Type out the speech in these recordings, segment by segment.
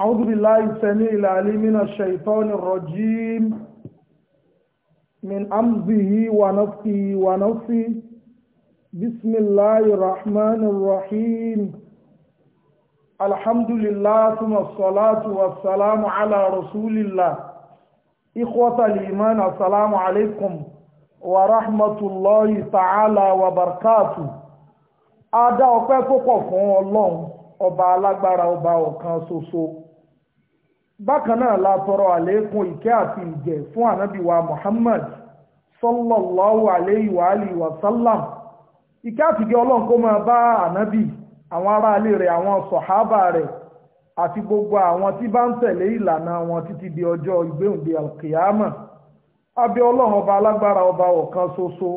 أعوذ بالله السميع العليم من الشيطان الرجيم من أمزه ونفسه ونفسه بسم الله الرحمن الرحيم الحمد لله ثم الصلاة والسلام على رسول الله إخوة الإيمان السلام عليكم ورحمة الله تعالى وبركاته أدعوكم فوق فوق الله ọba alágbára ọba ọ̀kan ṣoṣo bákan náà la tọrọ àlékún ìkẹ́ àti ìjẹ́ fún ànábì Muhammad sallallahu alayhi wa alihi wa sallam ìkẹ́ àti ìjẹ́ ọlọ́run kó máa bá ànábì àwọn ará ilé rẹ̀ àwọn sọ̀hábà rẹ̀ àti gbogbo àwọn tí bá ń tẹ̀lé ìlànà wọn títí di ọjọ́ ìgbéǹde alkiyama abẹ́ ọlọ́run ọba alágbára ọba ọ̀kan ṣoṣo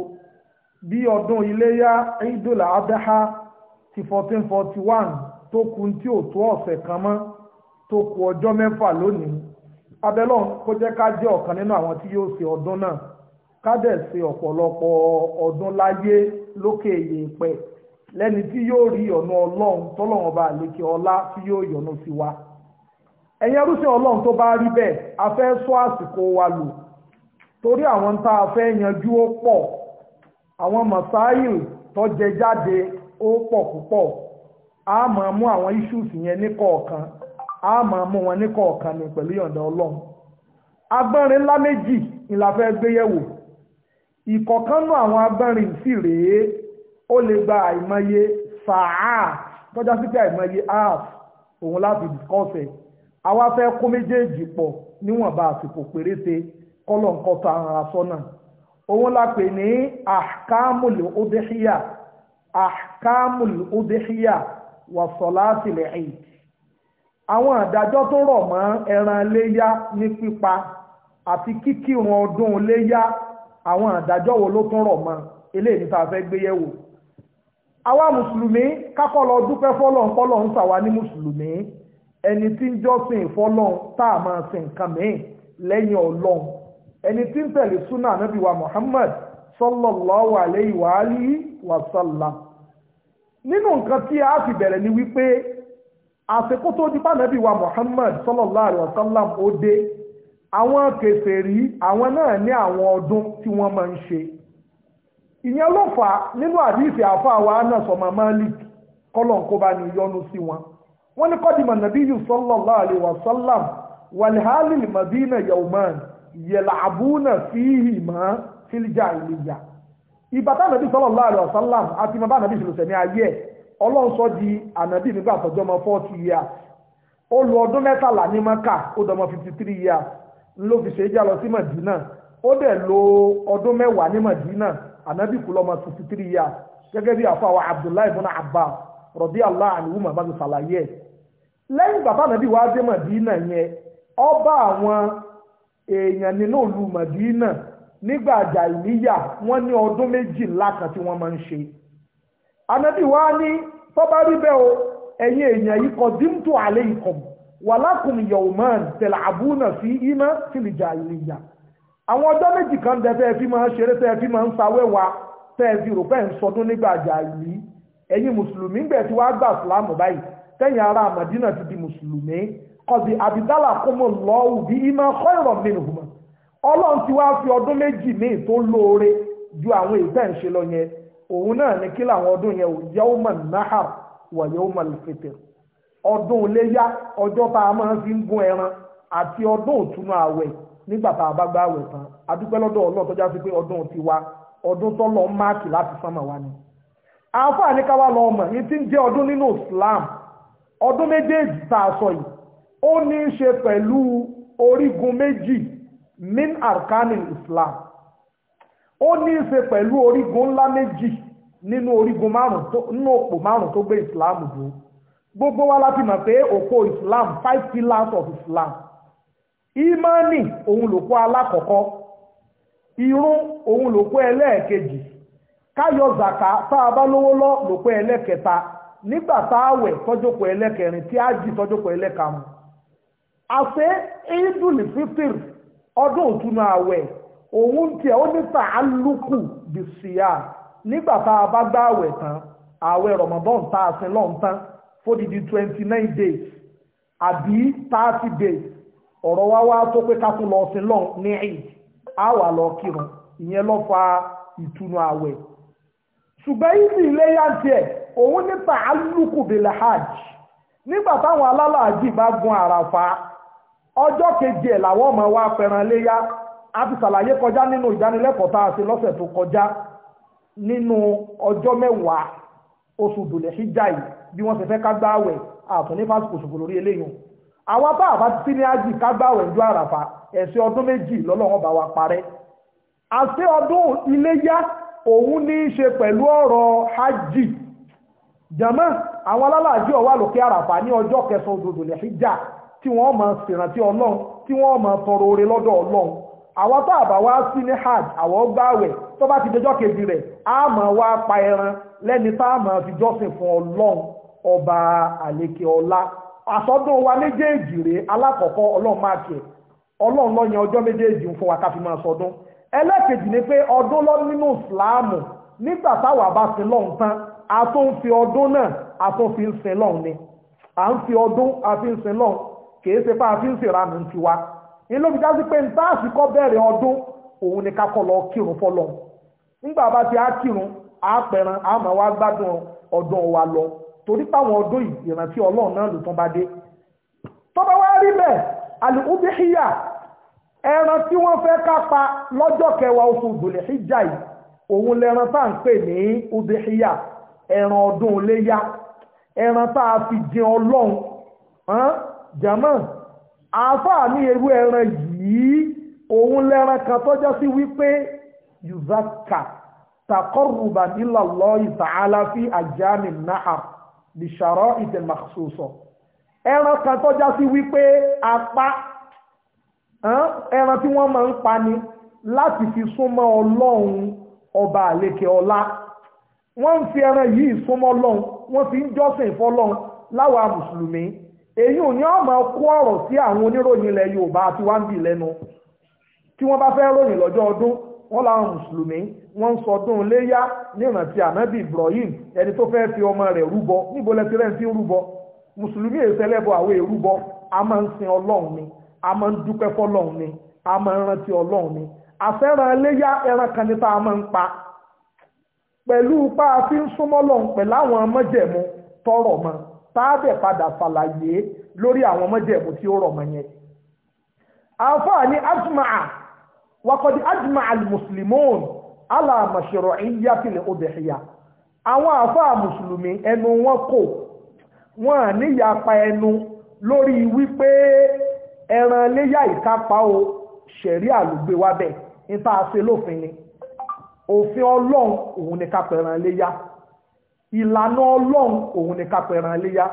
bí ọdún iléyá Eidul Adha ti 1441 tó kù tí ò tó ọ̀sẹ̀ kan mọ́ tó ọjọ́ mẹ́fà lónìí abẹ́lọ́n kó jẹ́ ká jẹ́ ọ̀kan nínú àwọn tí yóò ṣe ọdún náà ká dẹ̀ ṣe ọ̀pọ̀lọpọ̀ ọdún láyé lókè yèèpẹ̀ lẹ́ni tí yóò rí ọ̀nà ọlọ́run tọ́lọ́run bá ọlá tí yóò sí wa ẹ̀yin tó bá rí bẹ́ẹ̀ a fẹ́ sọ àsìkò lò torí àwọn tá a fẹ́ yanjú ó a máa mú wọn ní kọ̀ọ̀kan ní pẹ̀lú yọ̀ǹda ọlọ́run agbọ́nrin ńlá méjì ni la fẹ́ gbé yẹ̀wò ìkọ̀kánú àwọn agbọ́nrin sì rèé ó lè gba àìmọye sàáà tọ́já sí pé àìmọye aaf òun láti discuss àwa fẹ́ kó méjèèjì pọ̀ níwọ̀nba àsìkò péréte kọ́lọ̀ nǹkan tó àwọn aṣọ náà òun la pè ní ahkamul udhiya ahkamul udhiya wàsọ̀lá tilẹ̀ àwọn àdájọ́ tó rọ̀ mọ́ ẹran léyá ní pípa àti kíkírun ọdún léyá àwọn àdájọ́ wo ló tún rọ̀ mọ́ eléyìí ní tá a fẹ́ gbé yẹ̀wò àwa mùsùlùmí dúpẹ́ fọ́lọ́n ń ní mùsùlùmí ẹni tí ń jọ́sìn fọ́lọ́n sin nǹkan mìíràn lẹ́yìn ọlọ́run ẹni tí ń tẹ̀lé súnà alayhi wa alihi nínú nǹkan tí a fi bẹ̀rẹ̀ ni wípé àsìkò tó di pa nàbí wa Muhammad sallallahu alaihi wasallam ó dé àwọn kèfèrí àwọn náà ní àwọn ọdún tí wọ́n máa ń ṣe ìyẹn ló fà nínú àdìsí àfa wa Anas ọmọ Malik kọlọ̀n kó bá ní yọnu sí wọn wọ́n ní kọ́dìmọ̀ nàbíyù sallallahu alaihi wasallam wàlhálìl madina yawman yẹ̀làbúnà fíhì mọ́ fílíjà ìlìyà ìbátá nàbí sallallahu alaihi àti mọ́bá nàbí ìṣẹ̀lẹ̀ ayé ọlọọsọ dị di ànábì nígbà àtọ́jọ́ ọmọ forty years ó lo ọdún mẹ́tàlá ní maka ó dọmọ fifty three years ló fi ṣe é já lọ sí ó dẹ̀ lo ọdún mẹ́wàá ní mọ̀dínà ànábì kú lọ́mọ fifty three gẹ́gẹ́ bí àfọ abdullahi ibn abbas rọ̀bí allah ti ṣàlàyé ẹ̀ lẹ́yìn bàbá dé yẹn ọ bá àwọn èèyàn nínú ìlú nígbà àjà ìníyà wọ́n ní ọdún kan tí anabi wa ní tọ́ba rí bẹ́ẹ̀ o ẹ̀yin èèyàn yìí kọ́ dímtò àlẹ́ ikọ̀ wàlákùn yọ̀ọ̀mọ́n tẹ̀lé àbúnà sí iná tìlìjà ìlìyà àwọn ọjọ́ méjì kan dẹ tẹ́ fi máa ń ṣeré tẹ́ fi máa ń sawẹ́wà tẹ́ fi rò pé ń sọdún nígbà àjà yìí ẹ̀yin mùsùlùmí ń bẹ̀ tí wàá gbà fúlàmù báyìí tẹ́yìn ará àmàdínà ti di mùsùlùmí kọ̀dì àbídálà kọ́mọ lọ́wọ́ bí iná kọ́ ìrọ̀ mìíràn hùmọ́ ọlọ́run ti wá fi ọdún méjì míì tó lóore ju àwọn ìtẹ́ ń ṣe lọ yẹn òun náà ní kí làwọn ọdún yẹn ò nahar wà yawmal fitr ọdún iléyá ọjọ́ tá a máa fi ń gún ẹran àti ọdún òtúnú àwẹ̀ nígbà tá a bá gbá àwẹ̀ tán adúpẹ́ lọ́dọ̀ ti wa ọdún tó lọ máàkì láti sánmà wa ni. àáfàá ní lọ ọmọ yìí ti ń ọdún nínú Islam ọdún méjèèjì tá a sọ yìí ó ní í ṣe pẹ̀lú orígun Islam ó ní pelu origo pẹ̀lú orígun ńlá méjì nínú orígun márùn nínú òpó márùn tó islam dúró gbogbo wa láti mọ̀ pé islam five pillars of islam imani òun lòpó alákọ̀ọ́kọ́ irun òun ele ẹlẹ́ẹ̀kejì káyọ̀ zaka tá a bá lówó lọ lòpó ẹlẹ́kẹta nígbà tá a wẹ̀ tọ́jọ́pọ̀ ẹlẹ́kẹrin tí a jì tọ́jọ́pọ̀ ẹlẹ́karùn àṣẹ idul fitr ọdún àwẹ̀ òun tiẹ̀ ó ní tàálùkù bí síyá nígbà tá àwẹ̀ tán àwẹ̀ a sin fódìdí twenty nine days àbí thirty days ọ̀rọ̀ wá wá tó pé ká lọ sin lọ́n ní eid á wà lọ kírun ìyẹn fa ìtùnú àwẹ̀ ṣùgbọ́n ìsì iléyà tiẹ̀ òun ní tàálùkù bí lahaj nígbà táwọn alálàájì bá gun àràfà ọjọ́ kejì ẹ̀ làwọn ọmọ wa fẹ́ràn léyà a ti ṣàlàyé kọjá nínú ìdánilẹ́kọ̀ọ́ tá a ṣe lọ́sẹ̀ tó kọjá nínú ọjọ́ mẹ́wàá oṣù dòlẹ̀ ṣíjà yìí bí wọ́n ṣe fẹ́ ká gbáwẹ̀ àtún ní fásitì òṣùpò lórí eléyìí àwọn bá àbá tí ní ájì ká gbáwẹ̀ ju àràfà ẹ̀sẹ̀ ọdún méjì lọ́lọ́wọ́n bá wa parẹ́ àṣẹ ọdún iléyá òun ní í ṣe pẹ̀lú ọ̀rọ̀ hajj jama àwọn alálàájì ọ̀wà lókè àràfà ní ọjọ́ kẹsàn-án òdòdó lẹ́hìjà tí wọ́n máa ṣèrántí ọlọ́run tí wọ́n máa tọrọ oore lọ́dọ̀ ọlọ́run àwọn tó àbá wá sí ní hajj àwọn gbààwẹ̀ tó bá ti dọjọ́ kejì rẹ̀ a máa wá pa ẹran lẹ́ni tá a máa fi jọ́sìn fún ọlọ́run ọba àlékè ọlá àsọdún wa méjèèjì rèé alákọ̀ọ́kọ́ ọlọ́run máa kẹ̀ ọlọ́run ló yan ọjọ́ méjèèjì fún wa ká fi máa sọdún ẹlẹ́kejì ni pé ọdún lọ nínú ìsìláàmù nígbà táwa bá sin lọ́run tán a tó ń fi ọdún náà a tó fi ń sin lọ́run ni à ń inú mi dájú pé nta àsìkò bẹ̀rẹ̀ ọdún òun ni kakọ̀ lọ kírun fọlọ́ nígbà bá ti á kírun á pẹran á máa wá gbádùn ọdún wa lọ torí páwọn ọdún yìí ìrántí ọlọ́run náà ló tán bá dé tọ́ba wá rí bẹ́ẹ̀ àlùkùbíhíyà ẹran tí wọ́n fẹ́ ká lọ́jọ́ kẹwàá oṣù gbòlẹ̀híjà yìí òun lẹran tá ń pè ní ubíhíyà ẹran ọdún iléyá ẹran tá a fi jẹun ọlọ́run jẹ́mọ́ àáfàá ní ewu ẹran yìí òun lẹ́ran kan tọ́jọ́ sí wípé yuzaka takọ́rùbà nílọ̀lọ́ ìtàhálà fi àjáàmì náà bìṣàrọ́ ìtẹ̀màṣọ́sọ ẹran kan tọ́jọ́ sí wípé apá ẹran tí wọ́n máa ń pa ni láti fi súnmọ́ ọlọ́run ọba àlekè ọlá wọ́n fi ẹran yìí súnmọ́ ọlọ́run wọ́n fi ń jọ́sìn fọ́lọ́run láwa mùsùlùmí èyí ò ní ọmọ kó ọrọ sí àwọn oníròyìn ilẹ̀ Yorùbá àti wáńbì lẹ́nu tí bá fẹ́ ròyìn lọ́jọ́ ọdún wọn láwọn mùsùlùmí wọ́n ń sọdún léyá ní ti ànábì Ibrahim ẹni tó fẹ fi ọmọ rẹ̀ rúbọ níbo lẹ́tí rẹ̀ ti rúbọ mùsùlùmí àwọn èrúbọ a máa ń sin Ọlọ́run ni a máa ń ni a máa ń pa pa ń tọrọ táàbẹ̀ padà ṣàlàyé lórí àwọn mọ́jẹ̀mú tí ó rọ̀ mọ́ yẹn. àǹfààní ní ajma'a wakọ̀dí ajma'a al-muslimun ala mashru'iyyati al àwọn àfáà mùsùlùmí ẹnu wọn kò wọn ẹnu lórí wípé ẹran léyà ìkápá o ṣẹ̀rí àlùgbé wa bẹ̀ nípa àṣelófin ni òfin ọlọ́run òun ni ká ìlànà ọlọ́run òun ni kápẹ̀ràn iléyá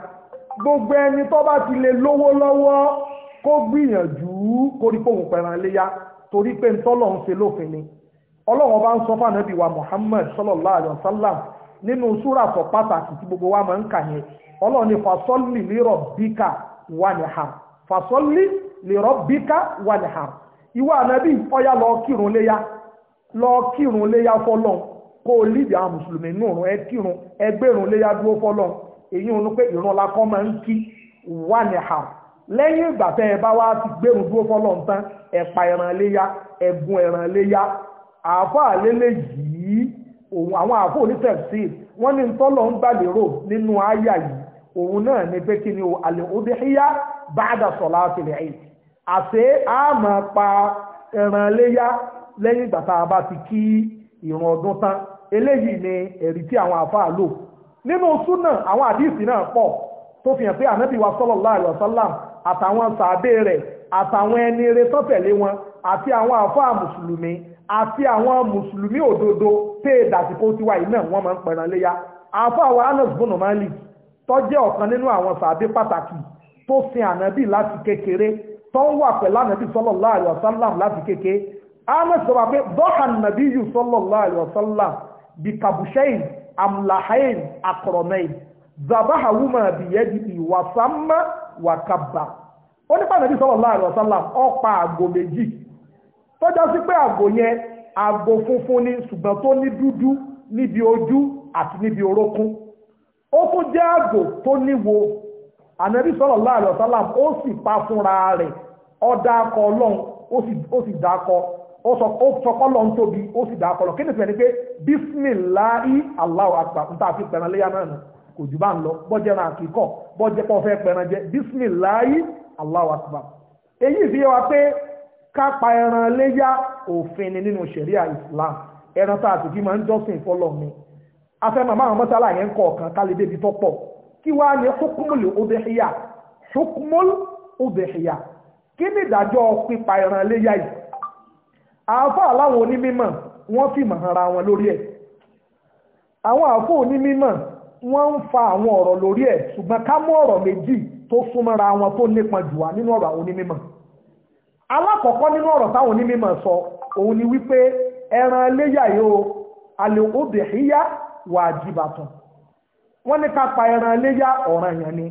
gbogbo ẹni tó bá ti lè lówó lọ́wọ́ kó gbìyànjú kórí pòun pẹ̀ràn iléyá torí pé ntọ́lọ̀ ń lófin ni ọlọ́run bá ń sọ fún wa Muhammad sallallahu alayhi wa sallam nínú súrà tó pàtàkì tí gbogbo wa máa ń ni fasọ́lì lérò bíkà wà ní ha fasọ́lì lérò bíkà wà ní ha ìwà ànábì ọ̀yà lọ kírun léyá lọ kírun kó o líbi àwọn mùsùlùmí nù rún ẹkírun ẹgbẹ́rún léyà dúró fọ́lọ́ èyí òun pé ìrún ọlá kọ́ máa ń kí wà ní hà lẹ́yìn ìgbà tẹ́ ẹ bá wá ti gbẹ́rún dúró fọ́lọ́ ń tán ẹ̀pà ẹ̀ràn léyà ẹ̀bùn ẹ̀ràn léyà àáfà lélẹ̀ yìí òun àwọn àáfà onítẹ̀sí wọ́n ní tọ́lọ̀ ń gbàlérò nínú àyà yìí òun náà ní pé kí ni o àlè òdìhíyá bá dà sọ̀lá àtìlẹ̀ yìí àṣé àmọ́ pa ẹ̀ràn léyà lẹ́yìn ìgbà tá a bá ti kí ìrun ọdún tán eléyìí ni ẹ̀rí tí àwọn àfáà lò nínú súnà àwọn àdìsí náà pọ̀ tó fi hàn pé ànábì wa sallallahu alaihi wasallam àtàwọn sàábé rẹ̀ àtàwọn ẹni eré tó tẹ̀lé wọn àti àwọn àfáà mùsùlùmí àti àwọn mùsùlùmí òdodo pé ìdàsíkò tiwa yìí náà wọ́n máa ń pẹran léyà àfáà wa Anas bùnú Malik tó jẹ́ ọ̀kan nínú àwọn sàábé pàtàkì tó sin ànábì láti kékeré tó ń wà pẹ̀lú ànábì sallallahu alaihi wasallam láti kékeré ahmed sọ pé dọ́hàn nàbí yù sallallahu alaihi wasallam bí kàbùṣẹ́yìn amlahain akọ̀rọ̀mẹ́yìn zabahawuma bìyẹ́dì ìwàsámá wàkàbà ó nípa nàbí sallallahu alaihi wasallam ọ̀pá àgò méjì tọ́jọ́ sí pé àgò yẹn àgò funfun ni ṣùgbọ́n tó ní dúdú níbi ojú àti níbi orókún ó tún jẹ́ àgò tó níwo ànàbí sallallahu alaihi ó sì pa fúnra rẹ̀ ó dákọ ọlọ́run ó sì dákọ ó sọ kọ́lọ̀ ń tóbi ó sì dá kọ́lọ̀ kí ni ìfẹ́ pé bísmìláì ń tàbí náà nù kò jù bá ń lọ bọ́jẹ́ ra àkíkọ́ bọ́jẹ́ pọ̀ fẹ́ pẹ̀rẹ̀ bísmìláì èyí fi wa pé kápa ẹran òfin ni nínú Islam ẹran tá a sì kí máa ń jọ́sìn fọ́lọ̀ mi afẹ́ màmá àwọn mọ́sálà yẹn kọ̀ọ̀kan ká lè débi tó kí wá ní kí ni àáfà aláwọn onímímọ̀ wọ́n fi mọ̀ ara wọn lórí ẹ̀ àwọn àáfà onímímọ̀ wọ́n ń fa àwọn ọ̀rọ̀ lórí ẹ̀ ṣùgbọ́n ká mú ọ̀rọ̀ méjì tó súnmọ́ra wọn tó nípa jù wá nínú ọ̀rọ̀ àwọn onímímọ̀ alákọ̀ọ́kọ́ nínú ọ̀rọ̀ táwọn onímímọ̀ sọ òun ni wípé ẹran iléyà yóò alòkóbìhíyá wà jìbàtàn wọ́n ní ká pa ẹran iléyà ọ̀ràn yẹn ni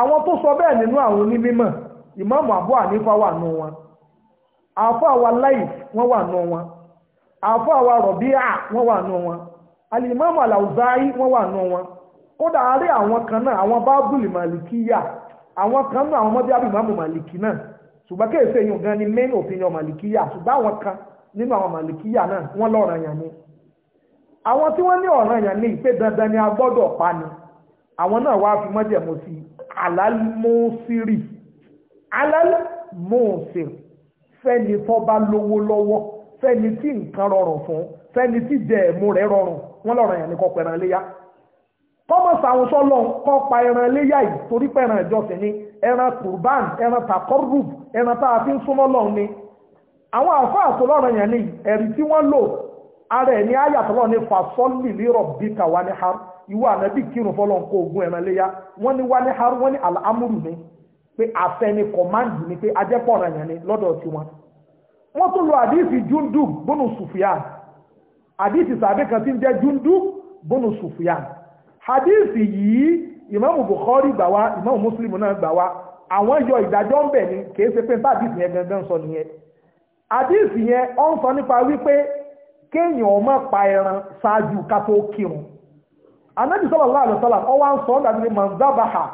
àwọn tó sọ bẹ́ẹ̀ nínú àwọn onímímọ̀ ìmáàmù àbú ànífà wà nù wọn afọ awa láìf wọn wà nù wọn afọ awa rọ̀bíà wọ́n wà nù wọn alìmọ́mù àlàùzáyí wọn wà nù wọn kódà àárẹ̀ àwọn kan náà àwọn bábùlì màlìkíyà àwọn kan náà àwọn mọ́bí àbìmọ́mù màlìkí náà ṣùgbọ́n kéèsè gan ni màlìkíyà ṣùgbọ́n àwọn kan nínú àwọn màlìkíyà náà wọ́n yàn ni àwọn tí wọ́n ní dandan ni a ni àwọn náà wá fi fẹ́ni tó bá lówó lọ́wọ́ fẹ́ni tí nǹkan rọrùn fún fẹ́ni tí jẹ rẹ̀ rọrùn wọn lọ́rọ̀ yẹn ni kọ́ pẹ̀ràn léyà kọ́mọ̀ sàwọn sọ́lọ́ kọ́ pa ẹran léyà yìí torí pẹ̀ràn ìjọsìn ni ẹran kurban ẹran takorub ẹran tá a fi ń súnmọ́ lọ́hùn ni àwọn àfáà tó lọ́rọ̀ yẹn ni ẹ̀rí tí wọ́n lò ara ẹ̀ ní ayàtọ̀lọ́ ní fasọ́lì lérò bíkà wà ní har ìwọ ànábì kírun fọlọ́ ogun ẹran léyà wọ́n ní wà ní har wọ́n ní pé àfẹni kọ̀máǹdì ni pé ajẹ́pọ̀ ọ̀ràn yẹn ni lọ́dọ̀ tiwọn wọ́n tún lo àdíìsì júndù bónú sùfìyàn àdíìsì sàbí kan tí ń jẹ́ júndù bónú sùfìyàn àdíìsì yìí ìmáàmù Bukhari gbà wá ìmáàmù Muslim náà gbà wá àwọn yọ ìdájọ́ ń bẹ̀ ni kìí ṣe pé ń tàdíìsì yẹn gangan sọ nìyẹn àdíìsì yẹn ó ń sọ nípa wípé kéèyàn ọmọ pa ẹran ṣáájú ká tó kírun anábì sallallahu alaihi wasallam ọwọ́ ń sọ ọ́ dàbí manzabaha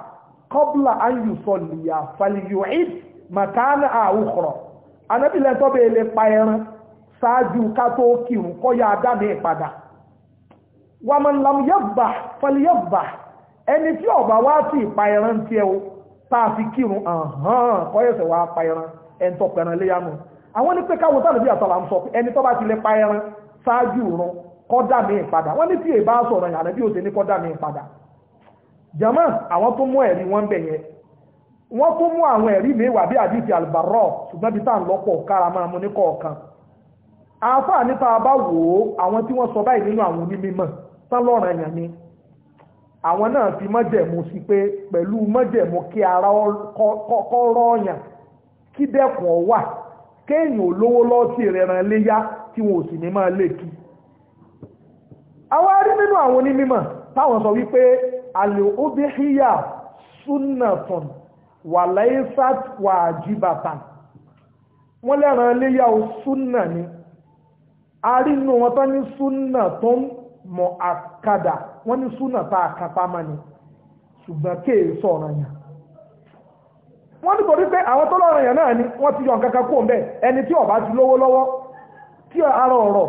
kọ́bùlà ayùsọ̀lìyà fàlìyùid màkánà àwùkọ̀rọ̀ anábìlẹ̀ tó bẹ́ẹ̀ lè pa ẹran ṣáájú ká tó kírun kọ́ ya dáadé ìpadà wàmọ̀lámùyàbà fàlìyàbà ẹni tí ọba wá sí ìpa ẹran tí ẹ o tá a fi kírun àhán kọ́yẹ̀sẹ̀ wá pa ẹran ẹni tó pẹ̀ràn léyàmù àwọn ní pé káwọ sáà lóbi àtọ́là ń jama àwọn tó mú ẹ̀rí wọn bẹ̀ yẹn wọ́n tó mú àwọn ẹ̀rí mẹ́wàá bí àdìsí àlùbárọ̀ ṣùgbọ́n bí tá à ń lọ́pọ̀ kára máa mú ní kọ̀ọ̀kan àáfà nípa bá wò ó àwọn tí wọ́n sọ báyìí nínú àwọn onímọ̀ tán lọ́rọ̀ ẹ̀yàn ni àwọn náà fi mọ́jẹ̀mú sí pé pẹ̀lú mọ́jẹ̀mú kí ara kọ́ rọ́ọ̀yàn kí dẹ́kun ọ wà kéèyàn olówó lọ́ọ̀tì rẹ̀ ràn léyá tí wọn ò sì ní máa lè kí. àwa rí nínú àwọn onímọ̀ táwọn sọ wípé alè obìhíyà súnàtàn wà láìsàt wà jìbàtàn wọ́n lẹ́ran léyà o súnà ni arínú wọn tán ní súnà tó ń mọ̀ àkàdà wọ́n ní súnà tá a kápá mọ́ ni ṣùgbọ́n kéè sọ̀rọ̀ yàn wọ́n ti torí pé àwọn tó lọ́rọ̀ yàn náà ni wọ́n ti yọ nǹkan kan kó ń bẹ̀ ẹni tí ó ti lówó lọ́wọ́ tí ara ọ̀rọ̀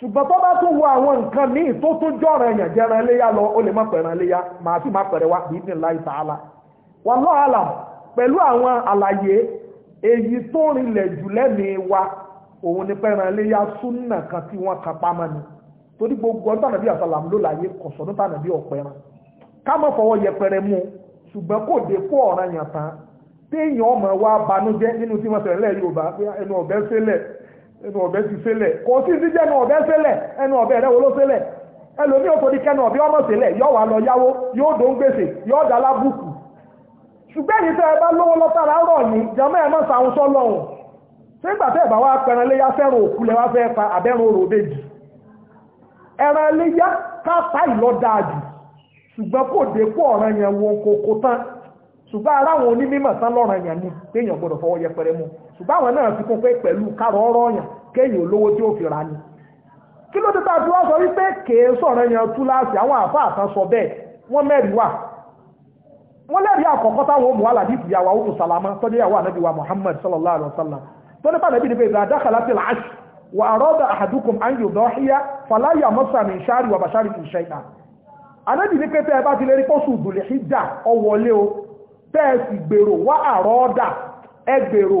ṣùgbọ́n tó bá tún wo àwọn nǹkan míì tó tún jọ̀rọ̀ èèyàn jẹran iléyà lọ ó lè má pẹ̀ràn iléyà màá sì má pẹ̀rẹ̀ wá bíi nílá ìtààlà wọn lọ́ àlà pẹ̀lú àwọn àlàyé èyí tó rinlẹ̀ jù lẹ́mìí wa òun ni pẹ̀ràn iléyà súnà kan tí wọ́n kan pamọ́ ni torí gbogbo ọdún tànàbí àsàlám ló láyé kọ̀sọ̀ ní tànàbí ọ̀pẹ̀ràn ká mọ̀ fọwọ́ yẹpẹrẹ mú ṣùgbọ́n kò dé kó ọ̀ràn yàn tán téèyàn ọmọ wa ẹnu ọbẹ ti sélẹ̀ kò sí ìdíjẹ́ ẹnu ọ̀bẹ sélẹ̀ ẹnu ọ̀bẹ rẹ̀ wo ló sélẹ̀ ẹlòmí ò torí kẹnu ọmọ sẹlẹ wà lọ yáwó yóò dó ń gbèsè yóò dá lábùkù ṣùgbọ́n èyí tẹ́ ẹ bá lówó lọ́tàrà rọ̀ yìí jẹ́mọ́ ẹ̀ mọ́ sàún nígbà tẹ́ wá pẹran léyá fẹ́ràn òkú lẹ́wà fẹ́ pa ẹran léyá kápá ṣùgbọ́n kò dé wọn tán ṣùgbọ́n aráwọn onímọ̀ lọ́ràn ṣùgbọ́n àwọn náà fi kún pé pẹ̀lú kárọ̀ ọ̀rọ̀ ọ̀yàn kéèyàn olówó tí ó fi ra ni kí ló dé tá a fi wá sọ wípé kèé sọ̀rọ̀ yẹn tú láàsì àwọn àfa àtàn sọ bẹ́ẹ̀ wọ́n mẹ́rin wà wọ́n lẹ́rìí àkọ́kọ́ táwọn òmùwà làdìsí yàwó àwọn òmùsàlámà tọ́jú yàwó ànábì wa Muhammad sallallahu alaihi wa sallam tó nípa nàbí nípa ìdá dákàlá ti làásì wà àrọ́dà àhàdùkùn àyò dọ́híyá fàláyà mọ́sàmì ìṣàrí wà bàṣàrí ìṣẹ́ta anábì ní pé tẹ́ ẹ bá ti lérí pọ́sù ìdùlẹ̀ ìjà ọwọlé o tẹ́ ẹ sì gbèrò wà àrọ́dà ẹ gbèrò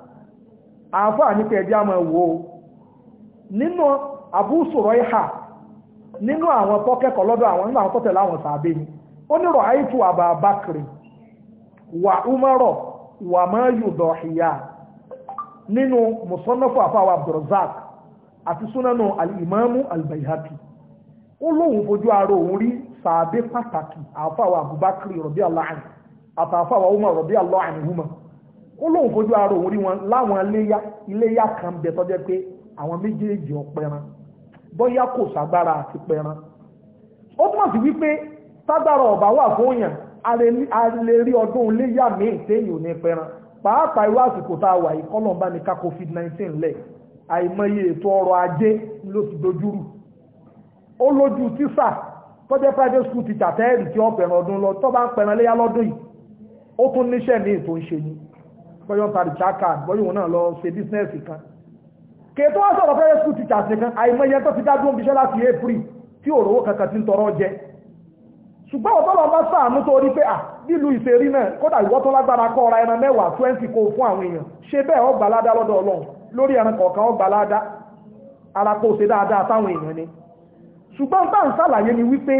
àáfàá ní pẹ̀ẹ́dí àmọ́ ẹ̀wò nínú àbúsùrọ̀ ìhà nínú àwọn tọ́kẹ́kọ̀ọ́ lọ́dọ̀ àwọn nínú àwọn tọ́tẹ̀lá àwọn sàábé ni ó ní àìtù àbà wà úmọ́rọ̀ wà mọ́ yùdọ̀ ìyá nínú musonnafu àfáwà abdulrazak àti súnánù alìmọ́mú albayhaki ó fojú ara òun rí pàtàkì àfáwà rọ̀bí àtàfáwà umar rọ̀bí ó lóun fojú ara òun rí wọn láwọn iléyà iléyà kan bẹ tọ́jẹ́ pé àwọn méjèèjì ọ̀pẹran bọ́yá kò ságbára àti pẹran ó túmọ̀ sí wípé tágbára ọ̀bá wà fún yàn a lè rí ọdún iléyà míì téèyàn ní pẹran pàápàá irú àsìkò tá a wà yìí kọ́lọ̀mbá ní covid-19 lẹ̀ àìmọye ètò ọrọ̀ ajé ló ti dojúrù ó lójú tísà tó private school teacher tẹ́ẹ̀rì tí ọdún lọ tó bá ń lọ́dún yìí ó tún níṣẹ́ ní ètò bọ́yọ̀ tàbí chakad bọ́yọ̀ wọn náà lọ ṣe bísínẹ́sì kan kètò wọ́n sọ̀rọ̀ fẹ́rẹ́ skul teachers nìkan àìmọye tó ti dájú oúnjẹ láti april tí òrówó kankan ti ń tọrọ jẹ ṣùgbọ́n ọ̀tọ́ lọ bá sàánú tó rí pé à nílùú ìṣerí náà kódà ìwọ́ tó lágbára kọ́ ọ̀ra ẹran mẹ́wàá twenty kó fún àwọn èèyàn ṣe bẹ́ẹ̀ ó gbà ládá lọ́dọ̀ ọlọ́run lórí ẹran kọ̀ọ̀kan ó gbà ládá ara kó ṣe dáadáa táwọn èèyàn ni ṣùgbọ́n tá à ń ṣàlàyé ni wípé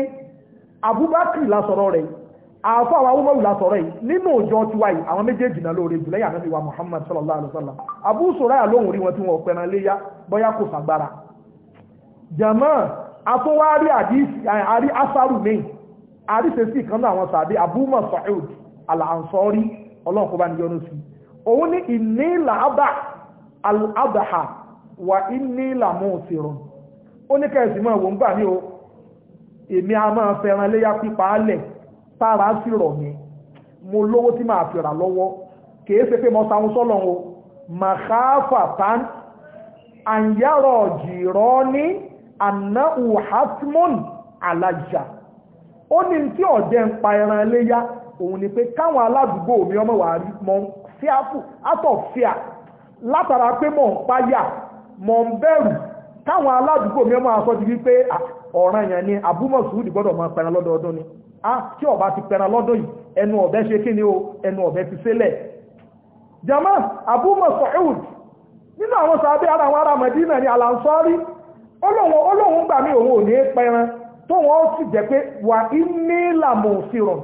afọ àwọn awúmọ̀lù látọ̀rọ̀ yìí nínú òjò tiwa yìí àwọn méjèèjì náà lóore jù lẹ́yìn ànábì wa Muhammad sallallahu alaihi wasallam Abu Suraya lóhùn rí wọn tí wọn pẹran léyà bóyá kò sàgbára jàmọ́ atọ́wárí àrí asaru mi àríṣesí ìkànnà àwọn sàbí Abu Mas'ud al si ọlọ́run kó bá tára sì rọ̀ mi mo lówó tí màá fi rà lọ́wọ́ kìí pé mo sa ohun sọ́lọ̀ o màkáfà tán àyàrọ̀ jìrọ́ ní àná uhatmon alájà ó ní tí ọ̀jẹ̀ ń pa ẹran léyá òun ni pé káwọn aládùúgbò mi ọmọ wà rí mọ́ sí àpò àtọ̀fíà látara pé mò ń ń bẹ̀rù káwọn aládùúgbò ah tí ọba ti pẹran lọ́dún yìí ẹnu ọ̀bẹ ṣe kí ni o ẹnu ọ̀bẹ ti sílẹ̀ jama Abu Mas'ud nínú àwọn sàábẹ́ ara àwọn ará Madina ni alansọ́rí olóhun gbà mí òun ò ní pẹran tó wọ́n sì jẹ́ pé wà ní làmù sírọ̀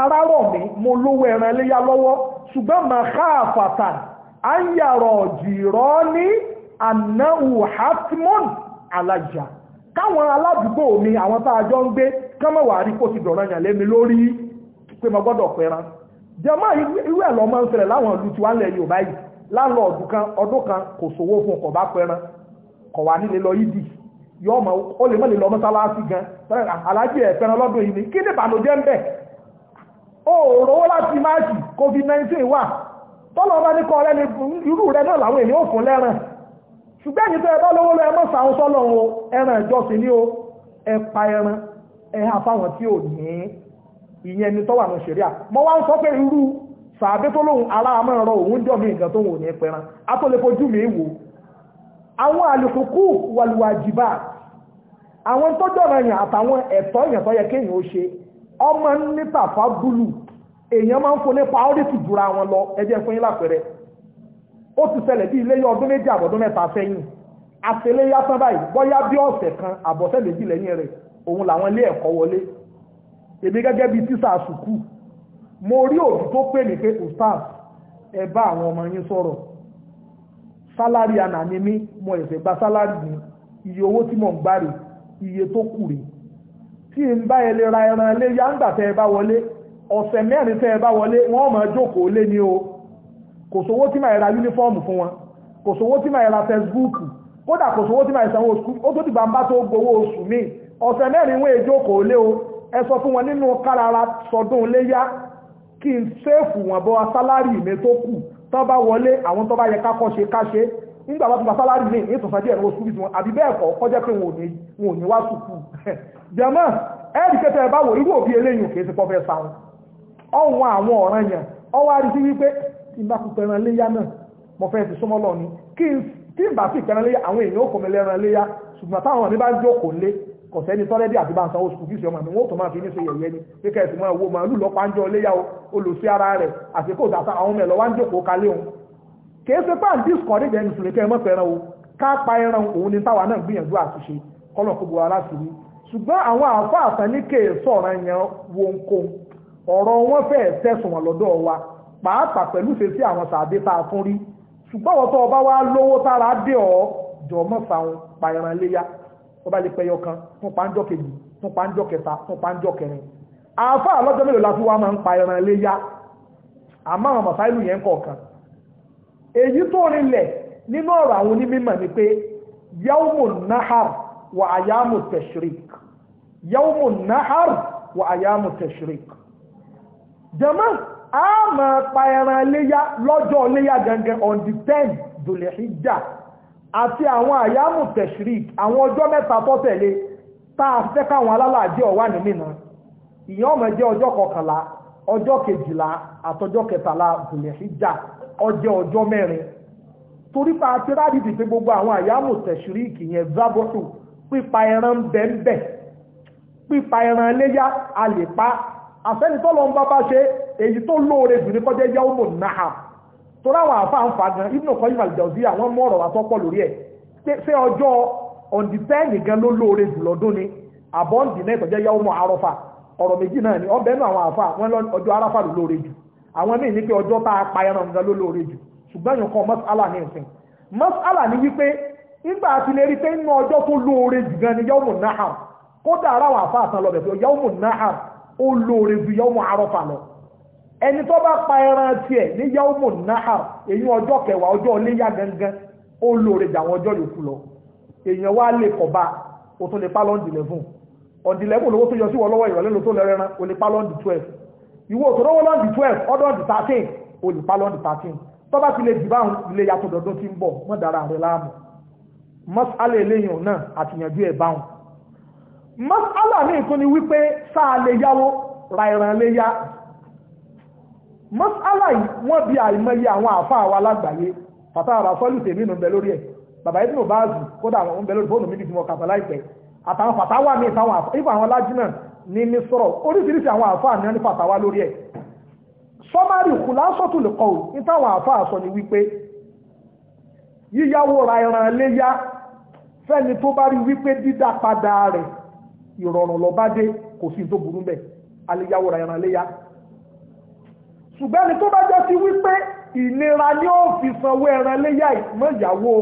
ara rọ̀ mí mo lówó ẹran léyà lọ́wọ́ ṣùgbọ́n mà káàfàtà á ń kọ́mọ̀ wà rí kó dọ̀rọ̀ yàn lẹ́mi lórí pé mo gbọ́dọ̀ pẹran jẹmọ́ irú ẹ̀lọ lọ ń láwọn ọdún tí wà lẹ̀ yìí láńlọ́ọ̀dù kan ọdún kan kò sówó fún ọkọ̀ bá pẹ̀ra kò wà nílé lọ yídì ó lè lọ mọ́sálásí gan COVID-19 wà ní kọ́ rẹ náà làwọn èèyàn ò fún lẹ́ràn tó bá lówó lọ ẹ̀hà fáwọn tí ò ní ìyẹn ni tọ́wà ní ṣẹ̀ríà mọ́ wá ń sọ pé irú sàábé tó lóhun ará amọ́rọ̀ òun jọ mí nǹkan tó wò ní pẹran atọ́lẹ́fojú mi wò àwọn àlùkùkù wàlúwàjìbà àwọn tọ́jọ́ rẹ̀yìn àtàwọn ẹ̀tọ́ èèyàn tó yẹ kéèyàn ó ṣe ọmọ níta fábúlù èèyàn máa ń fo nípa ọ́rẹ́tì jura wọn lọ ẹjẹ́ fún yín lápẹẹrẹ ó ti ṣẹlẹ̀ bí ilé ọdún méjì àbọ̀dún mẹ́ta sẹ́yìn àtẹlẹ́yà tán báyìí bọ́yá bí ọ̀sẹ̀ kan àbọ̀sẹ̀ méjì lẹ́yìn rẹ̀ òun làwọn ilé ẹ̀kọ́ wọlé èmi gẹ́gẹ́ bí tíṣà sùkú mo rí òtù tó pè ní pé ustaz ẹ bá àwọn ọmọ yín sọ̀rọ̀ sálárì àná ni mí mo ẹ̀fẹ̀ gba sálárì mi iye owó tí mọ̀ ń gbá rè iye tó kù rè tí n bá ra ẹran ilé ya ń gbà tẹ́ ẹ bá wọlé ọ̀sẹ̀ mẹ́rin tẹ́ ẹ bá wọlé wọ́n máa jókòó lé ní o kò sówó tí ra yúnífọ́ọ̀mù fún wọn kò sówó tí ra kódà kò sówó tí ó tó tó gbowó oṣù míì ọ̀sẹ̀ mẹ́rin wọ́n èjókòó lé o ẹ sọ fún wọn nínú kárara sọdún léyá kí n sẹ́ẹ̀fù wọn bọ́ sálárì mẹ́ tó kù bá wọlé àwọn tó bá yẹ ká kọ́ṣe káṣe nígbà bá tún bá sálárì ní díẹ̀ lọ́wọ́ wọn àbí bẹ́ẹ̀ kọ́ pé wọn ò ní wá sùkú jẹ́mọ́ irú òbí eléyìn pọ́fẹ́ ọ̀hún àwọn ọ̀ràn yẹn sí wípé tí n bá pẹran ni kí n bá pẹran àwọn èèyàn kọ̀sẹ́ni tọ́lẹ́dì àti bá ń sanwó sùkúl fíìsì ọmọ mi tó máa fi ní ṣe yẹ̀yẹ́ ni pé kẹ́ẹ̀sì máa wo màálù lọ́pàájọ́ léyàwó olùsí ara rẹ̀ àsìkò ìdàtà àwọn ọmọ ẹ̀ lọ́wọ́ ń jòkó kalẹ̀ òun kìí ṣe pàà dí sọ̀rí ìgbẹ́ mùsùlùmí kẹ́ mọ́fẹ́ ẹran o ká pa ni táwa náà gbìyànjú àtúnṣe kọ́lọ̀ kó gbogbo aláṣì rí ṣùgbọ́n àwọn àáfàá àtàn ní kèé sọ̀rọ̀ yẹn wo ń kó ọ̀rọ̀ wọn fẹ́ tẹ̀sùn wọn wa pàápàá pẹ̀lú ṣe sí àwọn sàdé tá wa lówó tára dé ọ jọ mọ́fà wọn pa tó bá lè pẹyọ kan tún pa ń jọ kejì tún pa ń jọ kẹta tún pa ń jọ kẹrin àáfà lọ́jọ́ mélòó la fi wá máa ń pa ẹran ilé yá àmọ́ àwọn mọ̀sáìlù yẹn kọ̀ọ̀kan èyí tó rinlẹ̀ nínú ọ̀rọ̀ àwọn onímọ̀ ni pé yawmu nahar wa ayamu tashrik àti àwọn àyámù tẹ̀ṣírík àwọn ọjọ́ mẹ́ta tó tẹ̀lé tá a fẹ́ káwọn alálàájẹ́ ọ̀wà ní mìíràn ìyẹn ọmọ jẹ́ ọjọ́ kọkànlá ọjọ́ kejìlá àtọjọ́ kẹtàlá bùlẹ̀híjà ọjọ́ ọjọ́ mẹ́rin torí pa àti rádìdì pé gbogbo àwọn àyámù tẹ̀ṣírík yẹn zábọ́tù pípa ẹran bẹ́ńbẹ́ pípa ẹran léyá a lè pa àfẹ́ni tó tó ráwọn àfáàǹfà gan ibùdó kọ́ ìmọ̀ àlùjọ́sí àwọn mọ́ ọ̀rọ̀ wa tọ́pọ̀ lórí ẹ̀ ṣé ọjọ́ ọ̀ǹdí gan ló lóore jùlọ dún ni àbọ̀ǹdì náà ìtọ́jẹ́ yá ọmọ àrọ́fà ọ̀rọ̀ méjì náà ni ọbẹ̀ nù àwọn àfà wọn ọjọ́ aráfà ló lóore jù àwọn míì ní pé ọjọ́ tá a pa ẹran gan ló lóore jù ṣùgbọ́n yìí kan ní ìsìn ní wípé nígbà lè rí pé lóore jù gan ni náà kódà aráwọ̀ ẹni tó bá pa ẹran tiẹ̀ ní yaumu nahar èyí ọjọ́ kẹwàá ọjọ́ iléyá gangan ó lóore jà àwọn ọjọ́ yòókù lọ èèyàn wá lè kọ̀ bá o tún lè pa lọ́ndì lẹ́fún ọ̀ndì lẹ́fún lówó tó yọ sí wọ lọ́wọ́ ìrọ̀lẹ́ ló tó lọ rẹran o lè pa lọ́ndì 12 ìwọ tó lọ́wọ́ lọ́ndì 12 ọdọ́ndì 13 o lè pa lọ́ndì 13 tó bá ti lè dìbà ń lè yàtọ̀ dọ̀dọ̀ tí ń bọ̀ mọ́ dára rẹ̀ láàmú mọ́sálà eléyìn náà àtìyànjú ẹ̀ báhùn mọ́sálà ní ìtún ni wípé sáà lè yáwó ra ìràn lè yá mọ́sálà yìí wọ́n bí àìmọye àwọn àfáà wa lágbàáyé bàbá àbá sọ́lù tèmi nù ń bẹ lórí ẹ̀ bàbá yìí nù bá zù kódà àwọn ń bẹ lórí fóònù mi dìbò mọ́ kàbọ̀ láìpẹ́ àtàwọn fàtàwà mi ìfàwọn ìfà àwọn alájú náà ní ní sọ̀rọ̀ oríṣiríṣi àwọn àfáà ní wọ́n ní fàtàwà lórí ẹ̀ sọ́márì kù lásọ̀tù lè kọ̀ ní táwọn àfáà sọ ni wípé yíyáwó ra ẹran léyá fẹ́ni tó bá rí wípé dídá padà rẹ̀ ìrọ̀rùn lọ bá dé kò sí tó burú bẹ́ẹ̀ aléyáwó ra ẹran léyá ṣùgbọ́n ẹni tó bá wípé ìlera ní ó sanwó ẹran léyà ìmọ̀yàwó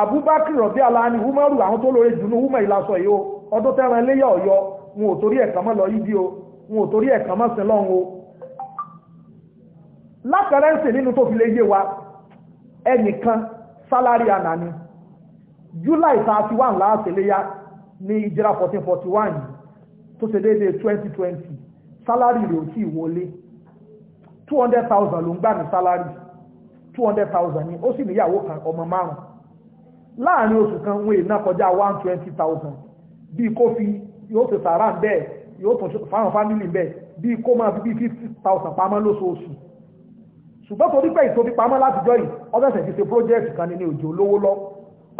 Abubakar rọ̀bí húmọ́rù àwọn tó jùlọ yìí o ọdún tẹ́ran léyà ọ̀yọ́ wọn ò torí ẹ̀kan mọ́ lọ wọn ò torí ẹ̀kan mọ́ o tó fi lè yé wa ẹnìkan sálárì ànàní July 31 ní 1441 tó ṣe déédéé 2020 sálárì tí two hundred thousand ló ń gbà ní sálárì two hundred thousand ni ó sì níyàwó kan ọmọ márùn láàrin oṣù kan wọn èèyàn kọjá one twenty thousand bíi kó fi yóò ṣe sàrà bẹ́ẹ̀ yóò tún fáwọn fámìlì bẹ́ẹ̀ bíi kó máa fi bíi fifty thousand pamọ́ lóṣooṣù ṣùgbọ́n torí pé ìtòfi pamọ́ láti jọ yìí ọ̀sẹ̀sẹ̀ ti ṣe project kan ní òjò olówó lọ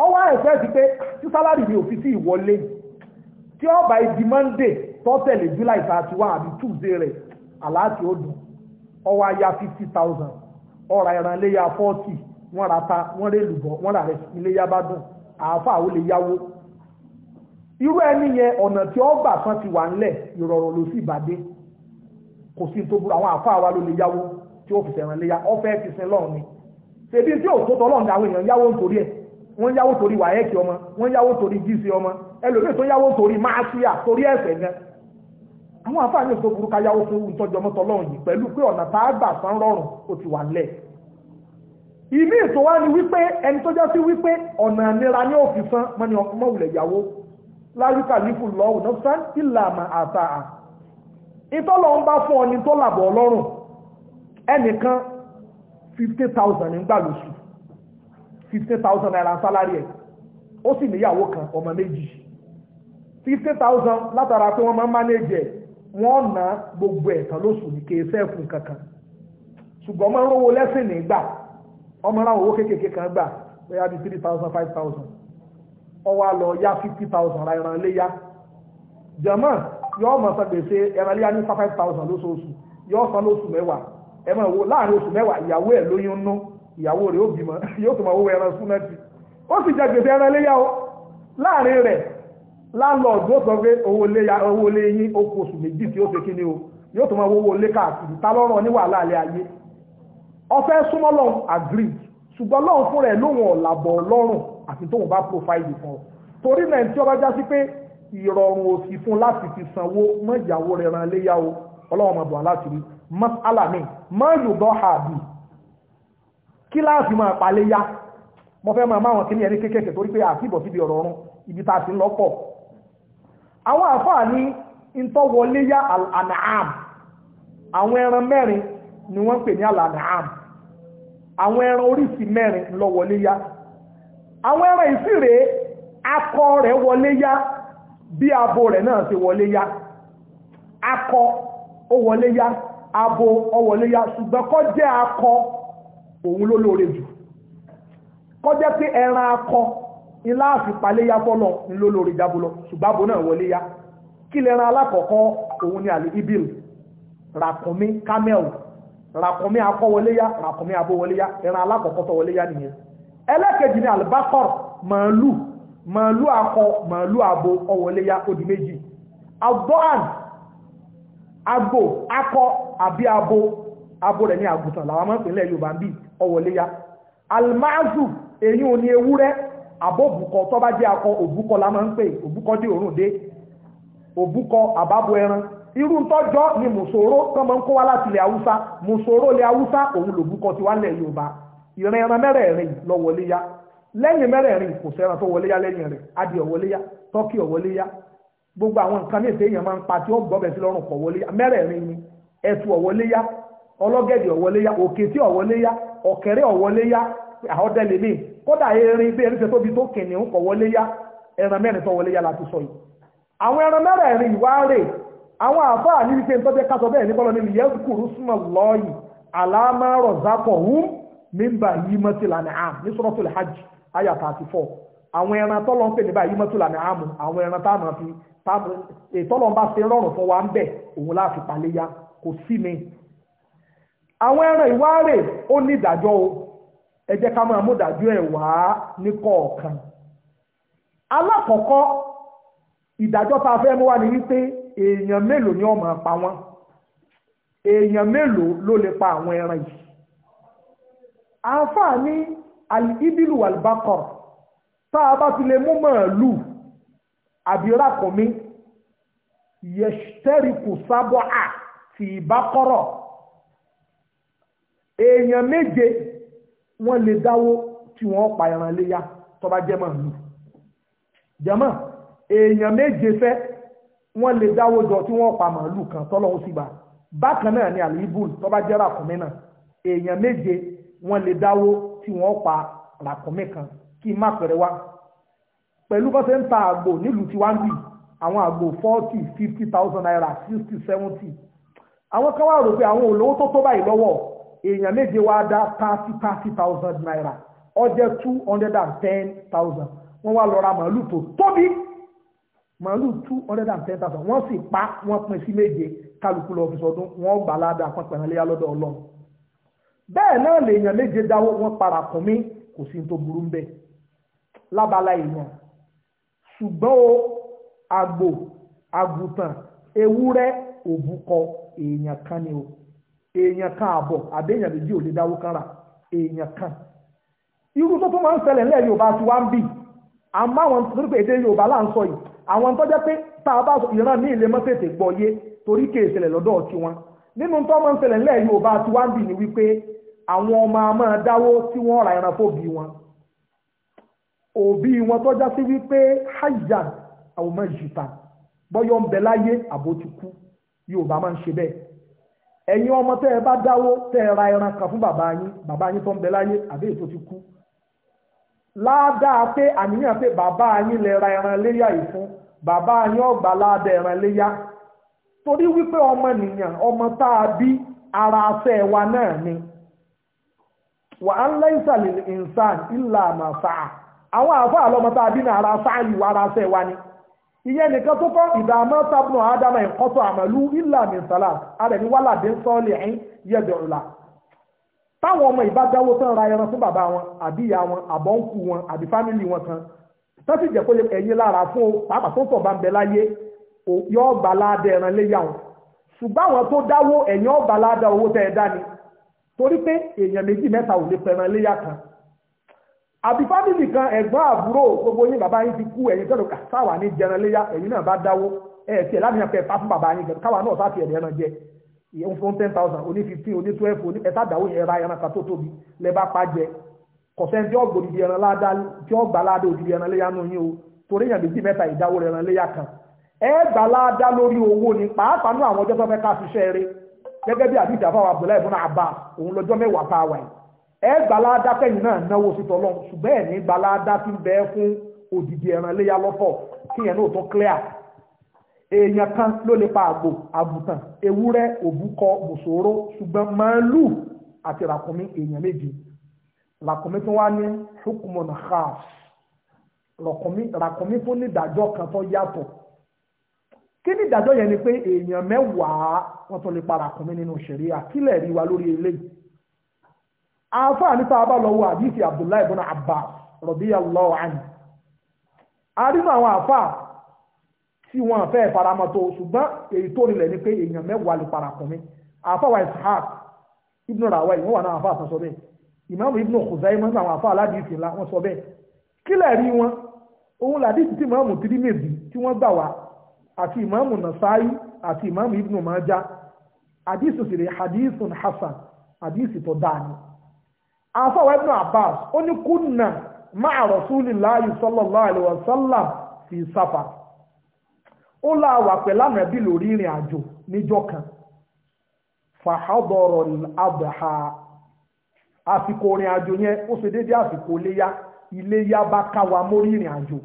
ọwọ́ ẹ̀fẹ́ sí pé ah, tí sálárì mi ò fi sí ìwọlé tí ó bá di Monday tó July thirty one àbí Tuesday rẹ̀ aláàtì ó dùn ọwọ́ aya fifty thousand ọ̀rà ẹran iléyà forty wọ́n ra ta wọ́n rẹ̀ lùbọ̀ wọ́n rà rẹ̀ iléyà bá dùn àáfàá ó lè yáwó irú ẹni yẹn ọ̀nà tí ó gbà kan ti wà ńlẹ̀ ìrọ̀rùn ló sì bàdé kò sí tó burú àwọn àáfàá wa ló lè yáwó tí ó fi sẹ̀ràn iléyà ọ̀fẹ́ fi sin lọ́run ni ṣèbí tí ò tó tọ́ lọ́run ni àwọn èèyàn yáwó nítorí ẹ̀ wọ́n yáwó torí wàhẹ́ẹ̀kì ọmọ wọ́n yáwó torí jíìsì ọmọ ẹlòmíì tó yáwó torí máa torí ẹ̀ṣẹ̀ gan àwọn àfáàní èso burúkú ayáwó fún ìtọ́jú ọmọ tọlọ́run yìí pẹ̀lú pé ọ̀nà tá a gbà san rọrùn ó ti wà lẹ̀ ìmí ètò wá ni wípé ẹni tó jásí wípé ọ̀nà ìnira ní òfin san mọ́ni ọmọwùlẹ̀ ìyàwó láríkà lífù lọ́wọ́ náà sán ìlàmà àtàà ìtọ́lọ̀ ń bá fún ọni tó làbọ̀ ọlọ́rùn ẹnìkan 50,000 thousand lóṣù 50,000 naira sálárì ẹ̀ wọ́n na gbogbo ẹ̀tàn lóṣù ní kìí fún kankan ṣùgbọ́n máa ń rówó lẹ́sìn nígbà ọmọ ráwọn owó kéékèèké kan gbà ọ bíi three thousand ọwọ́ lọ yá 50,000 ra ẹran léyá jẹ̀mọ́ yọ ọmọ sọ gbèsè ẹran léyá ní five lóṣooṣù yọ ọsàn lóṣù mẹ́wàá láàrin oṣù mẹ́wàá ìyàwó ẹ̀ lóyún nú ìyàwó rẹ̀ ó bímọ yóò ẹran súnmẹ́tì ó sì gbèsè ẹran o láàrin láńlọ́ọ̀dù ó sọ pé owó lé yín ó kó oṣù méjì tí ó ṣe kíní o yóò tó máa wówó lé káàkiri ta lọ́rọ̀ ní wàhálà alẹ́ ayé ọfẹ́ súnmọ́ lọ́n agree ṣùgbọ́n lọ́n fún rẹ̀ lóhun ọ̀làbọ̀ lọ́rùn àti tóun bá profile fún ọ torí náà tí ó bá já sí pé ìrọ̀rùn òsì fún láti fi sanwó mọ́ ìyàwó rẹ̀ ran o ọlọ́run ọmọbùn aláti rí masala mi má yòbọ́ àbí kíláàsì máa paléyà mo fẹ́ máa máwọn kí ní ẹni kékèké torí pé àti ìbọ̀ síbi ọ̀rọ̀ ọ̀run ibi tá a ti ń lọ́pọ̀ àwọn àfáà ní ìtọ́wọléyà al-an'am àwọn ẹran mẹ́rin ni wọ́n pè ní al àwọn ẹran oríṣi mẹ́rin lọ́wọléyà àwọn ẹran ìsìrè akọ rẹ̀ wọléyà bí abo rẹ̀ náà ti wọléyà akọ ó wọléyà abo ó wọléyà ṣùgbọ́n kọ́ jẹ́ akọ òun ló jù kọ́ jẹ́ pé ẹran akọ ilá àfipáléyá bọ́lọ̀ ńlọ lórí jábọ́lọ̀ ṣùgbábo náà wọlé yá kí lẹ́ran alákọ̀ọ́kọ́ òun ni àlè ibil ràkùnmí camel ràkùnmí akọ́wọléyá ràkùnmí abówọléyá ẹran alákọ̀ọ́kọ́ tó wọléyá nìyẹn ẹlẹ́kejì ni albakor màálù màálù akọ màálù abo ọwọléyá ó di méjì abdohan agbo akọ àbí abo abo rẹ̀ ní àgùntàn làwọn mọ̀ pínlẹ̀ yorùbá ń bì ọwọléyá almazu èyí ò ní ewúrẹ́ àbóbùkọ tó bá jẹ́ akọ òbúkọ la máa ń pè òbúkọ dé òrùn dé òbúkọ àbábo ẹran irú tọ́jọ́ ni mùsòrò tó máa ń kó wá láti ilẹ̀ haúsá mùsòrò ilẹ̀ haúsá òun lòbúkọ ti wá lẹ̀ yorùbá ìran ẹran mẹ́rẹ̀ẹ̀rin lọ wọlé yá lẹ́yìn mẹ́rẹ̀ẹ̀rin kò sẹ́ran tó wọlé yá lẹ́yìn rẹ̀ adìẹ wọlé yá tọ́kì ọ̀wọlé gbogbo àwọn nǹkan ní èèyàn máa ń pa tí ó gbọ́bẹ̀ sí lọ́rùn kọ̀ mẹ́rẹ̀ẹ̀rin kódà erin bí erin ṣe tóbi tó kìnìún kọ̀ wọlé yá ẹran mẹ́rin tó wọlé yá láti sọ yìí àwọn ẹran mẹ́rẹ̀ẹ̀rin ìwá rè àwọn àfáà ní wípé tó jẹ́ bẹ́ẹ̀ nígbọ́lọ́ ní ìyẹ́ kùrú súnmọ́ lọ́ọ̀yì àlámárọ̀ zákọ̀ hùm mímbà yìí mọ́tì lànà àm ní hajj ayà 34 àwọn ẹran tọ́lọ́ ń pè níbà yìí mọ́tì lànà àm àwọn ẹran fi tọ́lọ́ ń bá rọrùn fún wa ń bẹ̀ òun ẹ jẹ́ ká máa múdàjú ẹ̀ wá ní kọ̀ọ̀kan alákọ̀ọ́kọ́ ìdájọ́ tá a fẹ́ mú wá ní wípé èèyàn mélòó ni ó máa pa wọ́n èèyàn mélòó ló lè pa àwọn ẹran yìí àǹfààní ní alìbílù albakor tá a bá ti lè mú màálù àbí rákùnmí yẹ̀ṣtẹ́rìkù sábọ́ à ìbákọ́rọ̀ èèyàn méje wọ́n lè dáwó tí wọ́n pa ẹran léyà tó bá jẹ́ màálù jẹ́mọ́ èèyàn méje fẹ́ wọ́n lè dáwó jọ tí wọ́n pa màálù kan tọ́lọ́hún sì bákan náà ni àlìbùl tó bá jẹ́ ràkúnmí náà èèyàn méje wọ́n lè dáwó tí wọ́n pa ràkúnmí kan kí má pẹ̀rẹ̀ wá pẹ̀lú bó ń ta àgbò nílùú tí wá ń bì àwọn àgbò forty fifty thousand naira sixty seventy àwọn kan wá rò pé àwọn olówó tó tó báyìí lọ́wọ́ èèyàn méje wá dá thirty thirty thousand naira ó jẹ́ two hundred and ten thousand wọ́n wá lọ ra màálù tó tóbi màálù two hundred and ten thousand wọ́n sì pa wọ́n pín sí méje kálukú lọ fi sọdún wọ́n gbà ládàá pọn pẹ̀lú ẹlẹ́yà lọ́dọ̀ ọlọ́run bẹ́ẹ̀ náà lèèyàn méje dáwó wọ́n para kùn mí kò sí tó burú ń bẹ̀ lábala èèyàn ṣùgbọ́n o àgbò àgùntàn ewúrẹ́ òbúkọ èèyàn kan ni o èèyàn kan àbọ̀ àbẹ́yàn méjì ò lè dáwó kan rà èèyàn kan irú tó tó máa ń ṣẹlẹ̀ nílẹ̀ Yorùbá ti wá ń bì àmọ́ àwọn torí pé èdè Yorùbá là ń sọ yìí àwọn tó jẹ́ pé tá a bá sọ ìran ní ilé mọ́tètè gbọ́ yé torí kè ìṣẹ̀lẹ̀ lọ́dọ̀ ti wọn nínú tó máa ń ṣẹlẹ̀ nílẹ̀ Yorùbá ti wá ń bì ní wípé àwọn ọmọ a máa dáwó tí wọ́n ra ẹran fóbi wọn òbí wọn tó já sí wípé hajjan àwọn ọmọ ìjìta bọ́yọ̀ ń bẹ láyé àbótikú Yorùbá máa ń ṣe bẹ́ẹ̀ ẹ̀yin ọmọ tẹ́ ẹ bá dáwó tẹ́ ẹ ẹran kan fún bàbá yín bàbá yín tó ń bẹ láyé àbí ètò ti kú ládàá pé àníyàn pé bàbá yín lè ra ẹran léyà yìí fún bàbá yín ọgbà ládàá ẹran léyà torí wípé ọmọ nìyàn ọmọ ara wa náà ni wà á ń àwọn tá a ara sáà yìí ara wa ni. ìyẹn nìkan tó kọ́ ìdààmú sábùnù àádámà ìkọ́tọ̀ àmàlú ìlà mìsàlá alẹ́ ní wàládé sọ́ọ̀lì ẹ̀yìn yẹ̀dọ̀ọ̀la táwọn ọmọ ìbájáwó tán ra ẹran fún bàbá wọn àbí ìyá wọn àbọ̀ǹkù wọn àbí fámìlì wọn kan tọ́sí jẹ́ kó ẹ̀yìn lára fún o pàápàá tó sọ̀ bá ń bẹ láyé yọ́ gbà ẹran léyà wọn ṣùgbọ́n àwọn tó dáwó ẹ̀yìn ọ̀gbà owó tẹ́ ẹ dání torí pé èèyàn méjì mẹ́ta ò lè fẹ́ràn léyà kan àbí fámìlì kan ẹ̀gbọ́n àbúrò gbogbo yín bàbá yín ti kú ẹ̀yin tẹ́lẹ̀ kà sáwà ní jẹran léyà ẹ̀yin náà bá dáwó ẹ̀ tiẹ̀ lámìyàn pẹ̀ fáfún bàbá yín gẹ̀ẹ́ káwa náà sáfì ẹ̀rẹ̀ ẹran jẹ ìyẹn fún ten thousand oní fifteen oní twelve oní ẹ̀ta dáwó yẹn ra ẹran kan tó tóbi lẹ́ bá pa jẹ kọ̀sẹ́ni tí ó gbòdìdì ẹran ládá tí ó gbà ládá òdìdì ẹran léyà nù yín ni pàápàá nú àwọn ọjọ́ tó fẹ́ ká ṣiṣẹ́ eré gẹ́gẹ́ bí àbíjà fáwọn Abdullahi ibùnà Abbas ẹ gbalada fẹ́yìn náà náwó sí tọ́lọ́ ṣùgbọ́n ẹ̀ ní gbalada ti ń bẹ fún òdìdí ẹran léyà lọ́fọ̀ kí yẹn náà tó clear èèyàn kan ló lè pa àgbò àgùntàn ewúrẹ́ òbúkọ mùsòrò ṣùgbọ́n màálù àti ràkúnmí èèyàn méjì ràkúnmí tó wá ní hukumon khas ràkúnmí tó ní ìdájọ́ kan tó yàtọ̀ kí ni ìdájọ́ yẹn ni pé èèyàn mẹ́wàá wọ́n tó lè pa ràkúnmí nínú ṣẹ̀ríà kílẹ̀ rí lórí eléyìí àáfàá ní tá a bá lọ́wọ́ àdìsí abdullahi ibn abbas radiyallahu anhu àdínú àwọn àáfàá tí wọ́n fẹ́ faramọ́tò ṣùgbọ́n èyí tó rinlẹ̀ ni pé èèyàn mẹ́wàá lè parakùn mi àáfàá wa ishaq ibn rawai wọ́n wà náà àáfàá sọ bẹ́ẹ̀ ìmáàmù ibn khuzaimah náà àwọn àáfàá aládìsí ńlá wọ́n sọ bẹ́ẹ̀ kílẹ̀ rí wọn òun làdìsí tí ìmáàmù tirimèdì tí wọ́n gbà wá àti ìmáàmù nasa'i àti ìmáàmù ibn hadithun hasan àdìsí tó dáa afọ ibn abbas ó ní kúnnà rasulillahi sallallahu alaihi wasallam fi sáfà ó láwà pẹ̀lú ànábì oriri ìrìn àjò kan fahadọrọ àbẹ̀hà àsìkò ìrìn àjò yẹn ó ṣe déédé àsìkò iléyá iléyá bá káwa mórí ajo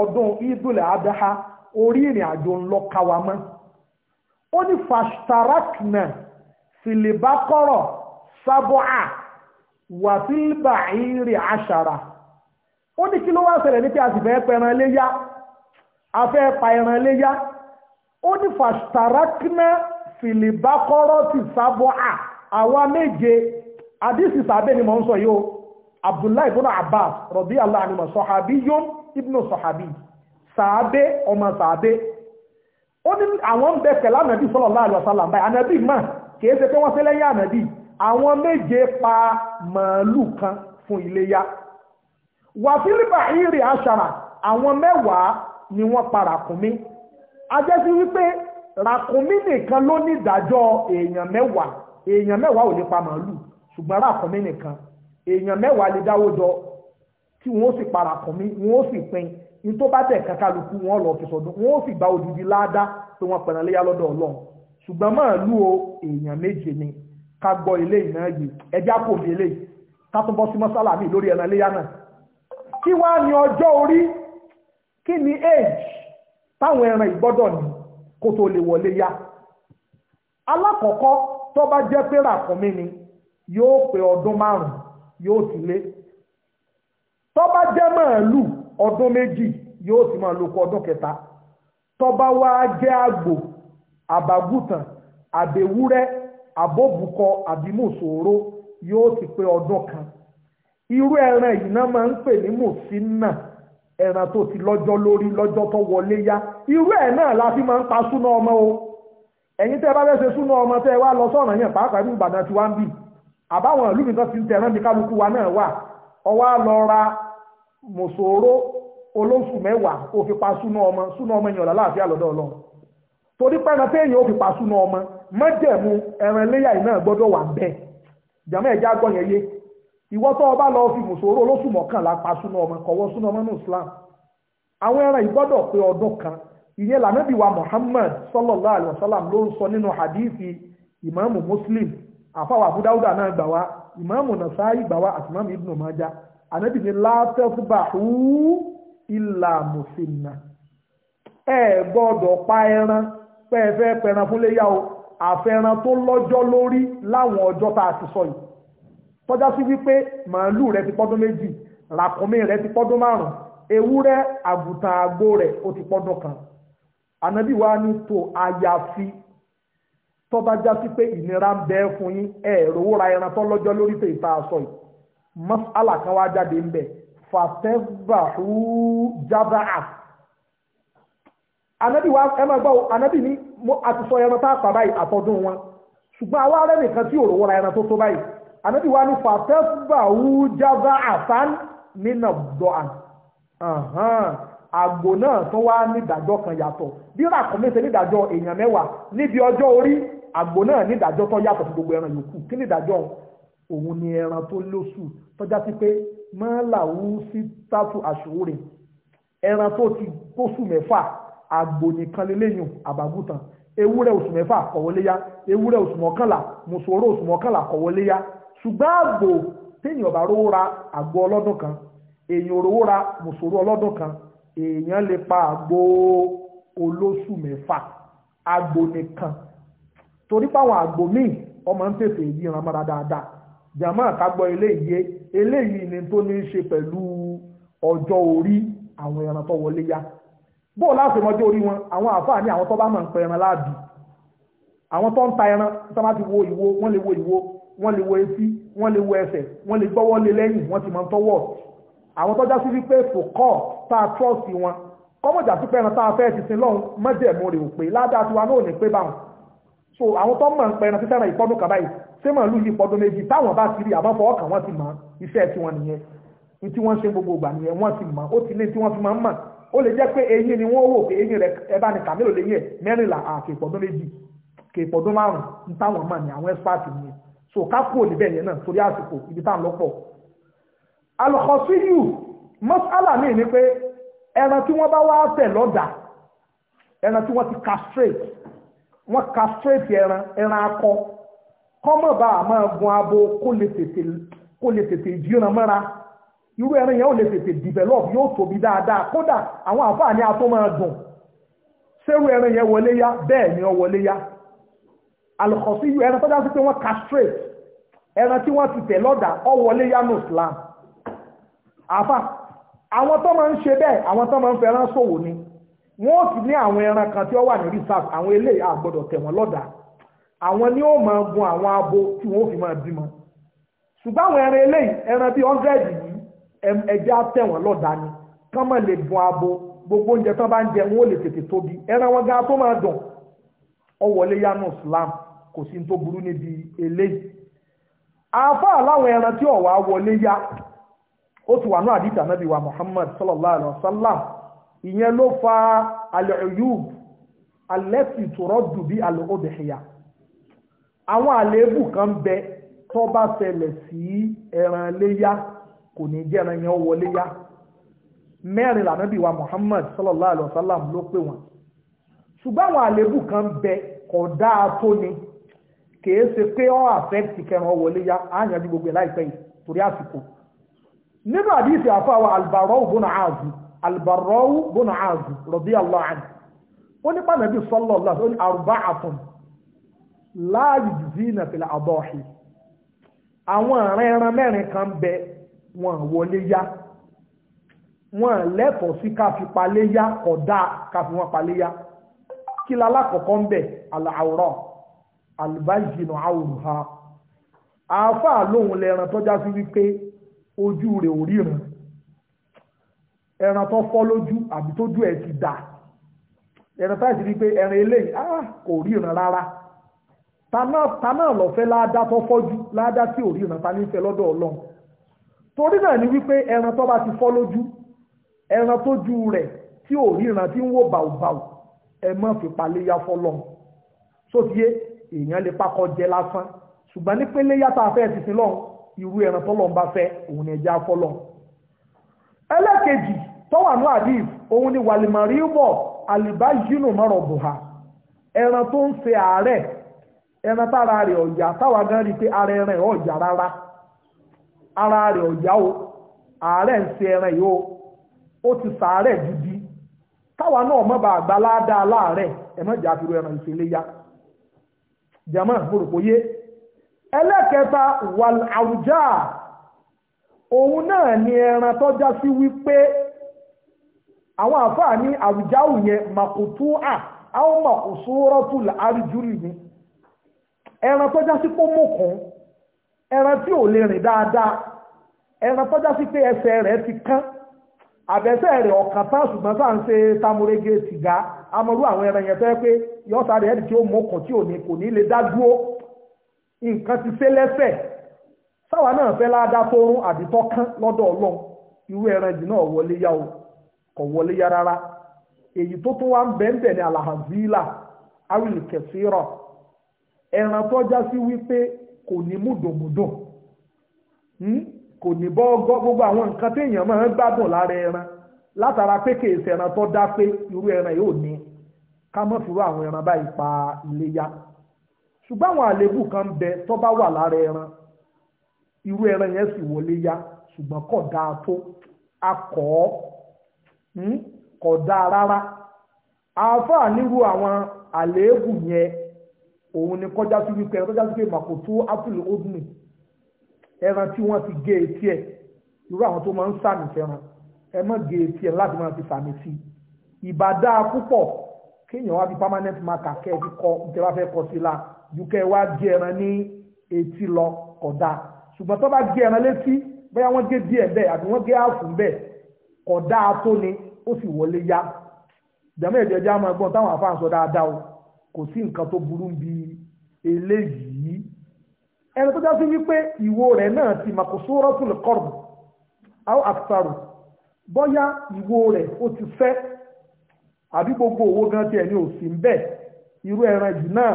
ọdụm ọdún ìdúlẹ̀ àbẹ̀hà orí ìrìn àjò sabọ a. wàfíìlbà ìrì àṣàrà ó ní kí ló wá ṣẹlẹ̀ ní pé a sì fẹ́ pa ẹran léyá a fẹ́ pa ẹran léyá ó ní fàṣtàrákínà fìlìbákọ́rọ́ ti sábọ́ à àwa méje àdìsí sàbẹ́ ni mò ń sọ yìí abdullahi ibn abbas rọ̀bí aláàánimọ̀ sọ̀hábí yón ibn sọ̀hábí sàbẹ́ ọmọ sàbẹ́ ó ní àwọn ń bẹ̀ pẹ̀lú ànàbí sọ́lọ́lá àlùwàsálà báyìí mà kìí ṣe pé wọ́n ṣe lẹ́yìn ànàbí àwọn méje pa màálù kan fún iléyá wàfílìbà ìrì àṣàrà àwọn mẹ́wàá ni wọ́n pa ràkúnmí ajẹ́sí wípé ràkúnmí nìkan ló ní ìdájọ́ èèyàn mẹ́wàá èèyàn mẹ́wàá ò lè pa màálù ṣùgbọ́n ràkúnmí nìkan èèyàn mẹ́wàá lè dáwó jọ tí wọ́n sì pa ràkúnmí wọ́n sì pín ní tó bá tẹ̀ kankaluku wọ́n lọ fi sọdún wọ́n sì gba odidi ládá pé wọ́n pẹ̀rẹ̀ léyà lọ́dọ̀ ọlọ́run ṣùgbọ́n màálù o èèyàn méje ni ká gbọ́ ilé ìná yìí ẹjá kò ní ilé ká tún bọ́ sí mọ́sálà mi lórí ẹran iléyà náà kí wá ní ọjọ́ orí kí ni age táwọn ẹran ìgbọ́dọ̀ ní kó tó lè wọlé yá alákọ̀ọ́kọ́ tó bá jẹ́ pé ràkúnmí ni yóò pé ọdún márùn-ún yóò ti lé tó bá jẹ́ màálù ọdún méjì yóò ti máa lóko ọdún kẹta tó bá wá jẹ́ àgbò àbágùtàn àbẹ̀wúrẹ́ àbóbùkọ àbí mùsòrò yóò ti pé ọdún kan irú ẹran yìí náà máa ń pè ní ẹran tó ti lọ́jọ́ lórí lọ́jọ́ tó wọlé yá irú ẹ náà la fi máa ń pa súná ọmọ o ẹ̀yin tẹ́ bá fẹ́ súná ọmọ tẹ́ wá lọ sọ́ọ̀nà yẹn pàápàá Ìbàdàn tí wá ń bì àbáwọn wa náà wà ọwọ́ lọ pa súná ọmọ súná ọmọ lọ́dọ̀ Ọlọ́run torí pẹ́ẹ́nà téèyàn ó fi pa ọmọ májẹ̀mú ẹran iléyà yìí náà gbọ́dọ̀ wà bẹ́ẹ̀ jàmọ́ ẹ̀já gbọ́ yẹn yé tó lọ fi pa súná ọmọ kọ̀wọ́ súná ọmọ ní Islam àwọn ẹran yìí gbọ́dọ̀ pé ọdún kan ìyẹn lànàbí wa Muhammad sallallahu alayhi wa sallam ló ń sọ nínú hadithi ìmáàmù Muslim abudawuda náà gbà wá Nasa'i gbà wá àti Ibn àfẹ́ran tó lọ́jọ́ lórí láwọn ọjọ́ tá a ti sọ yìí tọ́já sí wípé màálù rẹ ti pọ́dún méjì ràkúnmí rẹ ti pọ́dún márùn ewúrẹ́ àgùntàn àgbo rẹ̀ ó ti pọ́dún kan ànábì wa ní tó àyàfi tọ́ba já sí pé ìnira ń bẹ fún yín ẹ rówó ra ẹran tó lọ́jọ́ lórí tèyí tá a sọ yìí mas'ala kan wá jáde ń bẹ̀ fàtẹ́bàhù jábàá anabi wa ẹ máa gbọ́ anabi ní àti sọ ẹran tá a pa báyìí àtọ́dún wọn ṣùgbọ́n àwa rẹ̀ nìkan tí òrò wọra ẹran tó tó báyìí anabi wa ní fàtẹ́fùbà wú jábá àfán nínà dọ́à àgbò náà tó wá nídàjọ́ kan yàtọ̀ bí ràkúnmí ṣe nídàjọ́ èèyàn mẹ́wàá níbi ọjọ́ orí àgbò náà nídàjọ́ tó yàtọ̀ sí gbogbo ẹran yòókù kí nídàjọ́ òun ni ẹran tó lóṣù tọ́já sí pé mọ́làwú sí tátù àṣòwò rẹ̀ ẹran tó ti tó sùn mẹ́fà àgbò nìkan lélẹ́yìn àbágùtàn ewúrẹ́ oṣù mẹ́fà kọ̀wọ́léyá ewúrẹ́ oṣù mọ́kànlá mùsùlùmí oṣù mọ́kànlá kọ̀wọ́léyá ṣùgbọ́n àgbò téèyàn bá rówó ra àgbò ọlọ́dún kan èèyàn rówó ra mùsùlùmí ọlọ́dún kan èèyàn lè pa àgbò olóṣù mẹ́fà àgbò torí páwọn àgbò míì ọmọ ń tètè yí ìran mọ́ra dáadáa jàmọ́ àkágbọ́ eléyìí eléyìí ni tó ní í ṣe pẹ̀lú ọjọ́ orí àwọn ẹran tó wọlé yá bóò láti mọjọ́ orí wọn àwọn àfáà ní àwọn tó bá máa ń pẹ ẹran láàbì àwọn tó ń ta ẹran tó bá ti wo ìwo wọ́n lè wo ìwo wọ́n lè wo etí wọ́n lè wo ẹsẹ̀ wọ́n lè gbọ́wọ́ lé lẹ́yìn wọ́n ti mọ̀ tọ́wọ́ àwọn tó já sí wípé fòkọ́ tá a trust wọn kọ́mọ̀jà sí pé ẹran tá a fẹ́ ti sin lọ́hùn mọ́jẹ̀mú rè ò pé ládàá tiwa náà ò ní pé báwọn so àwọn tó mọ̀ ń pẹ ẹran títẹ́ ẹran ìpọ́dún kàbá yìí ṣé mọ̀ lù yìí pọ́dún méjì táwọn bá ti rí àmọ́ fọwọ́ kàn wọ́n ti mọ̀ iṣẹ́ tiwọn nìyẹn ní tí wọ́n ṣe gbogbo ìgbà nìyẹn wọ́n ti mọ̀ ó ti lé tí wọ́n fi máa ń mọ̀ ó lè jẹ́ pé eyín ni wọ́n wò pé eyín rẹ̀ ẹ bá ní kàmílò lè yẹ mẹ́rìnlá àkèpọ̀dún méjì kèpọ̀dún márùn ún táwọn mọ̀ ní àwọn ẹ́sípáàtì ni so ká kúrò níbẹ̀ yẹn náà torí àsìkò ibi táwọn lọ́pọ̀. alùpùpù mọ́sálà mi ni pé ẹran tí wọ́n bá wá tẹ̀ lọ́dà ẹran tí wọ́n ti castrate wọ́n castrate ẹran ẹran akọ kọ́mọ̀ bá àmọ́ gun abo kó lè tètè jíran mọ́ra irú ẹran yẹn ò lè tètè develop yóò tóbi dáadáa kódà àwọn àfáàní ató máa dùn sẹ́rù ẹran yẹn wọlé yá bẹ́ẹ̀ ni ó wọlé yá alùkọ̀sí yóò ẹran tọ́já sí pé wọ́n castrate ẹran tí wọ́n ti tẹ̀ lọ́dà ó wọlé yá ní Islam àfà àwọn tó máa ń ṣe bẹ́ẹ̀ àwọn tó máa ń fẹ́ràn ṣòwò ni wọ́n ti ní àwọn ẹran kan tí ó wà ní reserve àwọn àgbọ̀dọ̀ tẹ̀ wọ́n ni ó máa gun àwọn abo tí wọ́n fi máa bímọ ṣùgbọ́n àwọn ẹran eléyìí ẹran bíi ẹja tẹ̀wọ̀n lọ́dà ni kán mọ̀ lè bùn abo gbogbo oúnjẹ tó bá ń jẹ wọn ò lè tètè tóbi ẹran wọn gan tó máa dùn Islam kò sí tó burú níbi eléyìí àáfàá ẹran tí wọlé yá ó ti wà ní àdìsí ànábì wa Muhammad sallallahu alayhi wa sallam ìyẹn ló fa al-uyub allati turaddu bi àwọn àléébù kan bẹ tó bá kò ní jẹ́ ẹran yẹn wọlé yá mẹ́rin lànàbí wa Muhammad sallallahu alaihi wasallam ló pè wọ́n ṣùgbọ́n àwọn àlébù kan bẹ kódà tó ni kìí ṣe pé ọ́ àfẹ́tì kẹran wọlé yá àyànjú gbogbo ẹ̀ láìpẹ́ yìí torí àsìkò nínú àdíṣe àfáwà albarau bọ́nà ààzù albarau bọ́nà ààzù radiyallahu anhu ó ní pàdánù sallallahu ó ní arba'atun la yujzina fil adahi àwọn àrẹ ẹran mẹ́rin kan bẹ wọn wọlé yá wọn lẹ́tọ̀ọ́ sí ká fi palé yá kódà ká fi wọn palé yá kí la lákọ̀ọ́kọ́ ń bẹ̀ àwòrán àlùbáyìnà àwòrán ha àáfàá lóhun lẹ́ran tó já sí wípé ojú rẹ̀ ò ẹran tó fọ́ lójú àbí tójú ẹ̀ ti dà ẹran tó sì rí pé ẹran eléyìí ah kò ríran rárá ta náà lọ fẹ́ láádá tó fọ́jú láádá tí ò ríran ta ní fẹ́ lọ́dọ̀ ọlọ́run torí náà ni wípé ẹran tó bá ti fọ́ lójú ẹran tó tójú rẹ̀ tí ò ríran tí ń wò bàùbàù ẹ má fi paléyà fọ́lọ́n sótíyé èèyàn lè pákọ jẹ lásán ṣùgbọ́n ní pélé yàtọ̀ afẹ́ ti sin lọ́hùn irú ẹran tọ́lọ́hun bá fẹ́ òun ẹja fọ́lọ́hun ẹlẹ́kejì tọ́wà ní àdìf òun ni wàlìmọ̀rí bọ̀ àlìbá yínú mọ́rọ̀ bùhá ẹran tó ń ṣe àárẹ̀ ẹran tára rẹ̀ ọ̀yà táwa gan rí pé ara ẹran ẹ̀ ọ̀yà rárá ara rẹ̀ ọ̀yá o ààrẹ ń ṣe ẹran yìí o ó ti sàárẹ̀ gidi táwa náà mọ̀ bá àgbà ládàá láàrẹ̀ ẹ̀mọ́jà àfihàn ẹran ìṣẹ̀lẹ̀ ya jẹ̀mọ́ gbòròpóyé ẹlẹ́kẹta wàl àwùjá òun náà ni ẹran tó já sí wípé àwọn àfáà ní àwùjá òyẹ màkùtú à àwọn ni ẹran tó já ẹran tí ò lè rìn dáadáa ẹran tọ́já sí pé ẹsẹ̀ rẹ̀ ti kán àbẹ̀sẹ̀ rẹ̀ ọ̀kan tá ṣùgbọ́n tá à ń ṣe tamurege sìgá amọ̀rú àwọn ẹran yẹn tó yẹ pé yọ́ta rẹ̀ ẹ̀dì tí ó mọ́kàn tí ò ní kò ní lè dá nǹkan ti ṣe o kò wọlé yá rárá èyí tó tún wá ń alahazila ẹran tó kò ní múdòmúdò hmm? kò ní bọ́ọ̀gọ́ gbogbo àwọn nǹkan téèyàn máa ń gbádùn lára ẹran látara pé kèèsì ẹran tó dá pé irú ẹran yóò ní ká mọ́ fìrú àwọn ẹran báyìí pa iléyá ṣùgbọ́n àwọn àléébù kan bẹ tó bá wà lára ẹran irú ẹran yẹn sì wọlé yá ṣùgbọ́n kò dáa tó akọ̀ ọ́ hmm? kò dáa rárá àáfàá nírú àwọn àléébù yẹn òun ni kọjá sí wípé ẹran kọjá sí pé màkòtó apple odun ẹran tí wọ́n ti gé etí ẹ̀ irú àwọn tó máa ń sàmì fẹ́ràn ẹ mọ̀ gé etí ẹ̀ láti máa fi sàmì sí ìbá dáa púpọ̀ kéèyàn wá fi permanent marker kẹ́ ẹ fi kọ ìtẹ́ wá fẹ́ kọ sí la ju kẹ́ ẹ wá gé ẹran ní etí lọ kódà ṣùgbọ́n tó bá gé ẹran létí bóyá wọ́n gé díẹ̀ bẹ́ẹ̀ àbí wọ́n gé àfù bẹ́ẹ̀ kódà tó ni ó sì wọlé yá ìjàmbá ìjọba máa gbọ́n táwọn àfáà ń dáadáa o kò sí nǹkan tó burú bí eléyìí ẹni tó já sí wípé ìwo rẹ náà ti màkò sórọ́tù lè kọ́rù àwọn àtàrò bọ́yá ìwo rẹ̀ ó ti fẹ àbí gbogbo owó gan tiẹ̀ ní òsì ń irú ẹran yìí náà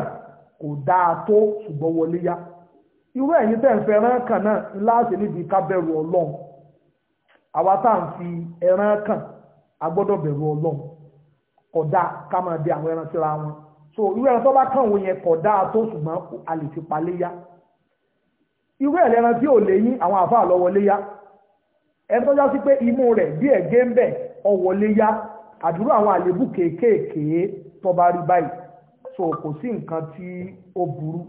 kò dáa tó ṣùgbọ́n wọlé yá irú ẹ̀yin kan náà láti níbi ká bẹ̀rù ọlọ́run àwa tá à ń kan a gbọ́dọ̀ bẹ̀rù ọlọ́run ká máa àwọn ẹran so irú ẹran tó bá kàn wọ́n yẹn kọ̀ dáa tó ṣùgbọ́n a lè fi pa léyá irú ẹ̀lẹ́ran tí ò léyín àwọn àfáà lọ́wọ́ léyá ẹni tó já sí pé imú rẹ̀ bí ẹ̀gẹ́ ń bẹ̀ ọwọ́ léyá àdúrà àwọn àlébù kéékèèké tó bá rí báyìí so kò sí nǹkan tí ó burú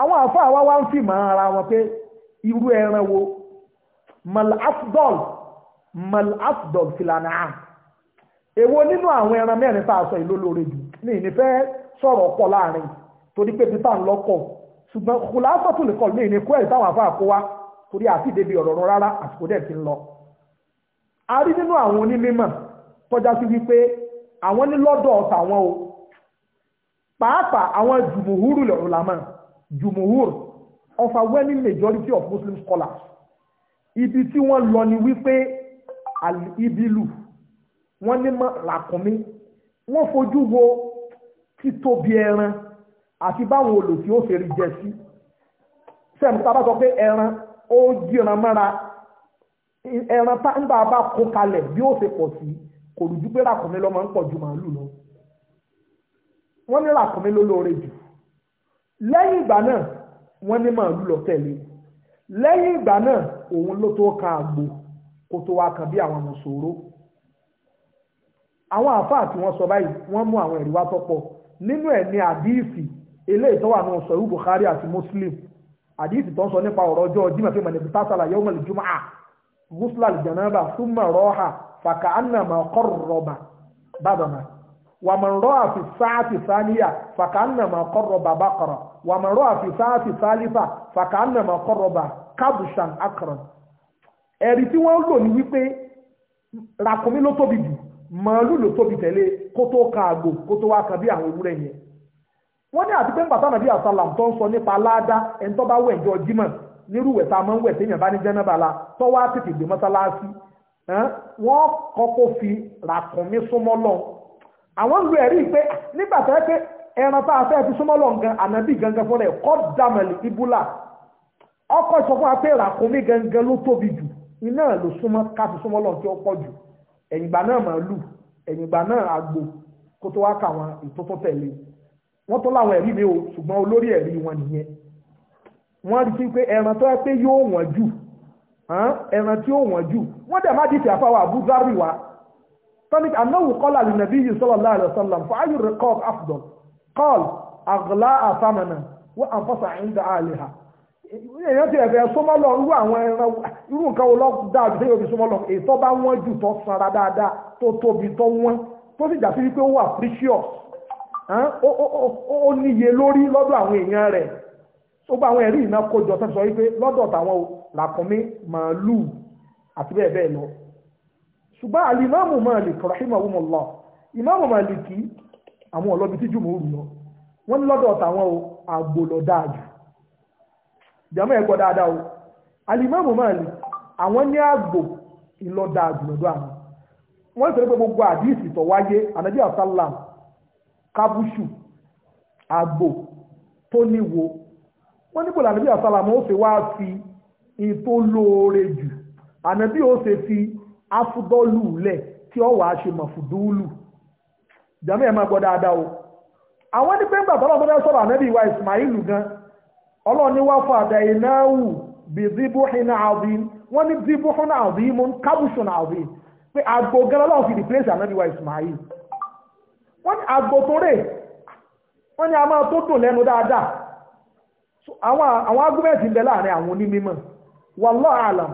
àwọn àfáà wá wá ń fi mọ́ ara wọn pé irú ẹran wo malafdol malafdol filana èwo nínú àwọn ẹran mẹ́rin tá a sọ ìlólóore jù ní ìnífẹ́ sọ̀rọ̀ pọ̀ láàrin torí pé pípa ń lọ́pọ̀ ṣùgbọ́n kùlá sọ̀tún lè kọ̀ ní ìní kúẹ̀rì táwọn afá kó wá torí àti ìdèbí ọ̀rọ̀ rán rárá àsìkò dẹ̀ ti ń lọ. a rí nínú àwọn onímọ̀ tọ́já sí wípé àwọn ní lọ́dọ̀ tàwọn o pàápàá àwọn jùmùhúrù lọ́rùlámà jùmùhúrù overwhelming majority of Muslim scholars ibi tí wọ́n lọ ni wípé ibilu wọ́n ní mọ́ làkúnmí wọ́n fojú wo títóbi ẹran àti báwọn olùsí ó fèrè jẹ sí sẹ́mi tá a bá sọ pé ẹran ó jíran mọ́ra ẹran tá ń bá a bá kó kalẹ̀ bí ó ṣe pọ̀ sí kò rújú pé ràkúnmí lọ́mọ ń pọ̀ ju màálù lọ wọ́n ní ràkúnmí ló lóore jù lẹ́yìn ìgbà náà wọ́n ní màálù lọ tẹ̀lé lẹ́yìn ìgbà náà òun ló tó ka àgbò kó tó wá kan bí àwọn mùsòrò àwọn àfáà tí wọ́n sọ báyìí wọ́n mú àwọn ẹ̀rí wá tọ́pọ̀ nínú ẹ̀ ni àdíìsì eléyìí tó wà ní ọ̀sọ̀ ìwú Bukhari àti Muslim àdíìsì tó ń sọ nípa ọ̀rọ̀ ọjọ́ jimá pé mọ̀lẹ́bí tásàlà yọmọ lè jùmọ̀ à gúúsùlà lè jẹ̀nàbà súnmọ̀ rọ́ọ̀hà fàkà ánà mà qarraba bàbàmà wàmọ̀ rọ́ọ̀hà fi sáàtì sáníyà fàkà ánà mà qarraba bàkọ̀rọ̀ wàmọ̀ rọ́ọ̀hà fi sáàtì sálífà fàkà ánà mà qarraba kábùsàn akọ̀rọ̀ ẹ̀rí tí wọ́n lò ní wípé ràkúnmí ló tóbi jù màálù ló tóbi tẹ̀lé kó tó ka àgbò kó tó wá ka bí àwọn ewúrẹ́ yẹn wọ́n ní àti pé bàtà nàbí àsálàm tó ń sọ nípa ládá ẹni tó bá wẹ̀ jọ jímọ̀ nírúwẹ̀ tá a máa ń wẹ̀ téèyàn bá ní jẹ́nàbàlà tó wá tètè gbé mọ́sálásí wọ́n kọ́kọ́ fi ràkùnmí súnmọ́ lọ àwọn lu ẹ̀rí pé nígbà tó yẹ pé ẹran tá a fẹ́ fi súnmọ́ lọ gan ànábì gangan fúnra ẹ̀ kọ́ dàmẹ̀lì ibùlà ọkọ̀ sọ wa pé ràkùnmí gangan ló tóbi jù iná ló súnmọ́ ká fi súnmọ́ lọ tí ó pọ̀ jù ẹ̀yìn ìgbà náà màálù ẹ̀yìn ìgbà náà àgbò kó tó wá kà wọn ìtótó tẹ̀lé wọ́n tó láwọn ẹ̀rí mi o ṣùgbọ́n olórí ẹ̀rí wọn nìyẹn wọ́n rí sí pé ẹran tó yẹ pé yóò wọ́n jù ẹran tí ó wọ́n jù wọ́n dẹ̀ má dìtẹ̀ àfáwà àbúzárì wa tọ́ni anáwó kọ́lá lùnàbí yìí sallallahu alaihi wasallam fàáyù rẹ̀ kọ́ọ̀k afdal kọ́ọ̀l àgbàlá àfàmànà wọ́n àǹfọ̀sà àìndà àlè èèyàn ti ẹ̀fẹ̀ sọmọlọ irú àwọn ẹran irú nǹkan wo lọ́dáà tó yóò fi sọmọlọ ètò bá wọ́n jù tó sanra dáadáa tó tóbi tó wọ́n tó sì jásí wípé ó wà precious ó níye lórí lọ́dọ̀ àwọn èèyàn rẹ̀ ó bá àwọn ẹ̀rí iná kójọ tó sọ wípé lọ́dọ̀ táwọn làkúnmí màálù àti bẹ́ẹ̀ bẹ́ẹ̀ lọ ṣùgbọ́n alimamu malik rahimahumullah imamu malik àwọn ọlọ́bi tí jùmọ̀ òrùn lọ wọ́n ní lọ́dọ̀ táwọn àgbò lọ dáa jù jàmọ́ ẹ̀kọ́ dáadáa o alimami maali awọn ni agbo ilọda àgbìnàdó àná wọn sọ pé gbogbo àdíìsì tó wáyé ànábì àsálàm kábúṣù àgbò tó níwo wọ́n níbo lànàbí àsálàm ó ṣe wá fi ètò lóore jù ànábì ó ṣe fi afúdọ́lù lẹ̀ ti ó wa ṣe mọ̀fùdúlù jàmọ́ ẹ̀ máa gbọ́ dáadáa o àwọn ní pé ń gbà tọ́lọ́ tó fẹ́ sọ̀rọ̀ ànábì ìwà ìsmáìlù gan-an ọlọ́ni wá fàdà ìnáwù bí zibuhin azim wọ́n ní zibuhin azim mú kábùsùn azim pé àgbò gẹ́lẹ́ lọ́wọ́ fi replace anabi wa ismail wọ́n ní àgbò tó rè wọ́n ní a máa tó dùn lẹ́nu dáadáa àwọn agúmẹ̀tì ń bẹ láàrin àwọn onímọ̀ wallahu alam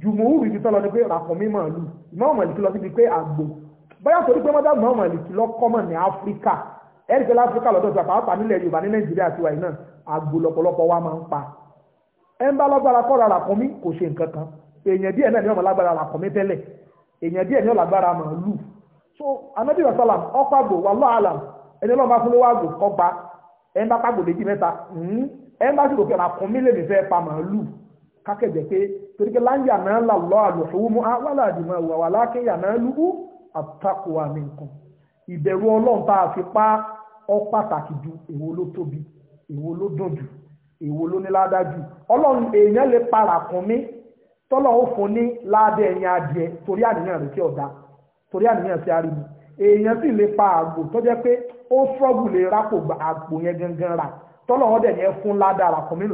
jùmọ̀wù ibi tọ́lọ ni pé ràpọ̀ mímọ̀ lù ìmọ̀ mọ̀lìkì lọ síbi pé àgbò báyà torí pé mọ́dá mọ̀ mọ̀lìkì lọ́kọ́mọ̀ ní áfíríkà ẹ̀ríkẹ́ láfíríkà lọ́dọ̀ tó pàápàá nílẹ̀ yorùbá ní nàìjíríà ti wà yìí náà àgbò lọ́pọ̀lọpọ̀ wa máa ń pa ẹ ń bá lágbára kọ́ rárá kan mí kò ṣe nǹkan kan èèyàn díẹ̀ náà ni ọmọ lágbára rà kan mí tẹ́lẹ̀ èèyàn díẹ̀ ni ó lágbára mà lù so anabi rasalam ọkọ àgbò wà lọ àlàm ẹni ọlọ́run bá fún lówó àgbò kọ́ gba ẹ ń bá pàgbò méjì mẹ́ta ẹ ń bá sì gòkè ràkùn mí lè fẹ́ pa mà lù kákẹ́jẹ́ pé torí pé láyà náà là lọ́ àlùfòwúmú wàlá àdìmọ̀ wà wà lákẹ́yà náà lù ú àtàkùwà minkum ìbẹ̀rù ọlọ́run tá a fi pa á ọ pàtàkì ju èwo ló tóbi èwo ló dùn jù èwo ló ní ládàá jù ọlọ́run èèyàn lè para kùn mí tọ́lọ̀ ó fún ní ládàá ẹ̀yìn adìẹ torí àníyàn rẹ̀ tí ọ̀dà torí àníyàn sí ariwo èèyàn sì lè pa àgbò tó jẹ́ pé ó lè rápò àgbò yẹn gangan rà dẹ̀ fún ládàá kùn mí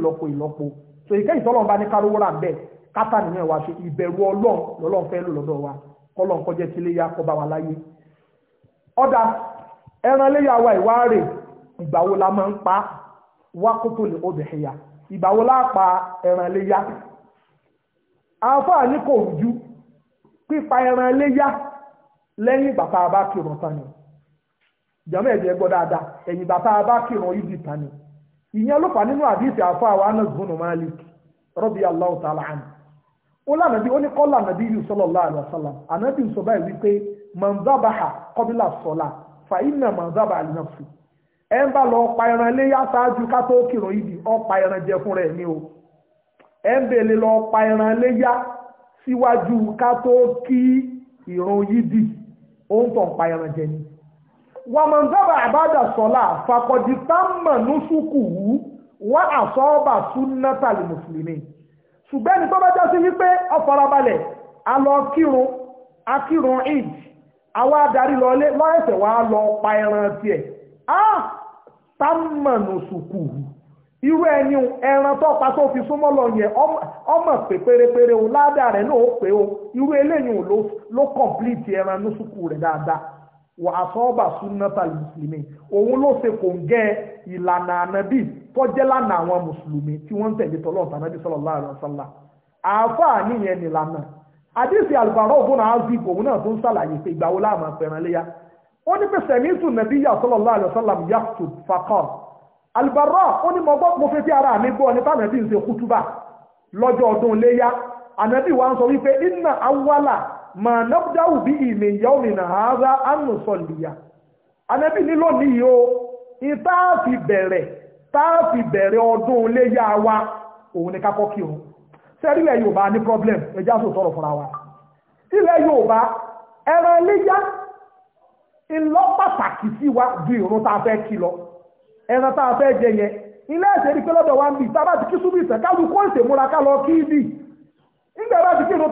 bá ní ẹran léyàwó ìwárè ìgbàwo la máa ń pa wákòtò lè obìnrin ìgbàwo la pa ẹran léyà àáfàá ní kò rújú pípa ẹran léyà lẹ́yìn bàtà bá ni ẹ̀jẹ̀ gbọ́ dáadáa ẹ̀yìn bàtà bá kírun yìí ni ìyẹn ló fà nínú àdìsí àáfàá wa náà gbónú Malik rọ́bì Allahu ta'ala anhu ó lànàbí fàyínà mọ̀zábà àlìnàfù ẹ ń bá lọ pa ẹran léyà ṣáájú ká tó kírun ìdí ọ̀pa ẹran jẹ fún rẹ̀ ni o ẹ ń bèlè lọ pa ẹran léyà síwájú ká tó kí ìrun yídì ó ń tàn pa ẹran jẹ ni. wàmọ̀nzábà àbádà sọ́lá fàkọ̀dìtàmà nùsùkù wù wọ́n àsọ́ọ̀bà súnnátàlì mùsùlùmí ṣùgbẹ́ni tó bá jásí wípé ọ̀fọ̀rabalẹ̀ a kírun akírun ìdí àwa adarị lọlé lọ́ẹ̀sẹ̀ wá lọ pa ẹran tiẹ̀ irú ẹni ẹran tó pa tó fi súnmọ́ lọ yẹn ọmọ pé pérépéré o ládàá náà ó pé ẹran ní sùkù rẹ dáadáa wà á sọ́ọ́bà súnnátà mùsùlùmí òun ló ṣe kò ń gẹ́ ìlànà ànábì tó lánà àwọn mùsùlùmí tí wọ́n ń tẹ̀lé tọ́lọ́ọ̀tà ànábì àáfàá nìyẹn àdéhùn àlùbárà òbúnà azib òun náà tó ń sàlàyé pé ìgbà wo láàmà pẹ̀ràn léyà ó ní pé sẹ̀mítù nàbí yà sallallahu alaihi wasallam yàtù fakọ́ àlùbárà ó ní mo fẹ́ tí ara mi gbọ́ ní tànàbí ń kútúbà lọ́jọ́ ọdún léyà ànàbí wa ń sọ wípé inna awwala ma nabda'u bihi min yawmina hadha an nusalliya ànàbí ní lónìí o ìtààfi bẹ̀rẹ̀ tààfi bẹ̀rẹ̀ ọdún léyà wa òun ni kákọ́ kí òun sẹ́rílẹ̀ Yorùbá ní problem ẹjá sọ tọrọ fúnra wa ilẹ̀ Yorùbá ẹran iléyá ńlọ pàtàkì sí wa ju ìrún a fẹ́ kí lọ ẹran tá fẹ́ jẹ yẹn ẹ̀sẹ̀ ní wa ń bì tá ti kí súnmù ìsẹ̀ kó ìsè múra ká lọ kí bì nígbà ti kí ìrún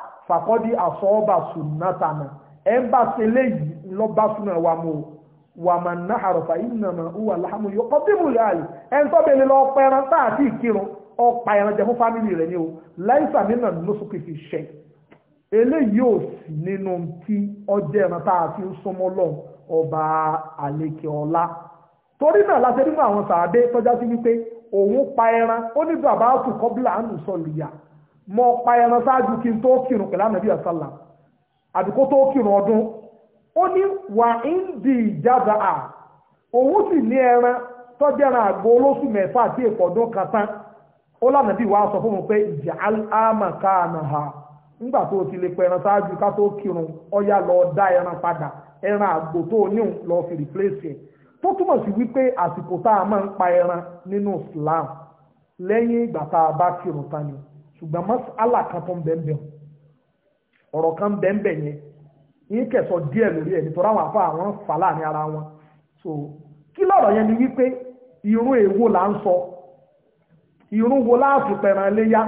fàkọ́dí àfọ́ọ́bà sùnátànà ẹ̀ ń bá ṣe súnà wa mú wà mà ná àròfà ìnàmà wà láàmú yóò kọ́ bí mo lè àlè ẹ̀ ń tọ́bẹ̀ lè lọ ẹran ọpa ẹran fún fámìlì rẹ̀ ni o láìsà nínà lóṣùkè fi nínú tí ẹran ọba àlekè ọlá torí náà láti rí àwọn sàádé tọ́já sí wípé òun pa ẹran ó mọ pa ẹran ṣáájú kí n tó kírun pẹ̀lú ànàbí àsálà àdúgbò tó kírun ọdún ó ní wà ń di à òun sì ní ẹran tọ́jẹ́ran àgbo olóṣù mẹ́fà àti èpò ọdún kan ó lànàbí wa sọ fún mi pé ha nígbà tó ti lè ẹran ká tó ọyá lọ dá ẹran padà ẹran àgbo tó lọ fi ẹ tó túmọ̀ sí wípé àsìkò tá a máa ń pa ẹran nínú Islam lẹ́yìn ṣùgbọ́n mas'ala kan tó ń bẹ̀ẹ̀bẹ̀ ọ̀rọ̀ kan bẹ̀ẹ̀bẹ̀ yẹn yín kẹsọ̀ díẹ̀ lórí ẹ̀ nítorí àwọn afọ àwọn fàlà ní ara wọn so kí lọ́rọ̀ yẹn ni wípé irun èwo là ń sọ irun wo láàfin pẹ̀ràn léyà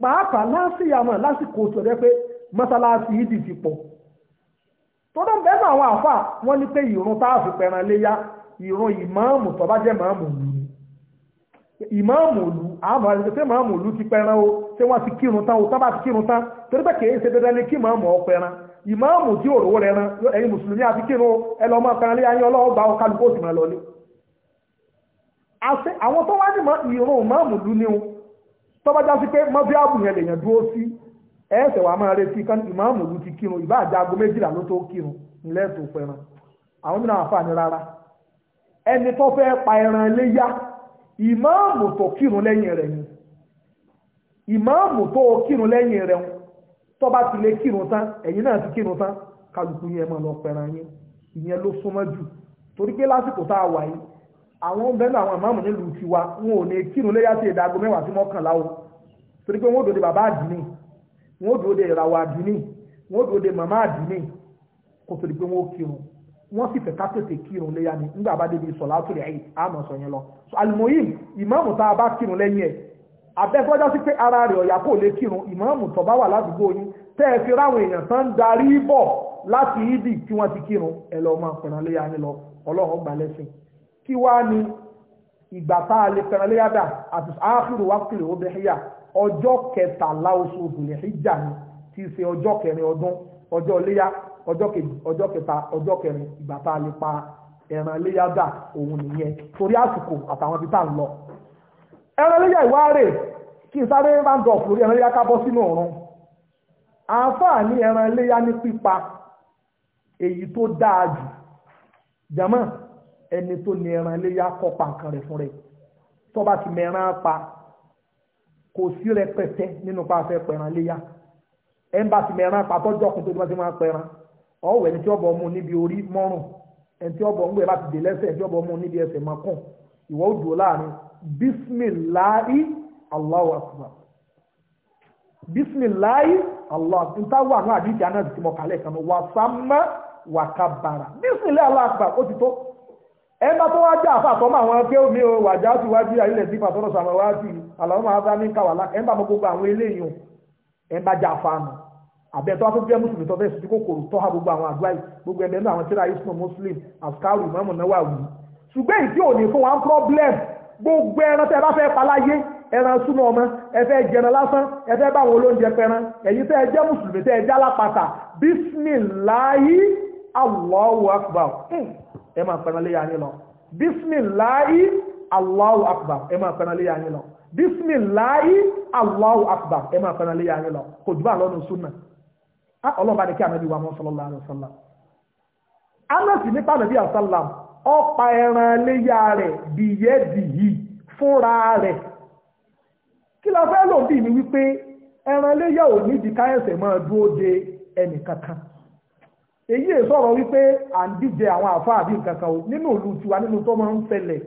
pàápàá láṣìyàmọ̀ lásìkò tó rẹ pé mọ́sálásí yìí dì ti pọ̀ tó dán bẹ́ẹ̀ náà àwọn àfà wọ́n ní pé ìrun táàfin pẹ̀ràn léyà ìrun ìmáàmù tó bá yìí ìmáàmù òlù àwọn àti ṣe ìmáàmù òlù ti pẹran o ṣé wọ́n ti kírun tán o tábà ti kírun tán torí pé kìí ṣe dandan ni kí ìmáàmù ọ pẹran ìmáàmù tí ò rówó rẹran ẹ̀yin mùsùlùmí àti kírun ẹ lọ mọ pẹran lé ayé ọlọ́wọ́ gba ọkàlùkù òsì máa lọlé. àwọn tó wá ní ìrun ìmáàmù òlù ni o tọ́ba já sí pé mọ́fíàbù yẹn lèèyàn dúró sí ẹ̀ẹ́sẹ̀ wàá máa retí kan ìmáàmù òlù ti kírun ìbá àjàgbó méjìlá ló tó kírun nílẹ̀ tó pẹran àwọn mìíràn àǹfààní rárá ẹni tó fẹ́ pa ẹran léyà ìmáàmù tó kírun lẹ́yìn rẹ̀ ni ìmáàmù tó kírun lẹ́yìn rẹ̀ tó bá ti lè kírun tán ẹ̀yin náà ti kírun tán kálukú yẹn máa lọ pẹran yín ìyẹn ló súnmọ́ jù torí pé lásìkò tá a wà yìí àwọn bẹ́ẹ̀ àwọn ìmáàmù nílùú ti wa wọn ò ní kírun léyà sí ìdágo mẹ́wàá sí mọ́kànlá o torí pé wọ́n dòde bàbá àdínì wọ́n dòde ìràwọ̀ àdínì wọ́n dòde màmá àdínì kó torí pé wọ́n kírun wọ́n sì fẹ́ tètè kírun léyà ni nígbà bá débi sọ̀lá àmọ̀ sọ yẹn lọ. alimoyim ìmáàmù tá a bá kírun lẹ́yìn ẹ̀ ara rẹ̀ ọ̀yà kò lè kírun ìmáàmù wa bá wà ládùúgbò yín tẹ́ fi ráwọn èèyàn tán ń darí bọ̀ láti tí wọ́n ti kírun ẹ lọ máa pẹ̀ràn léyà ni lọ ọlọ́run gbà ọjọ́ kẹta ọjọ́ kẹrin ìgbà tá a lè pa ẹran iléyà dà òun nìyẹn torí àsìkò àtàwọn ibi tá à ń lọ. ẹran iléyà ìwárè kí n sáré round up lórí ẹran iléyà ká bọ́ sínú ọ̀run àǹfààní ẹran iléyà ní pípa èyí tó dáa jù jàmọ́ ẹni tó ní ẹran iléyà kọ́ pa nǹkan rẹ̀ fún rẹ̀ tó bá ti mẹ́ran pa kò sí rẹpẹtẹ nínú pa afẹ́ pẹ̀ràn iléyà ẹ̀ ń bá ti mẹ́ran pa tọ́jú ọkùnrin tó ti máa ti máa ọ̀wẹ̀ ẹni tí ọ̀bọ̀ mú níbi orí mọ́rùn ẹni tí ọ̀bọ̀ ń gbé láti dé lẹ́sẹ̀ ẹni tí ọ̀bọ̀ mú níbi ẹsẹ̀ mọ́kàn ìwọ òjò láàrin bisimilahi allahu akbar bisimilahi allah ntàwọn àwọn àdìsí anáàdì tí mo kàlẹ̀ kan wà sámá wà kábàrà bisimilahi allah akbar ó ti tó ẹ bá tó wá jẹ́ àfa àtọ́mọ àwọn akẹ́ omi o wàjà tó wájú ayílẹ̀ sí pàtọ́nà sàmọ́wájú àlọ́ máa bá ní kàwálà ẹ bá mọ gbogbo àwọn eléyìí ẹ bá jẹ́ àfa àbẹ tó wá fẹ́ jẹ́ mùsùlùmí tó fẹ́ sojú kòkòrò tó ha gbogbo àwọn àdúrà yìí gbogbo ẹ̀mẹ́ náà àwọn tíra islam muslim askaru imamu náwà wù ṣùgbọ́n ìdí òní fún wa ń problem gbogbo ẹran tẹ́ bá fẹ́ paláyé ẹran súnmọ́ ọmọ ẹ fẹ́ jẹran lásán ẹ fẹ́ bá àwọn olóúnjẹ pẹran ẹ̀yin tẹ́ ẹ jẹ́ mùsùlùmí tẹ́ ẹ jẹ́ alápatà bismillahi allahu akbar hmm. ẹ máa pẹran léyà yín lọ bismillahi allahu akbar ẹ máa pẹran léyà yín lọ bismillahi allahu akbar ẹ máa pẹran léyà yín lọ kò jù bá lọ́nu súnmọ́ Ah, ọlọ́ọ̀bá ni kí ànábì wa mọ́ sallallahu alaihi wasallam anọ́sì nípa ànábì àṣálà ọ̀pá ẹran léyà rẹ̀ bìyẹ́ dìyí fúnra rẹ̀ kí la fẹ́ lò bí mi wípé ẹran léyà ò ní di káyọ̀sẹ̀ máa dúró de ẹnì kankan èyí è sọ̀rọ̀ wípé à ń díje àwọn àfáà bí nǹkan kan o nínú ìlú tiwa nínú tó máa ń ṣẹlẹ̀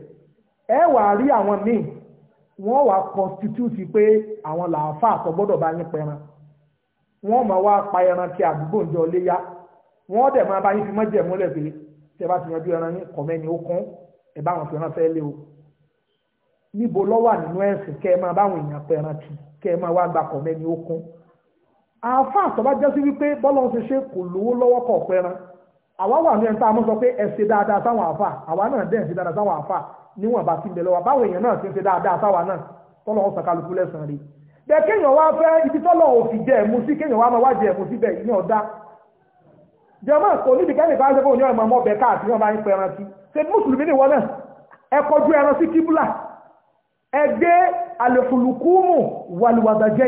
ẹ wà rí àwọn míì wọ́n wà constitute pé àwọn làáfáà tó gbọ́dọ̀ bá yín pẹran wọ́n máa wá pa ẹran tí àdúgbò ń jọ léyà wọ́n dẹ̀ máa bá yín fi mọ́jẹ̀ múlẹ̀ pé tẹ́ bá ti yanjú ẹran yín kọ̀mẹ́ni ó kún ẹ̀ bá wọn fi ẹran fẹ́ lé o níbo ló wà nínú ẹ̀sìn kẹ́ ẹ máa báwọn èèyàn pẹran tì kẹ́ ẹ máa wá gba kọ̀mẹ́ni ó kún àáfà àtọ́bá jẹ́ sí wípé bọ́lá ń ṣe ṣe kò lówó lọ́wọ́ kọ̀ pẹran àwa wà ní ẹni tá sọ pé ẹ ṣe dáadáa sáwọn àáfà àwa náà dẹ̀ bẹ́ẹ̀ kéèyàn wá fẹ́ ibi tọ́lọ̀ òfì jẹ ẹ̀mú sí kéèyàn wá máa wá jẹ ẹ̀mú síbẹ̀ ìní ọ̀dá jẹ́mọ́ kò níbi kẹ́mì kan ṣe fún òní ọmọ ọbẹ̀ káàkiri wọn bá ń pẹ ẹran sí ṣe mùsùlùmí nìwọ náà ẹ kọjú ẹran sí kíbùlà ẹ gbé àlẹfùlùkùmù wàlúwàdàjẹ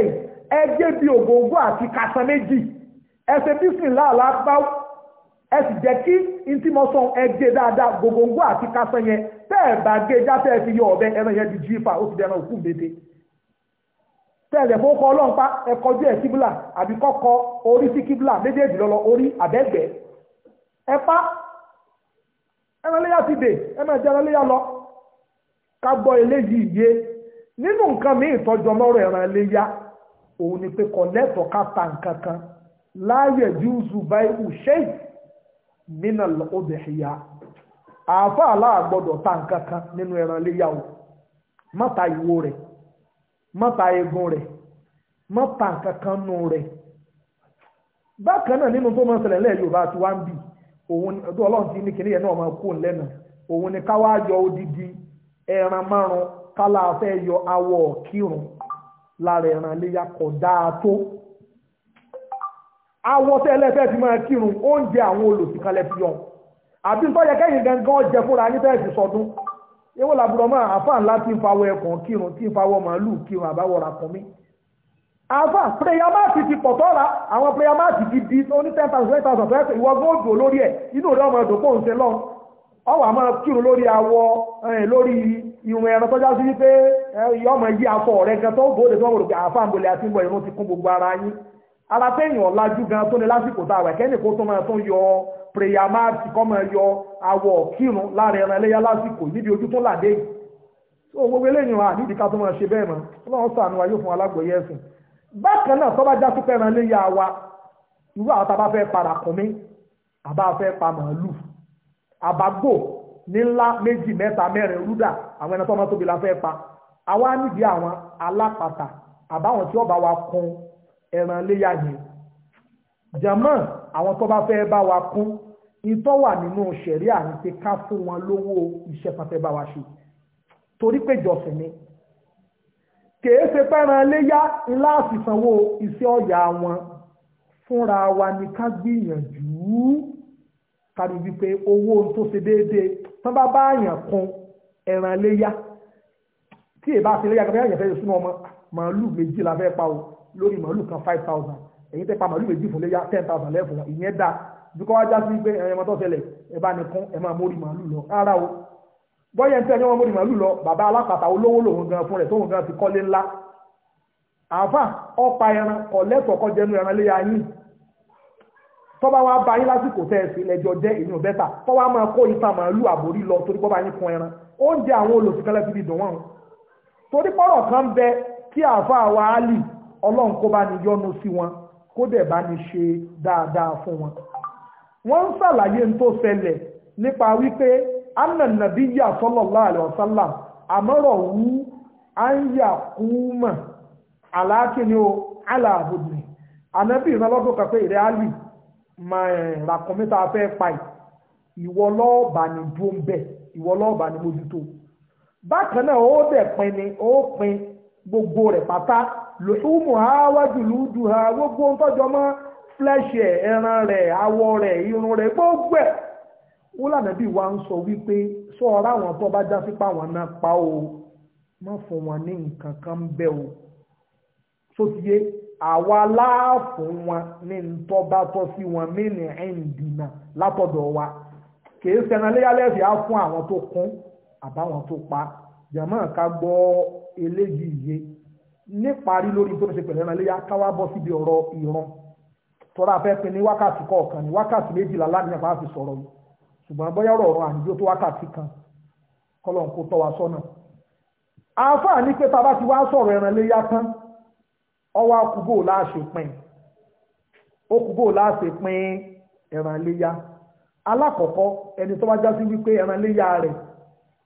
ẹ gbé bí ògógó àti kàtà méjì ẹ ṣe bísìnlá pa ẹ sì jẹ́ kí ntímọ̀sán ẹ gbé dáadáa gògógó àti kàtà yẹn tẹ́ bá gbé jáfẹ́ fi yọ ọ̀bẹ ẹran yẹn di jífa ó ti dẹran òkú mbete tẹ́lẹ̀ bó kọ ọlọ́run pa ẹkọjú ẹ̀ kíbùlà àbí kọ́kọ́ orí sí kíbùlà méjèèjì lọ́lọ́ orí àbẹ́gbẹ́ ẹpá ẹranléyà ti dè ẹmẹ̀jẹ ẹranléyà lọ ká gbọ́ eléyìí yé nínú nǹkan mi ìtọ́jú ọlọ́rọ̀ ẹranléyà òun ni pé lẹ́tọ̀ọ́ ká ta nǹkan kan láàyè júùsù má ba rẹ rẹ̀ má pa nǹkan kan nù bákan náà nínú tó máa ń ṣẹlẹ̀ lẹ́yìn yorùbá tí wọ́n ń bì òun ọdún ọlọ́run ti ní náà máa ni ká yọ odidi ẹran márùn kálá fẹ́ yọ awọ kírun lára ẹran léyà kọ̀ dáa tó awọ tẹ́lẹ̀ fẹ́ fi máa kírun oúnjẹ àwọn olùsìnkalẹ̀ fi yọ àbí ewó làbúrò máa àfà ńlá tí ń fawọ ẹkùn kírun tí ń fawọ màálù kírun àbáwọra kan mi àfà pírẹyàmáàtì ti pọ̀ tọ́ra àwọn pírẹyàmáàtì ti di oní ten thousand twenty thousand twenty ìwọ gbọ́n òdò lórí ẹ̀ inú rẹ̀ ọmọ ẹ̀dùn kóhùn ṣe lọ́n ọwọ́ àmọ́ kírun lórí awọ lórí irun ẹran tọ́já sí wípé ọmọ yí afọ rẹ̀ gan tó bóde tó wọ́n rò pé àfà ń bolẹ̀ àti ń bọ̀ ìrún ti kún gbogbo ara yín ara téèyàn ọ̀làjú gan tó ní lásìkò tá a wà kẹ́nìkó tó máa tún yọ prayer mark kọ́ máa yọ awọ kírun lára ẹran ẹlẹ́yà lásìkò níbi ojú tó làdé yìí tó gbogbo eléyìí wà nídìí ká tó máa ṣe bẹ́ẹ̀ mọ́ ọlọ́run ṣàánú wa yóò fún alágbòye ẹ̀sìn bákan náà tọ́ba já sí pẹ́ran léyà wa irú àwọn tá a bá fẹ́ para kùnmí àbá fẹ́ pa màálù àbágbò nílá méjì mẹ́ta mẹ́rin rúdà àwọn ẹni tó máa tóbi la fẹ́ pa àwa nídìí àwọn alápàtà àbáwọn tí ọba wa kun ẹran léyà ni jàmọ́ àwọn tó bá fẹ́ bá wa kú ìtọ́ wà nínú ṣẹ̀rí àrùn pé ká fún wọn lówó iṣẹ́ kan fẹ́ bá wa ṣe torí pé jọ̀sìn ni kèé ṣe pẹ́ran léyà ńlá àsìsanwó iṣẹ́ ọ̀yà wọn fúnra wa ni ká gbìyànjú kárí wípé owó tó ṣe déédéé tán bá bá àyàn kun ẹran léyà tí èbá ṣe léyà kan fẹ́ àyàn fẹ́ sínú ọmọ màálù méjì la fẹ́ pa o lórí màálù kan five thousand èyí tẹ́ pa màálù méjì fún léyà ten thousand lẹ́fún wọn ìyẹn dá dúkọ́ wájá sí pé ẹ̀yẹ mọ́tọ́ tẹ́lẹ̀ ẹ bá ní kún ẹ máa mórí màálù lọ rárá o bọ́yẹ̀ ń tẹ́ ẹ̀yẹ wọn mórí màálù lọ bàbá alápàtà olówó lòun gan fún rẹ̀ tóun gan ti kọ́lé ńlá àáfà ọ̀pá ẹran ọ̀lẹ́tọ̀ kọ́ jẹnu ẹran léyà yín tọ́ba wa bá yín lásìkò tẹ́ ẹ sí lẹ́jọ́ jẹ́ ìyún bẹ́tà tọ́ba máa kó ipa màálù àbórí lọ torí bọ́ba yín kún ẹran oúnjẹ àwọn olùsìnkẹ́lẹ́ fi di dùn wọ́n torí pọ́rọ̀ kan bẹ kí àáfà wa á lì ọlọ́run kó bá ní yọ́nú sí wọn kó dẹ̀ bá ní ṣe dáadáa fún wọn. wọ́n ń ṣàlàyé ń tó ṣẹlẹ̀ nípa wípé anànàbí yà sallallahu alaihi wasallam àmọ́rọ̀ wú à ń yà kú mọ̀ àlákìní o aláàbòdì ànábì ìrànlọ́dún kan pé ìrẹ́ àlì máa ràkọ́mítà fẹ́ pa ìwọ lọ́ọ̀bà ní dúró ń bẹ̀ ìwọ lọ́ọ̀bà ní mójútó bákan náà ó dẹ̀ pin ni ó pin gbogbo rẹ̀ pátá lùhùmù ha wájú lùdù ha gbogbo ń tọ́jọ mọ́ flesh ẹ̀ ẹran rẹ̀ awọ rẹ̀ irun rẹ̀ gbogbo ẹ̀ wọ́n lànà bí wa ń sọ wípé sọ àwọn tó bá já sí páwọn náà pa o má fún wọn ní nǹkan kan bẹ́ o tó ti yé àwa láàfún wọn ní ntọ́ bá tọ́ sí wọn mínì ẹ̀ǹdìnà látọ̀dọ̀ wa kìí sẹ́ran léyálẹ́sì á fún àwọn tó kún àbáwọn tó pa jàmáà ká gbọ́ eléyìí yé níparí lórí tó ṣe pẹ̀lú ẹranléyà káwá bọ́ síbi ọ̀rọ̀ ìran tọ́ra fẹ́ pin ní wákàtí kọ̀ọ̀kan ní wákàtí méjìlá láàrin àti sọ̀rọ̀ yìí ṣùgbọ́n ọ̀rọ̀ ọ̀rọ̀ àníjó tó wákàtí kan kó tọ́ wa sọ́nà. àáfàá ní pé tábà ti wá sọ̀rọ̀ ọwọ́ akúgbò alákọ̀ọ́kọ́ ẹni tó sí wípé rẹ̀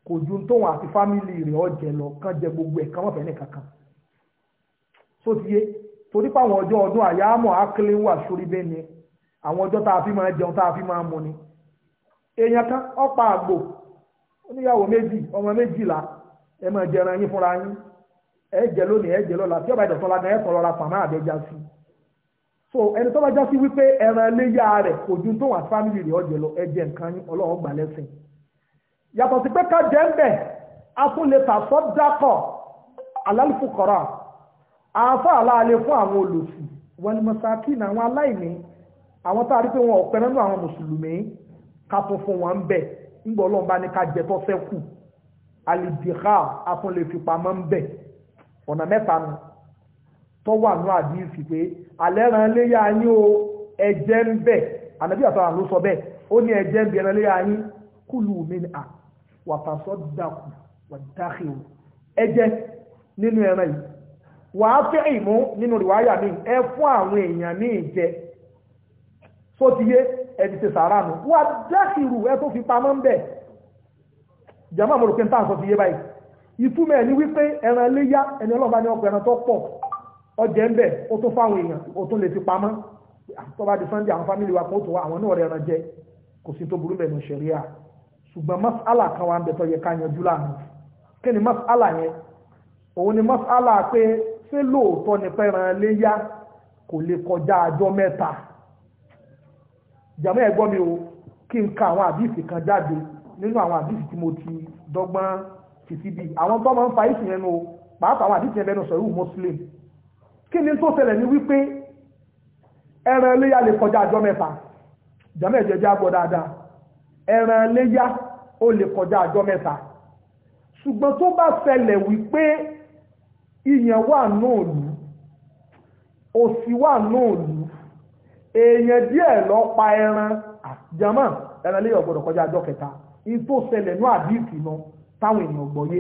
kò ju tóun àti fámìlì rẹ̀ ọ̀jẹ̀ lọ kán jẹ gbogbo ẹ̀ sótìyé torí pàwọn ọjọ́ ọdún àyámọ̀ akílẹ̀ wà sórí bẹ́ẹ̀ ni àwọn ọjọ́ tá a fi máa jẹun tá a fi máa mu ni èèyàn kan ọ̀pá àgbò oníyàwó méjì ọmọ méjìlá ẹ máa jẹran yín fúnra yín ẹ jẹ lónìí ẹ jẹ lọ́la tí ọba ìdọ̀tọ́ la gan ẹ tọrọ ra pàmò àbẹ́já sí so ẹni tó bá já sí wípé ẹran iléyà rẹ̀ kò ju tó wà fámìlì rẹ̀ ọjẹ lọ ẹ jẹ nǹkan yín ọlọ́run gbà lẹ́sìn yàtọ̀ sí pé ká jẹ́ ń bẹ̀ a tún lè tà sọ́dákọ̀ àáfà aláàlẹ́ fún àwọn olòṣì wọn ni mọ̀sákìn àwọn aláìní àwọn tá a rí pé wọn ọ̀pẹ nínú àwọn mùsùlùmí ká tún fún wọn ń bẹ̀ ńgbọ́ ní ká sẹ́kù alìdìhá afúnlẹ̀fipamọ́ ń bẹ̀ ọ̀nà mẹ́ta nu tó wà ní àdíyèsí pé alẹ́ ran o ẹ̀jẹ̀ ń bẹ̀ ànàbí àtàrà ló sọ bẹ́ẹ̀ ó ní ẹ̀jẹ̀ ń bẹ̀ ran léyà yín ni à wà á fẹ́ ìmú nínú ìwáyà mi ẹ fún àwọn èèyàn ní ìjẹ só ti yé ẹni ti sàárà nù wà dákìrù ẹ tó fi pamọ́ ń bẹ̀ jẹ́mọ́ mo rò pé ń tàn sọ ti yé báyìí ìtumọ̀ ẹni wípé ẹran léyá ẹni ọlọ́ba ni ọkọ̀ ẹran tó pọ̀ wa kó tó wá àwọn náà rẹ̀ ẹran jẹ kò sí tó burú bẹ̀nu mas'ala ni mas'ala yẹn mas'ala pé ṣé lóòótọ́ ni pẹ́ran léyá kò lè kọjá àjọ mẹ́ta jàmọ́ ẹ̀gbọ́n mi o kí n ka àwọn àdìsí kan jáde nínú àwọn àdìsí tí mo ti dọ́gbọ́n títí bí àwọn tó ń fa ìsì yẹn pàápàá ni tó ṣẹlẹ̀ ní wípé ẹran léyá lè kọjá àjọ mẹ́ta jàmọ́ ẹ̀jẹ̀ jẹ́ àgbọ̀ dáadáa ṣùgbọ́n tó bá ṣẹlẹ̀ wípé ìyàn wà náà lù òsì wà náà lù èèyàn díẹ̀ lọ pa ẹran àjàmọ́ ẹran lè ọ̀gbọ̀dọ̀ kọjá àjọ kẹta ìtò ṣẹlẹ̀ ní àdìsí náà táwọn èèyàn gbọ́yé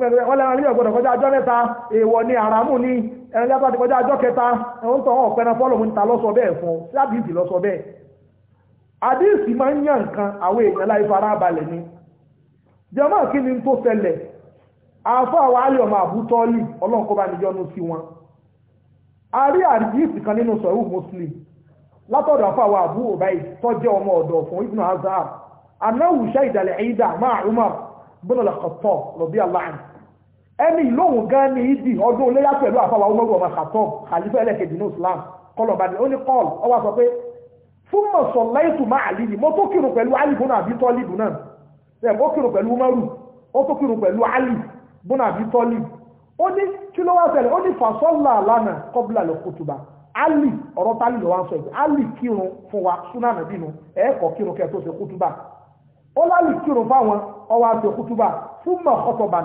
wọ́n lẹ́ran lè ọ̀gbọ̀dọ̀ kọjá àjọ mẹ́ta èèwọ̀ ni àràmù ni ẹran lẹ́pàá ti kọjá àjọ kẹta àfọ́ àwọn alẹ́ ọmọ àbútọ́lì ọlọ́nkọ́ bá níyọnu sí wọn a rí àdíyìsì kan nínú sọ̀rọ̀ muslim látọ̀dọ̀ àfọ́ àwọn àbú òbáyì tó jẹ́ ọmọ ọ̀dọ̀ fún ibn azhar anáwù ṣáìdàlẹ̀ ẹ̀yídà máa umar bin al-khattab rọ̀bí aláàn ẹni ìlóhùn gan ní ìdí ọdún oléyà pẹ̀lú àfọ́ àwọn ọmọ ọmọ khattab khalifa ẹlẹ́kẹ̀dì ní islam kọlọ̀bàdì ó ní kọ́ọ̀l ó wá sọ pé fún mọ̀sọ̀ láìtù máa lè ní mo tó kírun pẹ̀lú bọ́nà àbí tọ́lì ó ní kí ló wá ṣẹlẹ̀ ó ní ali ọ̀rọ̀ tálì lọ́wọ́ sọ ali kírun fún wa súnà nàbínú ẹ̀ẹ́kọ̀ kírun kẹ́ tó ṣe kùtùbà ó lálì kírun fáwọn ọwọ́ àti kùtùbà fún mọ̀ ọ̀tọ̀bà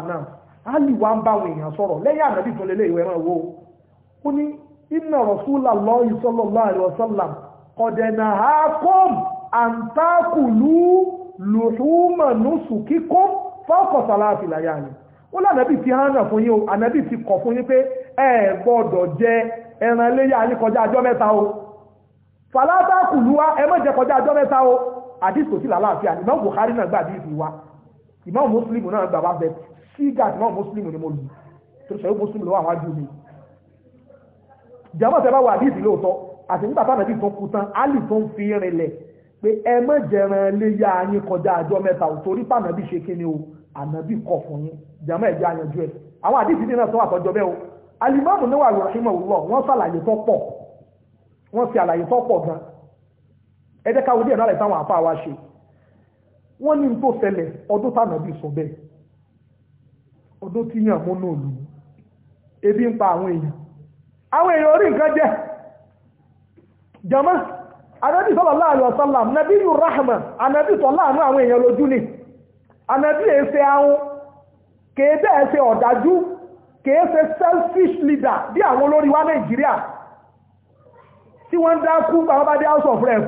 ali wa ń bá àwọn èèyàn sọ̀rọ̀ lẹ́yìn ànàbí tó lélẹ̀ ó lànàbì ti hánà fún yín o ànàbì ti kọ̀ fún yín pé ẹ gbọ́dọ̀ jẹ ẹran léyà ní kọjá ọjọ́ mẹ́ta o fàlátà kùlúwá ẹ má jẹ kọjá ọjọ́ mẹ́ta o àdìs kò sí làlàáfíà ìmọ̀ Buhari náà ni mo lù tó ṣe é Muslim lọ́wọ́ àwọn ajú mi jàmọ́ tẹ́ bá wà Ali tó ń fi rinlẹ̀ pé ẹ má jẹran léyà yín kọjá ọjọ́ mẹ́ta o Anabi kọ̀ fún yín jàmọ́ ẹ̀jẹ̀ àyànjú ẹ̀ àwọn àdìsí dínà tó àtọ́jọ́ bẹ́ẹ̀ o alimami Nawawi rahimahullah wọ́n ṣàlàyé tó pọ̀ wọ́n fi àlàyé tó pọ̀ gan ẹ jẹ́ díẹ̀ náà táwọn àfa wa ṣe wọ́n ní tó ṣẹlẹ̀ ọdún tànàbí sọ bẹ́ẹ̀ ọdún tí yàn múnú òlù ebi ń pa àwọn èèyàn àwọn èèyàn orí jama anabi anabi àwọn èèyàn lójú ànàbí èsè ahun ka ebe ṣe ọ̀dájú ka efe selfish leader di awon olori wa nàìjíríà tí won ń house of ref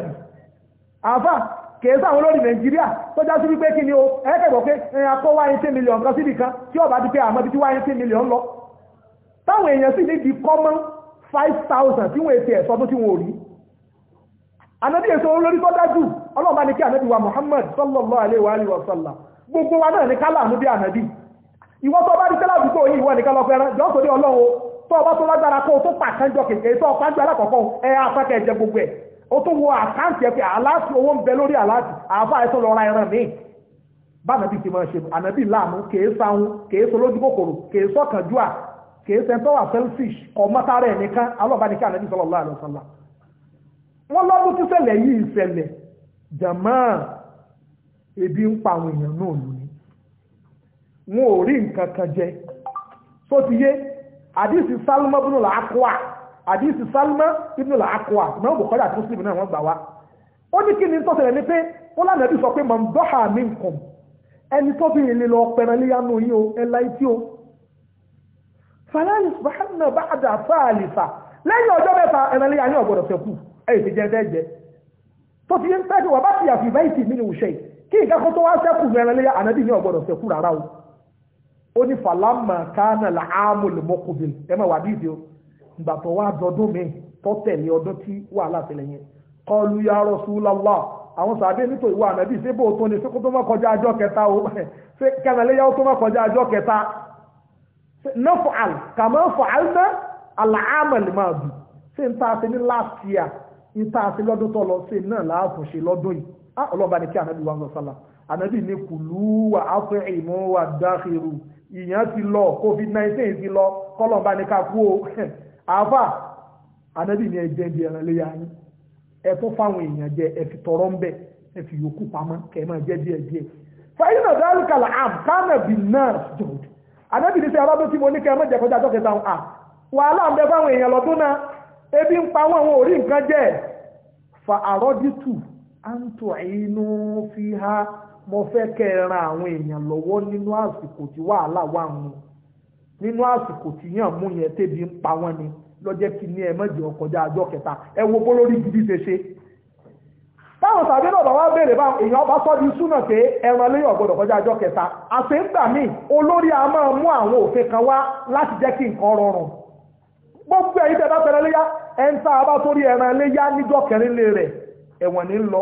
àfà ka efe olórí nàìjíríà tó to sí wípé kí ni o pe pé ẹ̀yìn akọ́ wáyé tí mílíọ̀n kan síbi kan ti pé àmọ́ ti wáyé tí lọ táwọn èèyàn si ní di common five ti won wọ́n Muhammad sallallahu alaihi wa gbogbo wa náà ní kálàmù bí ànàbí ìwọ tó bá ní kálàmù tó yí ìwọ ní kálàmù fẹ́ràn jọ́ sórí ọlọ́run tó bá tó lágbára kó tó pàkánjọ kèké tó pàjọ alákọ̀ọ́kọ́ ẹ afẹ́kẹ́ jẹ gbogbo ẹ̀ ó tó wo àkáǹtì ẹ pé aláàtì owó ń bẹ lórí aláàtì àáfà ẹ̀sọ́ lọ ra ẹran míì bánàbí ti máa ṣe ànàbí láàmú kèé sáhun kèé solójú kòkòrò kèé sọ́kànjúà kèé sẹ́ńtọ́ wà selfish ọmọtara ẹ̀ nìkan alọ́bánikẹ́ ànàbí sallallahu alaihi wasallam wọ́n lọ́dún tí ṣẹlẹ̀ yìí ṣẹlẹ̀ jàmáà ebi ń pa àwọn èèyàn náà lù ní wọn ò rí nǹkan kan jẹ tó ti yé àdìsí sálmọ́ bínú làákùá àdìsí sálmọ́ bínú làákùá ìmọ̀ bùkọ́lá àti mùsùlùmí náà wọ́n gbà wá ó ní kí ni tó ṣẹlẹ̀ ni pé wọ́n lánàá bí sọ pé mọ̀ ń dọ́hà mí nǹkan ẹni tó bí ilé lọ pẹ̀rẹ̀ léyànú yìí o ẹlá etí o fàlàlì subahana bá àdà fàlìfà lẹ́yìn ọjọ́ mẹ́ta ẹ̀rẹ̀ léyànú ọ̀gbọ̀dọ̀ fẹ́kù ẹ̀yìn ti jẹ́ fẹ́ jẹ́ tó ti yé ń tẹ́jú wà bá ti yàfi báyìí tì mí ni òṣèlú kí nǹkan tó wá sẹ́kù mẹ́rin léyà ànábì ní ọ̀gbọ́dọ̀ sẹ́kù rárá o ó ní falama kánà làámù lèmọ́kùbìn ẹ wà bí o tí wà yẹn kọlu ya Rasulullah àwọn sàbẹ nítorí ìwà ànábì ṣé bó tó tó ajọ́ kẹta o ó tó ajọ́ kẹta nọ́fọ̀ àl kàmọ́ fọ̀ ní ta Ah, ọlọ́ba ni kí ànábì wa sọ sálà ànábì ní kùlú wà áfẹ́ ìmọ̀ wà dáhìrù ìyàn ti lọ covid-19 ti lọ kọ́lọ̀ba ní ká kú o àáfà ànábì ní ẹjẹ́ di ẹran léyà yín ẹ tó fáwọn èèyàn jẹ ẹ fi tọrọ ń bẹ ẹ fi yòókù pamọ́ kẹ ẹ máa jẹ díẹ̀ díẹ̀ fàyínà dáríkàlà àm kánàbì náà jọ̀ọ́dù ànábì ní sẹ́ arábó tí mo ní kẹ́ jẹ kọjá àjọkẹta à ah, wàhálà ń bẹ fáwọn èèyàn lọ́dún náà ebi ń pa wọn àwọn orí nǹkan jẹ fa àrọ́dítù àǹtò àìnú fi ha mo fẹ́ kẹ́ àwọn èèyàn lọ́wọ́ nínú àsìkò tí wàhálà wà wọn nínú àsìkò tí yàn mú yẹn tẹ́bi ń pa wọ́n ni lọ́jẹ́ kí ní ẹ ọkọjá gidi ṣe ṣe táwọn tàbí náà bá béèrè èèyàn di súnà pé ẹran lẹ́yìn ọ̀gbọ́dọ̀ kọjá kẹta àti ń gbà olórí a máa mú àwọn òfin kan wá láti jẹ́ kí nǹkan rọrùn gbogbo bá fẹ́ràn ẹ̀ ń ẹ̀wọ̀n ní lọ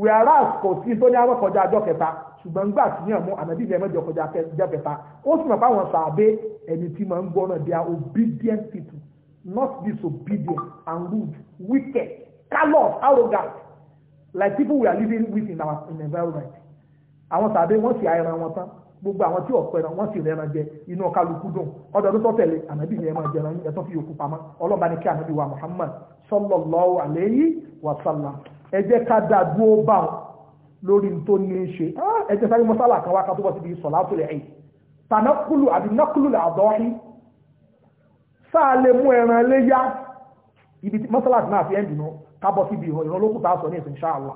whereas kò sí tó ní àwọn kọjá ọjọ́ kẹta ṣùgbọ́n nígbà tí yàn mú ànábì ní ẹ̀mẹ́jọ kọjá ọjọ́ kẹta ó sì mọ̀ pé àwọn not disobedient and rude wicked callous arrogant like people we are living with in our in environment àwọn sàbẹ̀ wọ́n sì àìràn wọn tán gbogbo àwọn tí ọ̀pẹ náà wọ́n sì rẹ́ran jẹ inú kálukú dùn ọdọọdún tó ànábì ní ẹ̀tọ́ fi pamọ́ ọlọ́ba ní Muhammad ẹ jẹ́ ká dá dúró bá wọn lórí tó ní í ṣe ẹ jẹ́ sáré mọ́sálà kan wá ká tó bọ́ síbi sọ̀látò rẹ̀ ẹ̀yìn tànákùlù àbí nákùlù àdọ́rí sáà lè mú ẹran léyá ibi tí mọ́sálà ti náà fi ẹ̀ dùnú ká bọ́ síbi ìran lókùn tá a sọ ní ìsìn ṣáàlà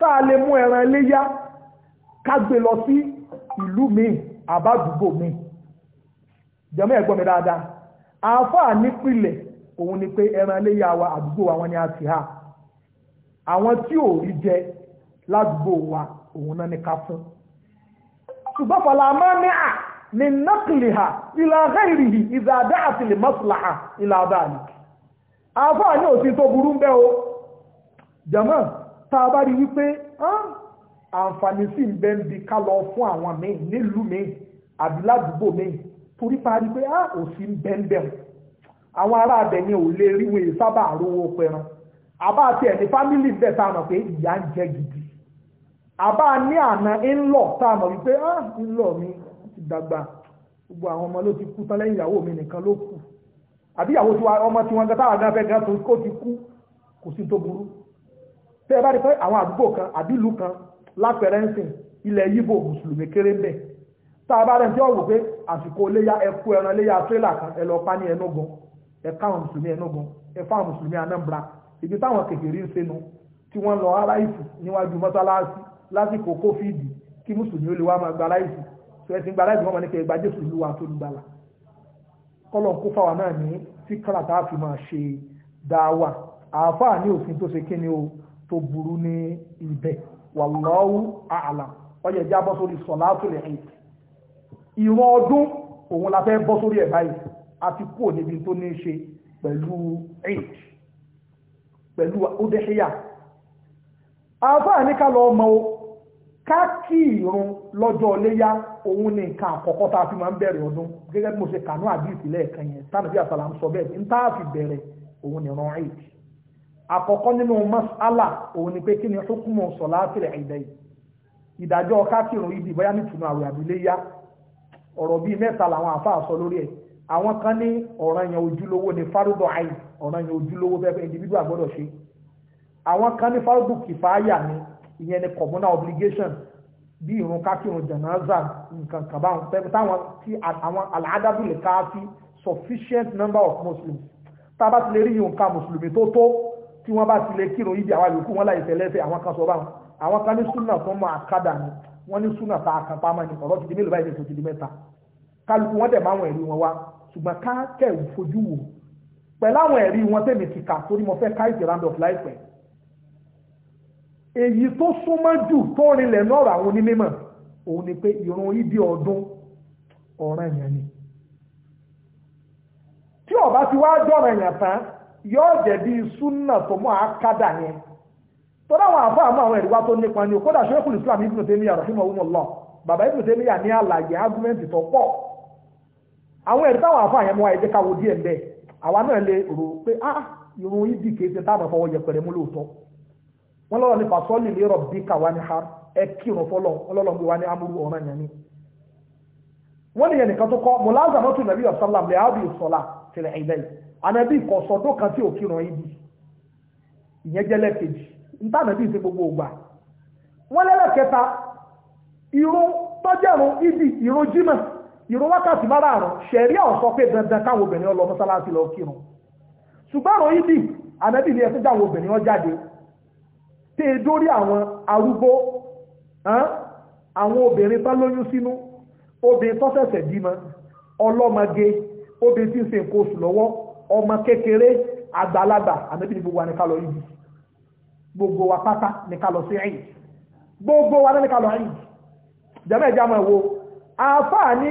sáà lè mú ẹran léyá ká lọ sí ìlú mi àbádùgbò mi jẹ́mọ́ ẹ̀gbọ́n mi dáadáa àáfàá nípìnlẹ̀ òun ni pé ẹran léyá wa àdúgbò wa wọn ni a ti ha àwọn tí ò rí jẹ ládùúgbò wa òun náà ní ká fún ṣùgbọ́n fọlá máa ní à ní nọ́kìlì ha ìlà gẹ́rìrì ìzàdá àti lè mọ́sùlá ha ìlà ọ̀dà ni àfáà ní òsì tó burú ń bẹ́ o jẹ̀mọ́ tá a bá rí wípé àǹfààní sí ń ń bi ká lọ fún àwọn míì nílùú míì àbí ládùúgbò míì torí parí pé òsì ń bẹ́ ń bẹ̀ àwọn ará abẹ ni ò lè ríwèé sábà rówó pẹran àbá tiẹ̀ ní fámìlì ń bẹ̀ tá a mọ̀ pé ìyá ń jẹ gidi àbá ní àná ńlọ tá a mọ̀ wípé ah ńlọ mi ti dàgbà gbogbo àwọn ọmọ ló ti kú tán lẹ́yìn ìyàwó mi nìkan ló kù àbí ìyàwó tí ọmọ tí wọ́n gbẹ́tà àgbà fẹ́ gan tó kó ti kú kò sí tó burú tẹ́ ẹ bá rí pé àwọn àdúgbò kan àbílù kan lápẹ̀rẹ́ ń sìn ilẹ̀ yíbò mùsùlùmí kéré ń bẹ̀ tá a bá rẹ̀ tí ó wò pé àsìkò léyà ẹkú ẹran léyà tírélà kan ẹ lọ pa ní ẹnúgun ẹ káwọn mùsùlùmí ẹnúgun ẹ fáwọn mùsùlùmí Anambra ibi táwọn kékeré ń senu tí wọ́n lọ aláìsì níwájú mọ́sálásí lásìkò kófíìdì kí mùsùlùmí ó lè wá máa gba aláìsì tó ẹ ti gba aláìsì wọ́n mọ̀ ní kẹ́ gba jésù lúwa tó lù gbàlà kọ́lọ̀ ń kó fáwa náà ní tí kálàtà fi máa ṣe dáwà àáfàá ní òfin já bọ́ sórí sọ̀látù lè rìn ìran ọdún òun la fẹ́ bọ́ sórí ẹ̀ àti kúrò níbi tó ní ṣe pẹ̀lú age pẹ̀lú ọdẹ́ṣíyà àfáà ní ká lọ ọmọ o ká kí ìrun lọ́jọ́ léyá òun ní nǹkan àkọ́kọ́ tá a fi máa ń bẹ̀rẹ̀ ọdún gẹ́gẹ́ bí mo ṣe kànú àdìsí lẹ́ẹ̀kan yẹn tánà bí àsàlà ń sọ bẹ́ẹ̀ ní tá a bẹ̀rẹ̀ òun ní ran eid àkọ́kọ́ nínú masala òun ni pé kí ni hukumu sọ̀lá tìrẹ̀ ẹ̀dẹ́ yìí ìdájọ́ ká kí ìrun yìí di bóyá nítorí àwẹ̀ àbíléyá ọ̀rọ̀ bíi mẹ́ta làwọn àfáà sọ lórí ẹ̀ àwọn kan ní ọ̀ranyàn ojúlówó ní fárúdọ̀ àì ọ̀ranyàn ojúlówó bẹ́ẹ̀ bẹ́ẹ̀ individual gbọ́dọ̀ ṣe àwọn kan ní fárúdọ̀ kìfáyà ni ìyẹn ni communal obligation bí irun kákìrún jẹ̀nàza nǹkan kan báwọn pẹ̀lú táwọn tí àwọn aláàdábìlì ká sí sufficient number of muslims tá a bá ti lè rí nǹkan mùsùlùmí tó tó tí wọ́n bá ti lè kírun yíbi àwọn yòókù wọn láì tẹ̀lẹ́sẹ̀ àwọn kan sọ báwọn àwọn kan ní súnà tó mọ àkádà ni wọ́n ní súnà tá a kan pamọ́ ni ọ̀rọ̀ ti di mélòó báyìí ní ìṣòtì kálukú wọn dẹ̀ máa wọn ẹ̀rí wọn wá ṣùgbọ́n ká kẹ̀wù fojú wò pẹ̀lú àwọn ẹ̀rí wọn tèmi ti kà torí mo fẹ́ ká ìdè round of láìpẹ́ èyí tó súnmọ́ jù tó rinlẹ̀ lọ́rọ̀ àwọn onímọ̀ òun ni pé ìrun ìdí ọdún ọ̀ràn èèyàn ni tí ó bá ti wá jọ̀ràn èèyàn tán yóò jẹ́ bí súnà tó mọ́ àkádà yẹn tó dáwọn àfáà mọ́ àwọn ẹ̀ríwá tó nípa ni ó kódà ṣe é kùlù Islam Ibn Taymiyyah rahimahullah bàbá Ibn Taymiyyah ní àlàyé argument tó pọ̀ àwọn ẹ̀rí táwọn àfáà yẹn mú ayé jẹ́ káwọ díẹ̀ ńbẹ́ àwa náà lè rò pé ah irun ibi dì táwọn fọwọ́ yẹpẹrẹ mú lóòótọ́ wọ́n lọ́rọ̀ nípa sọ́ọ̀lì lérò bí káwa ní ha ẹ kírun fọlọ́ ọlọ́run gbé wa ní amúrú ọ̀ràn yẹn ni. wọ́n lè yẹn nìkan tó kọ́ mọ̀láza náà nàbí ìrun wákàtí márààrún ṣẹ̀rí ọ̀sọ́ pé dandan káwọn obìnrin ọlọ mọ́sálásí lọ kírun ṣùgbọ́n ọ̀rọ̀ yìí bì ànábì ní ẹtún jáwọn obìnrin wọn jáde tẹ́ ẹ dórí àwọn arúgbó àwọn obìnrin tán lóyún sínú obìnrin tó ṣẹ̀ṣẹ̀ bímọ ọlọ́mọge obìnrin tí ń ṣe nǹkan oṣù lọ́wọ́ ọmọ kékeré àgbàlagbà ànábì ní gbogbo wa ní ká lọ yìí gbogbo wa pátá ní ká lọ sí ẹ̀yìn gbogbo wa ní ká lọ ẹ̀yìn jẹ́mẹ̀ẹ́jà mọ̀ wo àfáà ní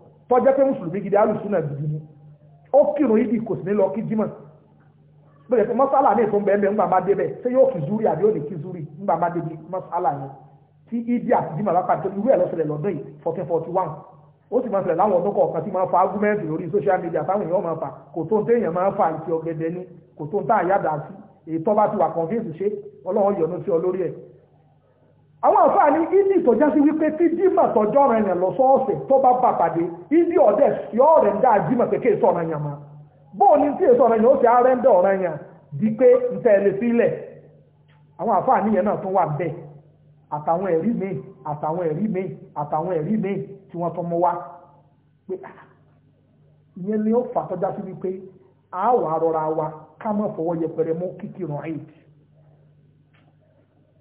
tọ́jẹ́ pé mùsùlùmí gidi alùsùnà gidi ni ó kírun yìí kò sí ní lọ kí jímọ̀ bẹ́ẹ̀ pé mọ́sálà ní ìfún bẹ́ẹ̀ ńgbà máa débẹ̀ ṣé yóò kí zúrí àbí yóò ní kí zúrí ńgbà máa débi mọ́sálà yẹn tí ibi àti jímọ̀ bá pàdé irú ẹ̀ lọ́sẹ̀lẹ̀ lọ́dún yìí fourteen forty one ó sì máa ṣẹlẹ̀ láwọn ọdún kọ̀ọ̀kan tí máa fa argument lórí social media táwọn èèyàn máa fa kò tó ń téèyàn máa fa ìtì ọ̀gẹ̀dẹ̀ ni kò tó ń tá àyàdà sí ètò bá ti wà convince ṣe ọlọ́run yọ̀nù sí ọ lórí ẹ̀ àwọn àǹfààní ìdí ìtọ́já sí wípé tí dímà tọjọ́ rẹ̀ yàn lọ sọ́ọ̀sẹ̀ tó bá bà pàdé ibi ọ̀dẹ̀ yọ ndị àjímọ̀ pé kéèsọ̀ ọ̀rọ̀ yẹn ma bóò ní tí èso o si ó ti rẹ̀ndà ọ̀rọ̀ yẹn di pé ntẹ̀lẹ̀ sílẹ̀ àwọn afọ yẹn náà tún wà bẹ́ẹ̀ àtàwọn ẹ̀rí mi àtàwọn ẹ̀rí mi àtàwọn ẹ̀rí mi tí wọ́n tún mú wá pé ah, ìyẹn ni ó fà tọ́já sí wípé àáwọ̀ arọra wa ká fọwọ fọwọ́ yẹpẹrẹ mú kíkìrùn eid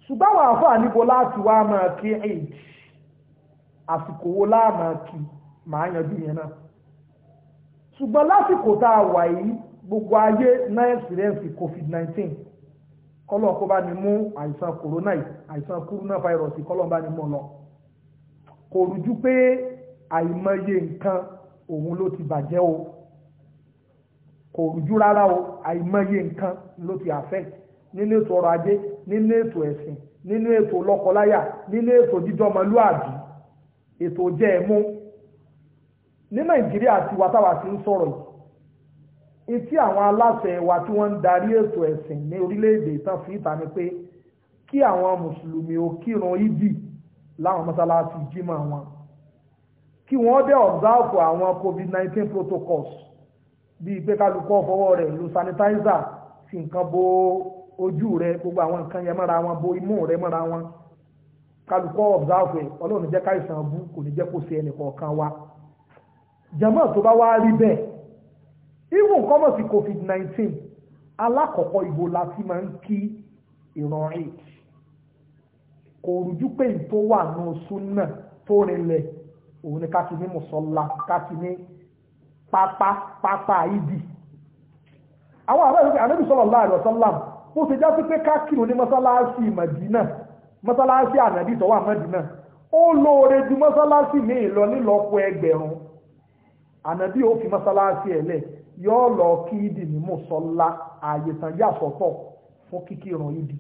ṣùgbọ́n àwọn àfáàní bo láti wá máa kí eid àsìkò láà máa kí màá yanjú yẹn náà ṣùgbọ́n lásìkò tá a wà yìí gbogbo ayé náà experience covid-19 kọ́lọ̀ kó bá ní mú àìsàn corona yìí àìsàn corona virus kọ́lọ̀ bá ní mú lọ kò rújú pé àìmọye nǹkan òun ló ti bàjẹ́ o kò rújú rárá o àìmọye nǹkan ló ti affect nínú ètò ọrọ̀ ajé nínú ètò ẹ̀sìn nínú ètò lọ́kọláya nínú ètò dídọ́mọlúàbí ètò jẹ́ ẹ̀mú ní nàìjíríà ti wàtàwà ti ń sọ̀rọ̀ yìí tí àwọn aláṣẹ wa tí wọ́n ń darí ètò ẹ̀sìn ní orílẹ̀-èdè tán fi ìta ni pé kí àwọn mùsùlùmí ó kírun ìdí láwọn mọ́sálásí jímọ̀ wọn kí wọ́n dẹ̀ observe àwọn covid-19 protocols bíi pé kálukọ́ fọwọ́ rẹ̀ lo sanitizer fi nǹkan bo ojú rẹ̀ gbogbo àwọn nǹkan yẹn mọ́ra wọn bo imú rẹ̀ mọ́ra wọn kálukọ́ observe ẹ̀ ọlọ́run jẹ́ káìsàn bú kò ní jẹ́ kó ṣe ẹnì wa jama tó bá wá rí bẹ́ẹ̀ even kọ́mọ̀ sí covid-19 alákọ̀ọ́kọ́ ìbò la ti máa ń kí ìran eid kò rújú pé n tó wà ní oṣù náà tó rinlẹ̀ òun ni ká ti ní mùsọ̀lá ká ti ní pápá pápá ìdì àwọn àbẹ́bí sọ̀rọ̀ láàrin ọ̀sánlám ó ti já sí pé ká kírun ní mọ́sálásí màdínà mọ́sálásí ànàbí tó wà ó lóore ju mọ́sálásí mi ìlọ nílọ́pọ̀ ẹgbẹ̀rún ànábì ó fi mọ́sálásí ẹ̀ lẹ̀ yóò lọ kí ìdì ní mùsọ́lá ààyè tán yà sọ́tọ̀ fún kíkí ìrun ìdì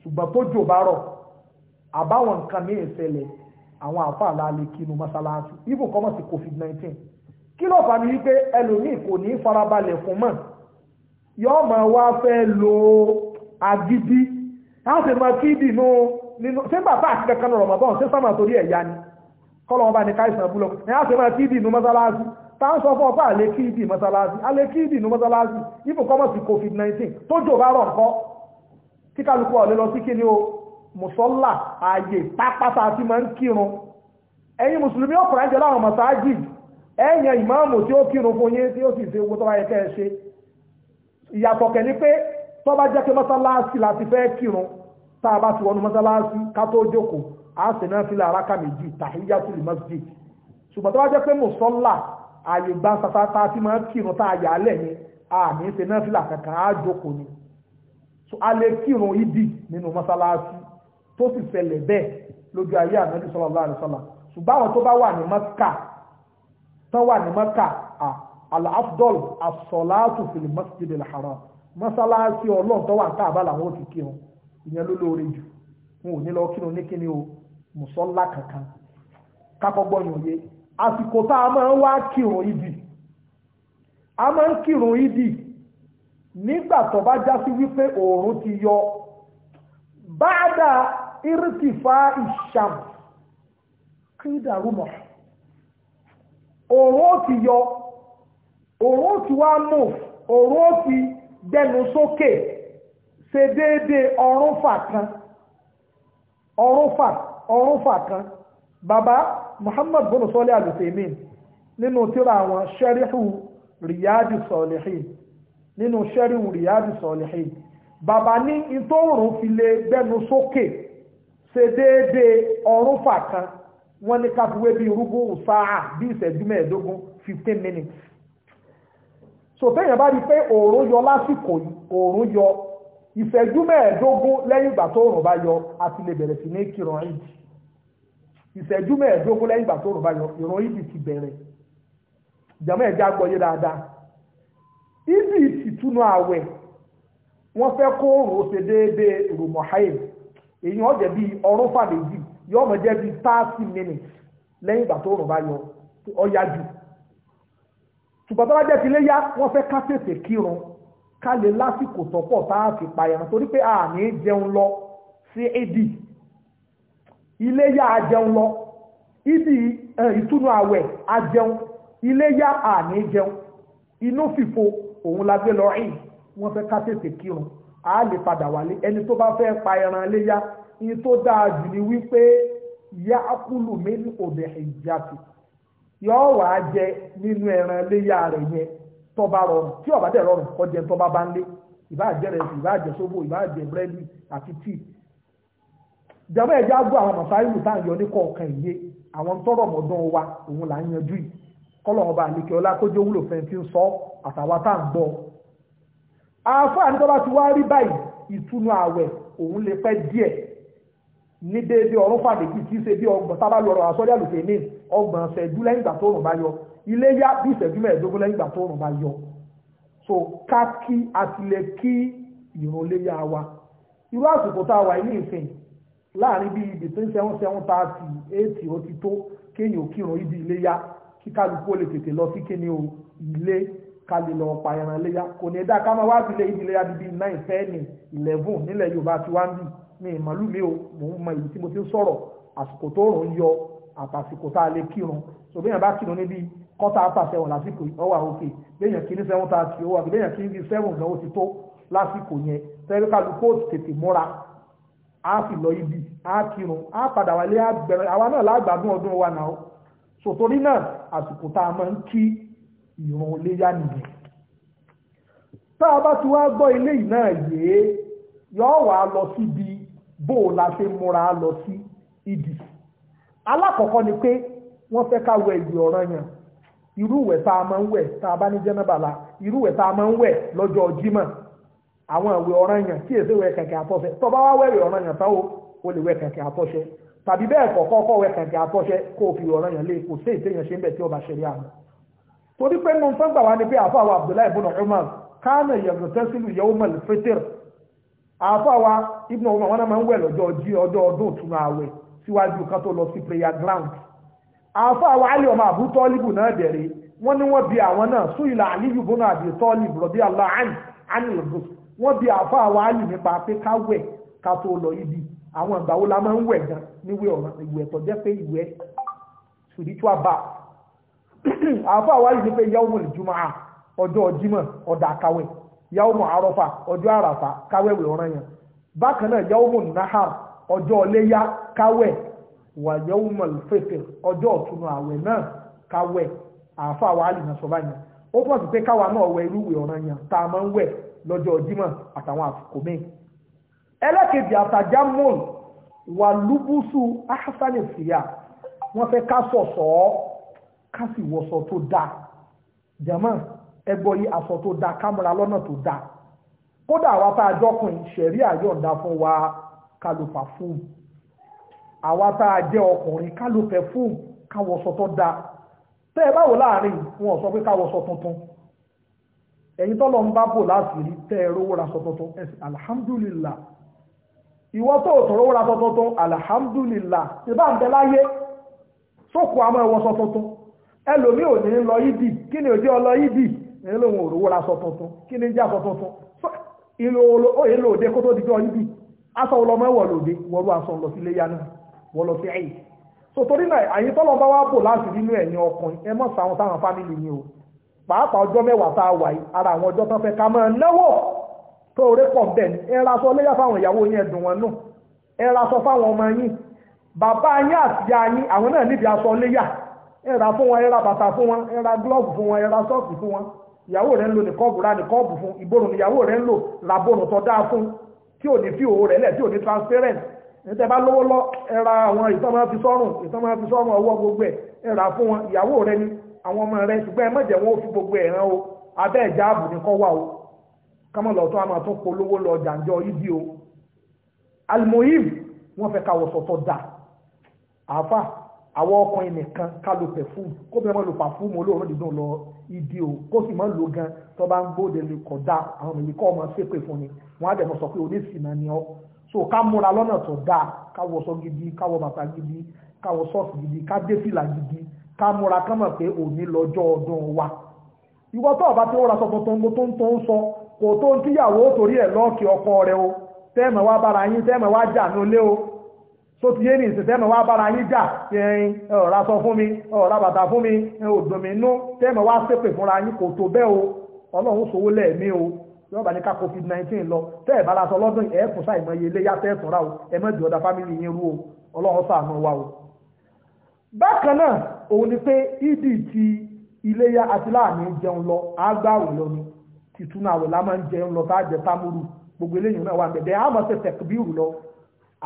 ṣùgbọ́n tó jò bá rọ̀ àbáwọn nǹkan ní ìṣẹ̀lẹ̀ àwọn àfààlà lè kínú mọ́sálásí even kọ́mọ̀ sí covid-19 kí ló fà ní wípé ẹlòmíì kò ní farabalẹ̀ fún mọ́ yóò mọ̀ wá fẹ́ lo agídí láti mọ kí ìdì nínú sínú àfáà àti kankan rọ̀mọ́bọ́n sí sámà torí ẹ̀yá ni kọ́lọ̀ ọba ní káìsàn búlọ̀ ní a ṣe máa kí ìdì inú mọ́sálásí ta ń sọ fún ọpá àlè kí mọ́sálásí àlè kí inú mọ́sálásí ibu sí covid-19 tó jò bá rọ̀ nǹkan kí kálukú ọ̀lẹ́ lọ sí kí ni o mùsọ́là ààyè pápátá tí máa ń kírun ẹ̀yin mùsùlùmí ọkùnrin jẹ́ láwọn mọ̀sáájì ẹ̀yìn ìmáàmù tí ó kírun fún yín tí ó sì kírun tá a bá ti wọnú mọ́sálásí ká tó jókòó a sì náà fi lára ká méjì tàhíyá tó lè masjid ṣùgbọ́n tó bá jẹ́ pé mùsọ́là ààyè gba sáfátá tí máa kírun tá a yà á lẹ̀ ni ṣe náà fi là á jókòó ni so a lè kírun ibi nínú mọ́sálásí tó sì ṣẹlẹ̀ bẹ́ẹ̀ lójú ayé ànábì sallallahu alaihi wasallam ṣùgbọ́n àwọn tó bá wà ní mọ́kà tó wà ní mọ́kà al-afdal as-salatu fil mọ́sálásí ọlọ́ọ̀tọ́wà káàbá làwọn ò ìyẹn ló lóore jù wọn ò ní lọ o mùsọ́lá kankan kákọ́gbọ́n yòóye àsìkò tá a máa ń wá kírun ìdì a máa ń kírun ìdì nígbà tó ti yọ báadà irtifa ìṣàm kídà ó ti yọ oòrùn ó ti wá mú oòrùn ó ti gbẹnu sókè. ṣe déédéé ọrún fà kan ọrún fà ọrún fà kan bàbá Muhammad bin Salih Al-Uthaymeen nínú tírà àwọn ṣẹ́ríhù Riyadus Salihin nínú ṣẹ́ríhù Riyadus Salihin bàbá ní ìtòrùn fi lè gbẹnu sókè ṣe déédéé ọrún fà kan wọ́n ní káfíwé bíi rúgbó ṣáà bíi ìṣẹ́jú mẹ́ẹ̀ẹ́dógún fifteen minutes so téèyàn bá rí i pé òòrùn yọ lásìkò yìí òòrùn yọ ìṣẹ́jú mẹ́ẹ̀ẹ́dógún lẹ́yìn ìgbà tó òrùn bá yọ a ti lè bẹ̀rẹ̀ sí ní kírun ìdì ìṣẹ́jú mẹ́ẹ̀ẹ́dógún lẹ́yìn ìgbà tó òrùn bá yọ ìrun ìdì ti bẹ̀rẹ̀ ìjàmọ́ ẹ̀já gbọ́yé dáadáa ìdì ìtìtúnu ààwẹ̀ wọ́n fẹ́ kó òrùn ó ṣe déédéé rùmọ̀ haim èyàn ọ̀jẹ̀ bíi ọrún fàlejì yóò mọ̀ jẹ́ bíi thirty minutes lẹ́yìn ìgbà tó òrùn bá yọ ọ̀yá jù ṣùgbọ́n tó bá jẹ́ ti léyá wọ́n fẹ́ ká tètè kírun ká lè lásìkò tọ́pọ̀ tá a fi payẹ̀mọ́ torí pé àmì jẹun lọ sí édì iléyà ajẹun lọ ibi ìtúnu àwẹ̀ ajẹun iléyà àmì jẹun inú fìfo òun la gbé lọ rìn wọ́n fẹ́ ká tètè kírun a lè padà wálé ẹni tó bá fẹ́ pa ẹran léyà ní tó dáa jù ní wípé yá kúlù mí ní òbẹ̀ ìjàpì yọ wàá jẹ nínú ẹran léyà rẹ̀ yẹn tọba rọrùn tí ọba dẹ̀ rọrùn kọjẹ tọba bá ń lé ìbáàjẹ́ rẹ̀ ìbáàjẹ́ sóbò ìbáàjẹ́ búrẹ́dì àti tíì jàmọ́ ẹ̀já gbọ́ àwọn mọ̀sáìlù tá à ń yọ ní kọ̀ọ̀kan ìyé àwọn tọrọ mọ̀dán wa òun là ń yanjú yìí kọ́lọ̀ ọba àlekè ọlá kójú wúlò fẹ́ntì ń sọ àtàwa tá à ń gbọ́. àáfàá ní tọ́ba ti wá rí báyìí ìtúnu ààwẹ̀ òun lè pẹ́ díẹ̀ ní déédéé ọ̀rún fàdéjì kì í ṣe bí ọgbọ̀n tábà lọ́rọ̀ àsọ́lẹ̀ àlùfẹ́ ní ọgbọ̀n ṣẹ́jú lẹ́yìn ìgbà tó rùn bá yọ ilé yá bí ìṣẹ́jú mẹ́ẹ̀ẹ́dógún lẹ́yìn ìgbà tó rùn bá yọ so ká kí àti lè kí ìrun lé yá wa irú àsìkò tá a wà ní ìsìn láàrin bíi between seven seven thirty eight ó ti tó kéèyàn ò kírun ibi ilé yá kí kálukú ó lè tètè lọ sí kíni o ilé ká lè lọ pa ẹran léyà kò ní dá ká máa wá sílé ibi léyà bíi nine ten eleven nílẹ̀ Yorùbá ti wá ń bì ní ìmọ̀lú mi ò mò ń mọ èyí tí mo ti ń sọ̀rọ̀ àsìkò tó rùn yọ àtàsìkò tá a lè kírun sòbí yẹn bá kírun níbi kọ́tà àtàsẹ̀wọ̀n lásìkò ọwà òkè lẹ́yìn kí ní seven thirty owó àbí lẹ́yìn kí ní seven gan ó ti tó lásìkò yẹn tẹ́lẹ̀ kálu kóòtù tètè múra á sì lọ ibi á kírun á padà wálé á gbẹ̀rẹ̀ àwa náà lágbàdún ọdún wa náà sòtórí náà àsìkò tá a máa ń kí ìrun léyà nìyẹn tá a bá ti wá gbọ́ ilé yìí náà yé yọ̀ọ́ wàá lọ síbi bó o la ṣe múra lọ sí ìdì alákọ̀ọ́kọ́ ni pé wọ́n fẹ́ ká wọ ẹ̀yìn ọ̀ranyàn irú ìwẹ̀ tá a máa ń wẹ̀ tá a bá ní jẹ́nàbàlà irú ìwẹ̀ tá a máa ń wẹ̀ lọ́jọ́ jímọ̀ àwọn ìwẹ̀ ọ̀ranyàn tí èsè wẹ̀ kẹ̀kẹ́ àtọ́ṣẹ tó bá wá wẹ̀rẹ̀ ọ̀ranyàn táwo o lè wẹ̀ kẹ̀kẹ́ àtọ́ṣẹ tàbí bẹ́ẹ̀ kọ̀ọ̀kọ́ kọ́ wẹ̀ kẹ̀kẹ́ àtọ́ṣẹ kó o fi ọ̀ranyàn lé kò sí ìtẹ̀yàn ṣe ń bẹ̀ tí wa ni pé àfọ́ àwọn Abdullahi ibn Umar kánà yẹ̀rọ tẹ́sílù wa ibn Umar wọn máa ń wẹ̀ lọ́jọ́ ọjọ́ ọdún ìtúnu ààwẹ̀ síwájú afọ àwọn alẹ́ ọmọ àbú tọ́líbù náà dẹ̀rẹ̀ wọ́n bi àwọn náà sún ìlà àlíyù bọ́nà àbí tọ́líbù rọ̀bí aláàánì ánìlùbù wọ́n bi afọ àwọn alẹ́ nípa pé ká wẹ̀ ibi awọn ìgbàwó la máa ń wẹ̀ gan spiritual yawmul wàyẹ̀wò mọ̀lẹ́fẹ̀fẹ̀ ọjọ́ ọ̀túnú àwẹ̀ náà káwẹ̀ àáfà wa àlìmọ̀ sọ́bà yẹn ó pọ̀ sí pé káwa náà wẹ irú ìwé ọ̀ràn yẹn tá a máa ń wẹ̀ lọ́jọ́ jímọ̀ àtàwọn àsìkò míì ẹlẹ́kejì àtàjá mọ́ọ̀lù wà lúbúsù áhásánì síyà wọ́n fẹ́ ká sọ̀sọ̀ ọ́ ká sì wọ̀sọ̀ tó dáa jẹ̀mọ́ ẹgbọ́ yìí aṣọ tó dáa kámúra lọ́nà tó dáa kódà wa tá a ṣẹ̀rí àyọ̀ǹda fún wa kálù pàfúùmù àwa tá a jẹ́ ọkùnrin ká lo perfume káwọṣọ tó dáa tẹ́ ẹ báwo láàrin wọn sọ pé káwọṣọ tuntun ẹ̀yin tọ́lọ ń bá bò láti rí tẹ́ ẹ sọ tuntun alhamdulillah ìwọ tó tọ̀ rówó ra sọ tuntun alhamdulillah ìbá ń bẹ láyé sókò àmọ́ ẹwọ sọ tuntun ẹlòmí ò ní lọ ni òjò ọlọ yídì ẹlòmí ò rówó ra sọ tuntun kí ni jẹ́ sọ tuntun ìlò òde kó tó dijọ́ yídì aṣọ ọlọmọ ẹwọ wọ́n lọ sí ẹ̀yìn so torí náà àyè tọ́lọ̀ bá wá bò láti nínú ẹ̀yìn ọkùnrin ẹ mọ̀ sáwọn sáwọn fámìlì ni o pàápàá ọjọ́ mẹ́wàá tá a wà yìí ara àwọn ọjọ́ tán fẹ́ ká máa náwó tó orí pọ̀ bẹ́ẹ̀ ni ẹ raṣọ léyà fáwọn ìyàwó yín ẹ̀dùn wọn nù ẹ raṣọ fáwọn ọmọ yín bàbá yín àtìyá yín àwọn náà níbi aṣọ léyà ẹ ra fún wọn ẹ ra bàtà fún wọn ẹ ra glove fún wọn ẹ ra sọ́ọ̀sì fún wọn ìyàwó rẹ̀ ń lò ní kọ́ọ̀bù rà ní kọ́ọ̀bù fún ìborùn ìyàwó rẹ̀ ń lò làbọ̀nù tó dáa fún tí ò ní fi òwò rẹ̀ lẹ̀ tí ò ní transparent níta bá lówó lọ ẹra àwọn ìtọ́mọ́ fi sọ́rùn ìtọ́mọ́ fi sọ́rùn ọwọ́ gbogbo ẹ̀ ẹra fún wọn ìyàwó rẹ ni àwọn ọmọ rẹ ṣùgbọ́n ẹ má jẹ́ wọn ó fi gbogbo ẹ̀ rán o abẹ́ ẹ̀já ààbò ní kọ́ o kámọ́ lọ tó a máa tún polówó lọ jàǹjọ ibi o almohim wọ́n fẹ́ káwọ̀ sọ̀tọ̀ dà àáfà àwọn ọkùnrin nìkan ká lo pẹ̀fúm kó bẹ́ẹ̀ máa lo pàfúmù olóòórùn dídùn lọ ìdí o kó sì máa lo gan tó bá ń gbóde lè kọjá àwọn èyí kọ́ ọmọ ṣépè fún ni wọ́n á dẹ̀ mọ̀ sọ pé oníṣìnà ni ọ́ so ká múra lọ́nà tó dáa ká wọṣọ gidi ká wọ bàtà gidi ká wọ ṣọ́ọ̀ṣì gidi ká dé fìlà gidi ká múra ká mọ̀ pé òní lọ́jọ́ ọdún wa ìwọ tó ọba tí ó ra sọ tuntun mo tó ń tó ń sọ kò tó ń tíyàwó torí ẹ̀ lọ́ọ̀kì ọkọ rẹ o tẹ́ẹ̀mọ̀ wá bára yín tẹ́ẹ̀mọ̀ tó ti yé ní ìsìtẹ́mọ̀ wá bára yín jà ẹ̀yìn ọ̀rá sọ fún mi ọ̀rá bàtà fún mi òdùn mi nú wá ṣépè fúnra yín kò tó bẹ́ẹ̀ o ọlọ́run sowó lẹ́ẹ̀mí o yọba ní ká covid 19 lọ tẹ́ ẹ̀ bá la sọ lọ́dún ẹ̀ fún sáì mọ́ye ilé yàtọ̀ ẹ̀sùn ra o ẹ̀ mọ́ ìdìọ̀dà fámìlì yín rú o ọlọ́run ṣàánú wa o. bákan náà òun ni pé ìdí ti iléyà àti láàmì jẹun lọ àgbàwò lọ ni tìtúnàwò la máa ń jẹun lọ tá a jẹ támúrù gbogbo eléyìí náà wà bẹ̀bẹ̀ àmọ́ ṣe tẹ̀kbíù lọ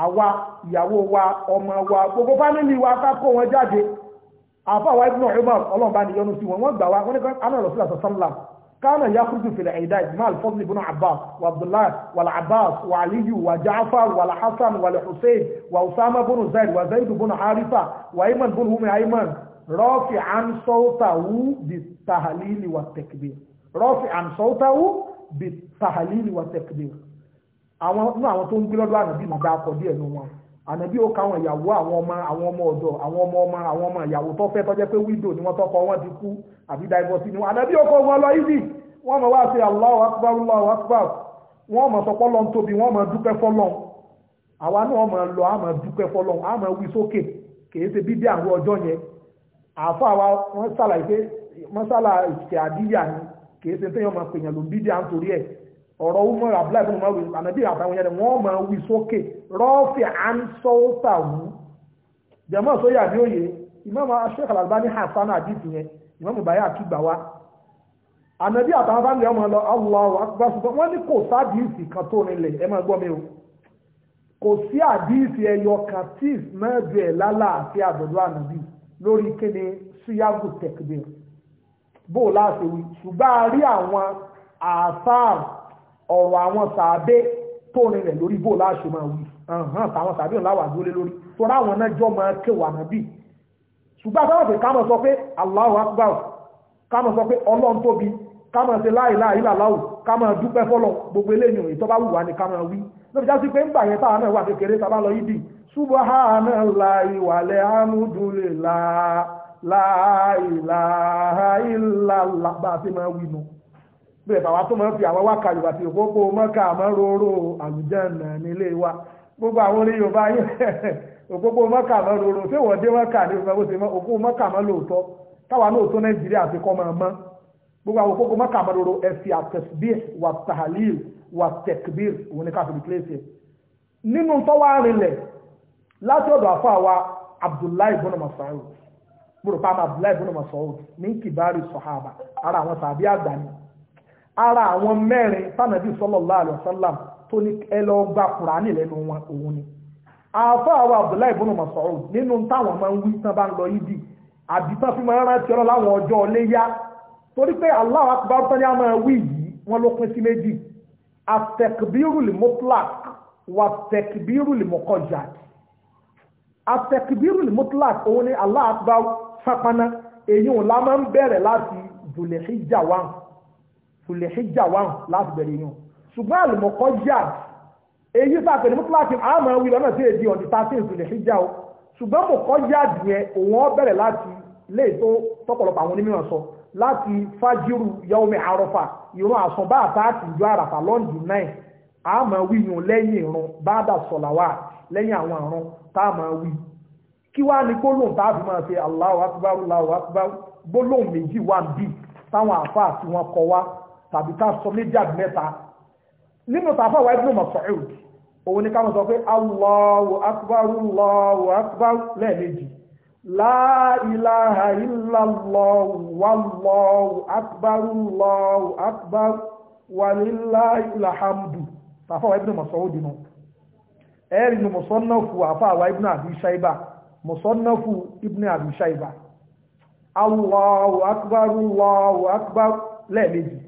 àwa ìyàwó wa ọmọ wa gbogbo fámìlì wa ká kó wọn jáde àfàwà ibùdó ọ̀rẹ́mọ̀ ọlọ́ọ̀bá ni yọnu sí wọn wọ́n gbà wá wọ́n ní kan anáà lọ sí àṣà sálà كان يخرج في العيدات مع الفضل بن عباس وعبد الله والعباس وعلي وجعفر والحسن والحسين وأسامة بن زيد وزيد بن حارثة وأيمن بن هم أيمن رافعا صوته بالتهليل والتكبير رافعا صوته بالتهليل والتكبير àwọn nínú àwọn tó ń gbé lọ́dọ̀ ànàbí mọ̀ bá kọ díẹ̀ nù wọn ànàbí ó ka àwọn ìyàwó àwọn ọmọ àwọn ọmọ ọ̀dọ̀ àwọn ọmọ ọmọ àwọn ọmọ ìyàwó tó fẹ́ tọ́jẹ́ pé wíńdò ni wọ́n tọkọ wọn ti kú àbí divorce ni wọn ànàbí ó kọ wọn lọ ibi wọ́n mọ̀ wá sí Allahu Akbar Allahu Akbar wọ́n mọ̀ sọpọ́ lọ́n tóbi wọ́n mọ̀ dúpẹ́ fọ́lọ́n àwa náà mọ̀ lọ á mọ̀ dúpẹ́ fọ́lọ́n á mọ̀ wí sókè kìí ṣe bíbí àwọn ọjọ́ yẹn àfọ́ àwa wọ́n sàlàyé mọ́sálà ìṣẹ̀ àdíyà ni kìí ṣe tẹ́yọ̀ mọ̀ pèèyàn ló bíbí à ń torí ẹ̀ ọ̀rọ̀ umar abdullahi bin umar wíwú ànàbí àtàwọn yẹn wọ́n máa wí sókè rọ́ọ̀fì ansọ́ọ̀tà wú jẹ́mọ́ sóyà ní òye imam sheikh yẹn imam bayá àkígbà àtàwọn bá ń lọ wọ́n ní kò sádìsì kan tó rinlẹ̀ ẹ máa gbọ́ o kò sí àdìsì ẹyọ kan tí àdọ̀dọ̀ lórí kíni bó ọ̀rọ̀ àwọn sàábé tó rin rẹ̀ lórí bó láṣọ máa wí hàn táwọn sàábé ò láwà dúró lé lórí torí àwọn náà jọ máa kéwà nàbí ṣùgbọ́n àtàwọn pé ká mọ̀ sọ pé Allahu Akbar ká mọ̀ sọ pé Ọlọ́run tóbi ká mọ̀ sí láì láì làláwù ká mọ̀ dúpẹ́ fọ́lọ̀ gbogbo eléyìn òyìn tó bá wù wá ní ká mọ̀ wí lóbi já sí pé ń gbà yẹn táwọn náà wà kékeré tá bá lọ yídì subhanallahi wàlẹ̀ hamdulillah la ilaha illallah bá a ti máa wí nù bẹ́ẹ̀ bàbá tó máa ń fi àwọn wákà yorùbá ti òpópó mọ́kà àmọ́ róró àlùjánnà nílé wa gbogbo àwọn orí yorùbá yẹn òpópó mọ́kà àmọ́ róró ṣé wọ́n dé mọ́kà ní òpópó ṣe mọ́ òpópó mọ́kà àmọ́ lóòótọ́ táwa lóòótọ́ nàìjíríà ti kọ́ máa mọ́ gbogbo àwọn òpópó mọ́kà àmọ́ róró ẹ̀sì àtẹ̀síbí wà tàhálíl wà tẹ̀kbír òun ni káfíń kílẹ̀sì nínú tọ́wá rinlẹ̀ láti ọ̀dọ̀ àfọ́ àwa Abdullahi ibn Mas'ud gbọ́dọ̀ pa àmọ́ Abdullahi ibn Mas'ud ní kìbárì sọ̀hábà ara àwọn ara àwọn mẹ́rin tánàbí sallallahu alaihi wasallam tó ní ẹlọ gba kùránì lẹ́nu wọn òun ni àfọ́ àwọn Abdullahi ibn Mas'ud nínú táwọn máa ń wí tán bá ń lọ yídì àbí tán fi máa ń rántí ọlọ́ láwọn ọjọ́ ọléyá torí pé Allahu akbar tán a máa wí yìí wọ́n tùlẹ̀híjà wáhùn láti bẹ̀rẹ̀ inú ṣùgbọ́n àlùmọ̀kọ́ jà èyí sàpẹ̀lẹ̀ mútúláàkì àmọ́ wí lọ́nà tí èdè ọ̀dí tá sí tùlẹ̀híjà o ṣùgbọ́n mọ̀kọ́ jà dìẹ òun bẹ̀rẹ̀ láti lè tó tọ́pọ̀lọpọ̀ àwọn onímọ̀ sọ láti fájírù yaomi arọfà ìrún àsùnbá àtàkì ìjọ àràfà lọ́ndì 9 àmọ́ wí yùn lẹ́yìn ìrún bádà sọ̀làwà lẹ́yìn àwọn àrùn táàmọ́ Allahu akbar Allahu akbar gbólóhùn méjì wà bí táwọn àfáà tí wọ́n kọ wá tàbí ká sọ méjì àbí mẹ́ta nínú tàfà wáyé bínú Mas'ud òun ni káwọn sọ pé Allahu akbar Allahu akbar lẹ́ẹ̀mejì la ilaha illallah wallahu akbar Allahu akbar walillahil hamdu tàfà wáyé bínú Mas'ud dínú ẹ̀rì ni mùsọ́nàfù àfáàwà ibn Abi Shayba mùsọ́nàfù ibn Abi Shayba Allahu akbar Allahu akbar lẹ́ẹ̀mejì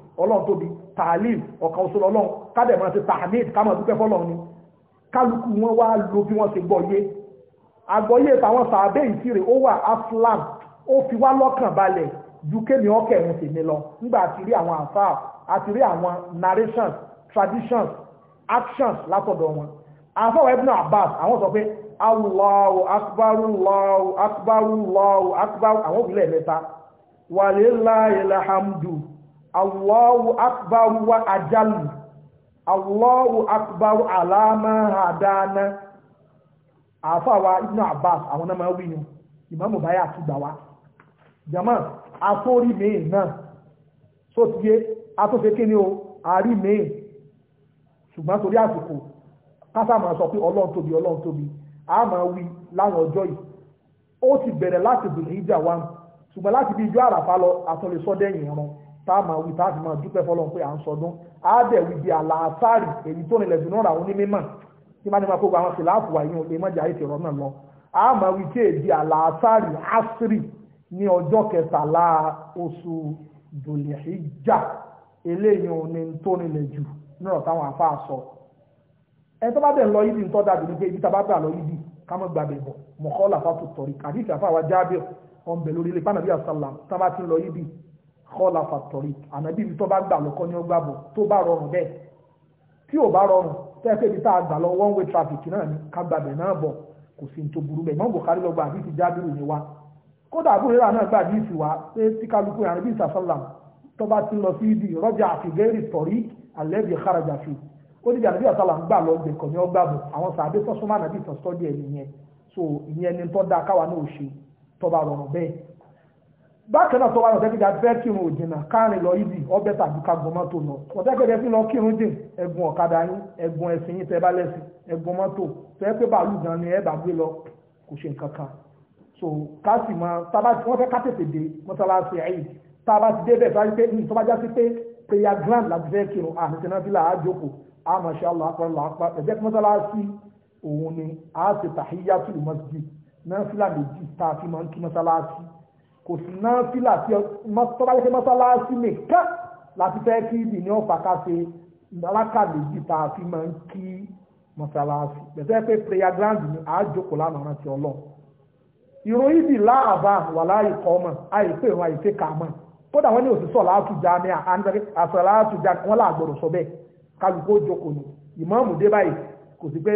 ọlọ́run tóbi tààlìm ọ̀kan òṣèlú ọlọ́run kádẹ̀ máa ti tààmìd kámọ̀ dúpẹ́ fọ́lọ́run ni kálukú wọn wá lo bí wọ́n ti gbọ́yé àgbọ́yé táwọn sàábẹ́ ìtìrè ó wà aflam ó fi wá lọ́kàn balẹ̀ ju kémi ọkẹ̀ ẹ̀hún sì ní lọ nígbà àti rí àwọn àfáà àti rí àwọn narrations traditions actions látọ̀dọ̀ wọn àfọwọ́ ibn abbas àwọn sọ pé allahu akbar allahu akbar allahu akbar àwọn òbílẹ̀ mẹ́ta wàlélá ilẹ̀ hamdu Allahu akbar wa ajalu Allahu akbar alama hadana àfa wa Ibn Abbas àwọn náà máa wí ni ìmáàmù báyà ti gbà wá jama àtórí mi náà só ti yé atófé kí ni o àárí mi ṣùgbọ́n torí àsìkò kásá máa sọ pé ọlọ́run tobi ọlọ́run tóbi a ma wi láwọn ojo yi o ti bere lati bìrì ija wa ṣùgbọ́n láti bí ijó àràfà lọ àtúnlẹ̀sọ́dẹ̀yìn ẹran táàmà wí táàfì máa dúpẹ́ fọlọ́n pé à ń sọdún àádẹ́ wí di àlàáfáàrì èyí tó nílẹ̀ dùnú ra òní mímọ̀ tí má ní máa kókò àwọn fìlàáfù wà yín lè mọ́jà ètò ìrọ̀ lọ àmà wí tí èdè àlàáfáàrì asiri ní ọjọ́ kẹtàlá oṣù dòlìhíjà eléyìí òní tó nílẹ̀ jù nírọ̀ táwọn afáà sọ ẹ tó bá dẹ̀ lọ yídì tó dàbí ní pé ibi tàbá gbà lọ yídì ká mọ́ gbàgbẹ̀ bọ̀ mọ̀kọ́ làfà tó tọ̀rí kàdíkà fáwọn jábẹ̀ ọ̀nbẹ̀ lórí ilé pánàbí àsálà tábà ti lọ yídì kọ́lá fàtọ̀rì ànábì mi tó bá gbà lọ́kọ́ ní ọgbà bọ̀ tó bá rọrùn bẹ́ẹ̀ tí ò bá rọrùn tẹ́ pé ibi tá a gbà lọ one way traffic náà ni ká gbàgbẹ́ náà bọ̀ kò sí tó burú bẹ́ẹ̀ mọ́n Bukhari lọ́gbà àbí ti jábìrì ní wa kódà àbúrò rẹ̀ náà gbà bí ìsì wa pé tí kálukú ànábì sàṣọ́là tó bá ti lọ sí ibi rọ́jà àti gẹ́rì tọ̀rí àlẹ́bí kárajà fi ó ní ànábì sàṣọ́là gbà lọ gbẹ̀kọ̀ ní so ìyẹn ni tó dáa káwa náà bákan náà tó wáyọ̀ tẹ́gbẹ̀dá bẹ́ẹ̀ kírun òjìnà káàrin lọ ibi ọbẹ̀ tàbí ká gbọ́n mọ́tò lọ ọ̀tẹ́gbẹ̀dẹ́ fi lọ kírun dìn ẹ̀gbọ́n ọ̀kadà yín ẹ̀gbọ́n ẹ̀sìn yín tẹ́bá lẹ́sìn ẹ̀gbọ́n mọ́tò tẹ́ pé bàálù gan ni ẹ̀ bá gbé lọ kò ṣe nǹkan kan so ká sì máa tábà tí wọ́n fẹ́ ká tètè dé mọ́sálásí ẹ̀yìn tábà ti dé bẹ́ẹ̀ sáré pé ní tó bá já sí pé prayer ground láti fẹ́ kírun àti tẹnafílà àjòkò àmọ̀ṣẹ́ aláàpá ẹ̀jẹ̀ mọ́sálásí òun ni a ti kò sí náà fílà tí tọ́bálẹ́kẹ́ mọ́sálásí nìkan láti fẹ́ kí ìdì ní ọ̀fà káṣe alákà méjì tá a fi máa ń kí mọ́sálásí bẹ̀tẹ́ pé prayer ground ni a jókòó lánàá rántí ọlọ́run ìròyìn ìdì láàbà wà láàyè kọ́ mọ̀ àìpé ìrún àìpé kà mọ̀ kódà wọ́n ní òṣìṣọ́ láàtújà ní àṣọ láàtújà wọn láàgbọ̀rọ̀ sọ bẹ́ẹ̀ kálukó jókòó ni ìmáàmù dé báyìí kò sí pé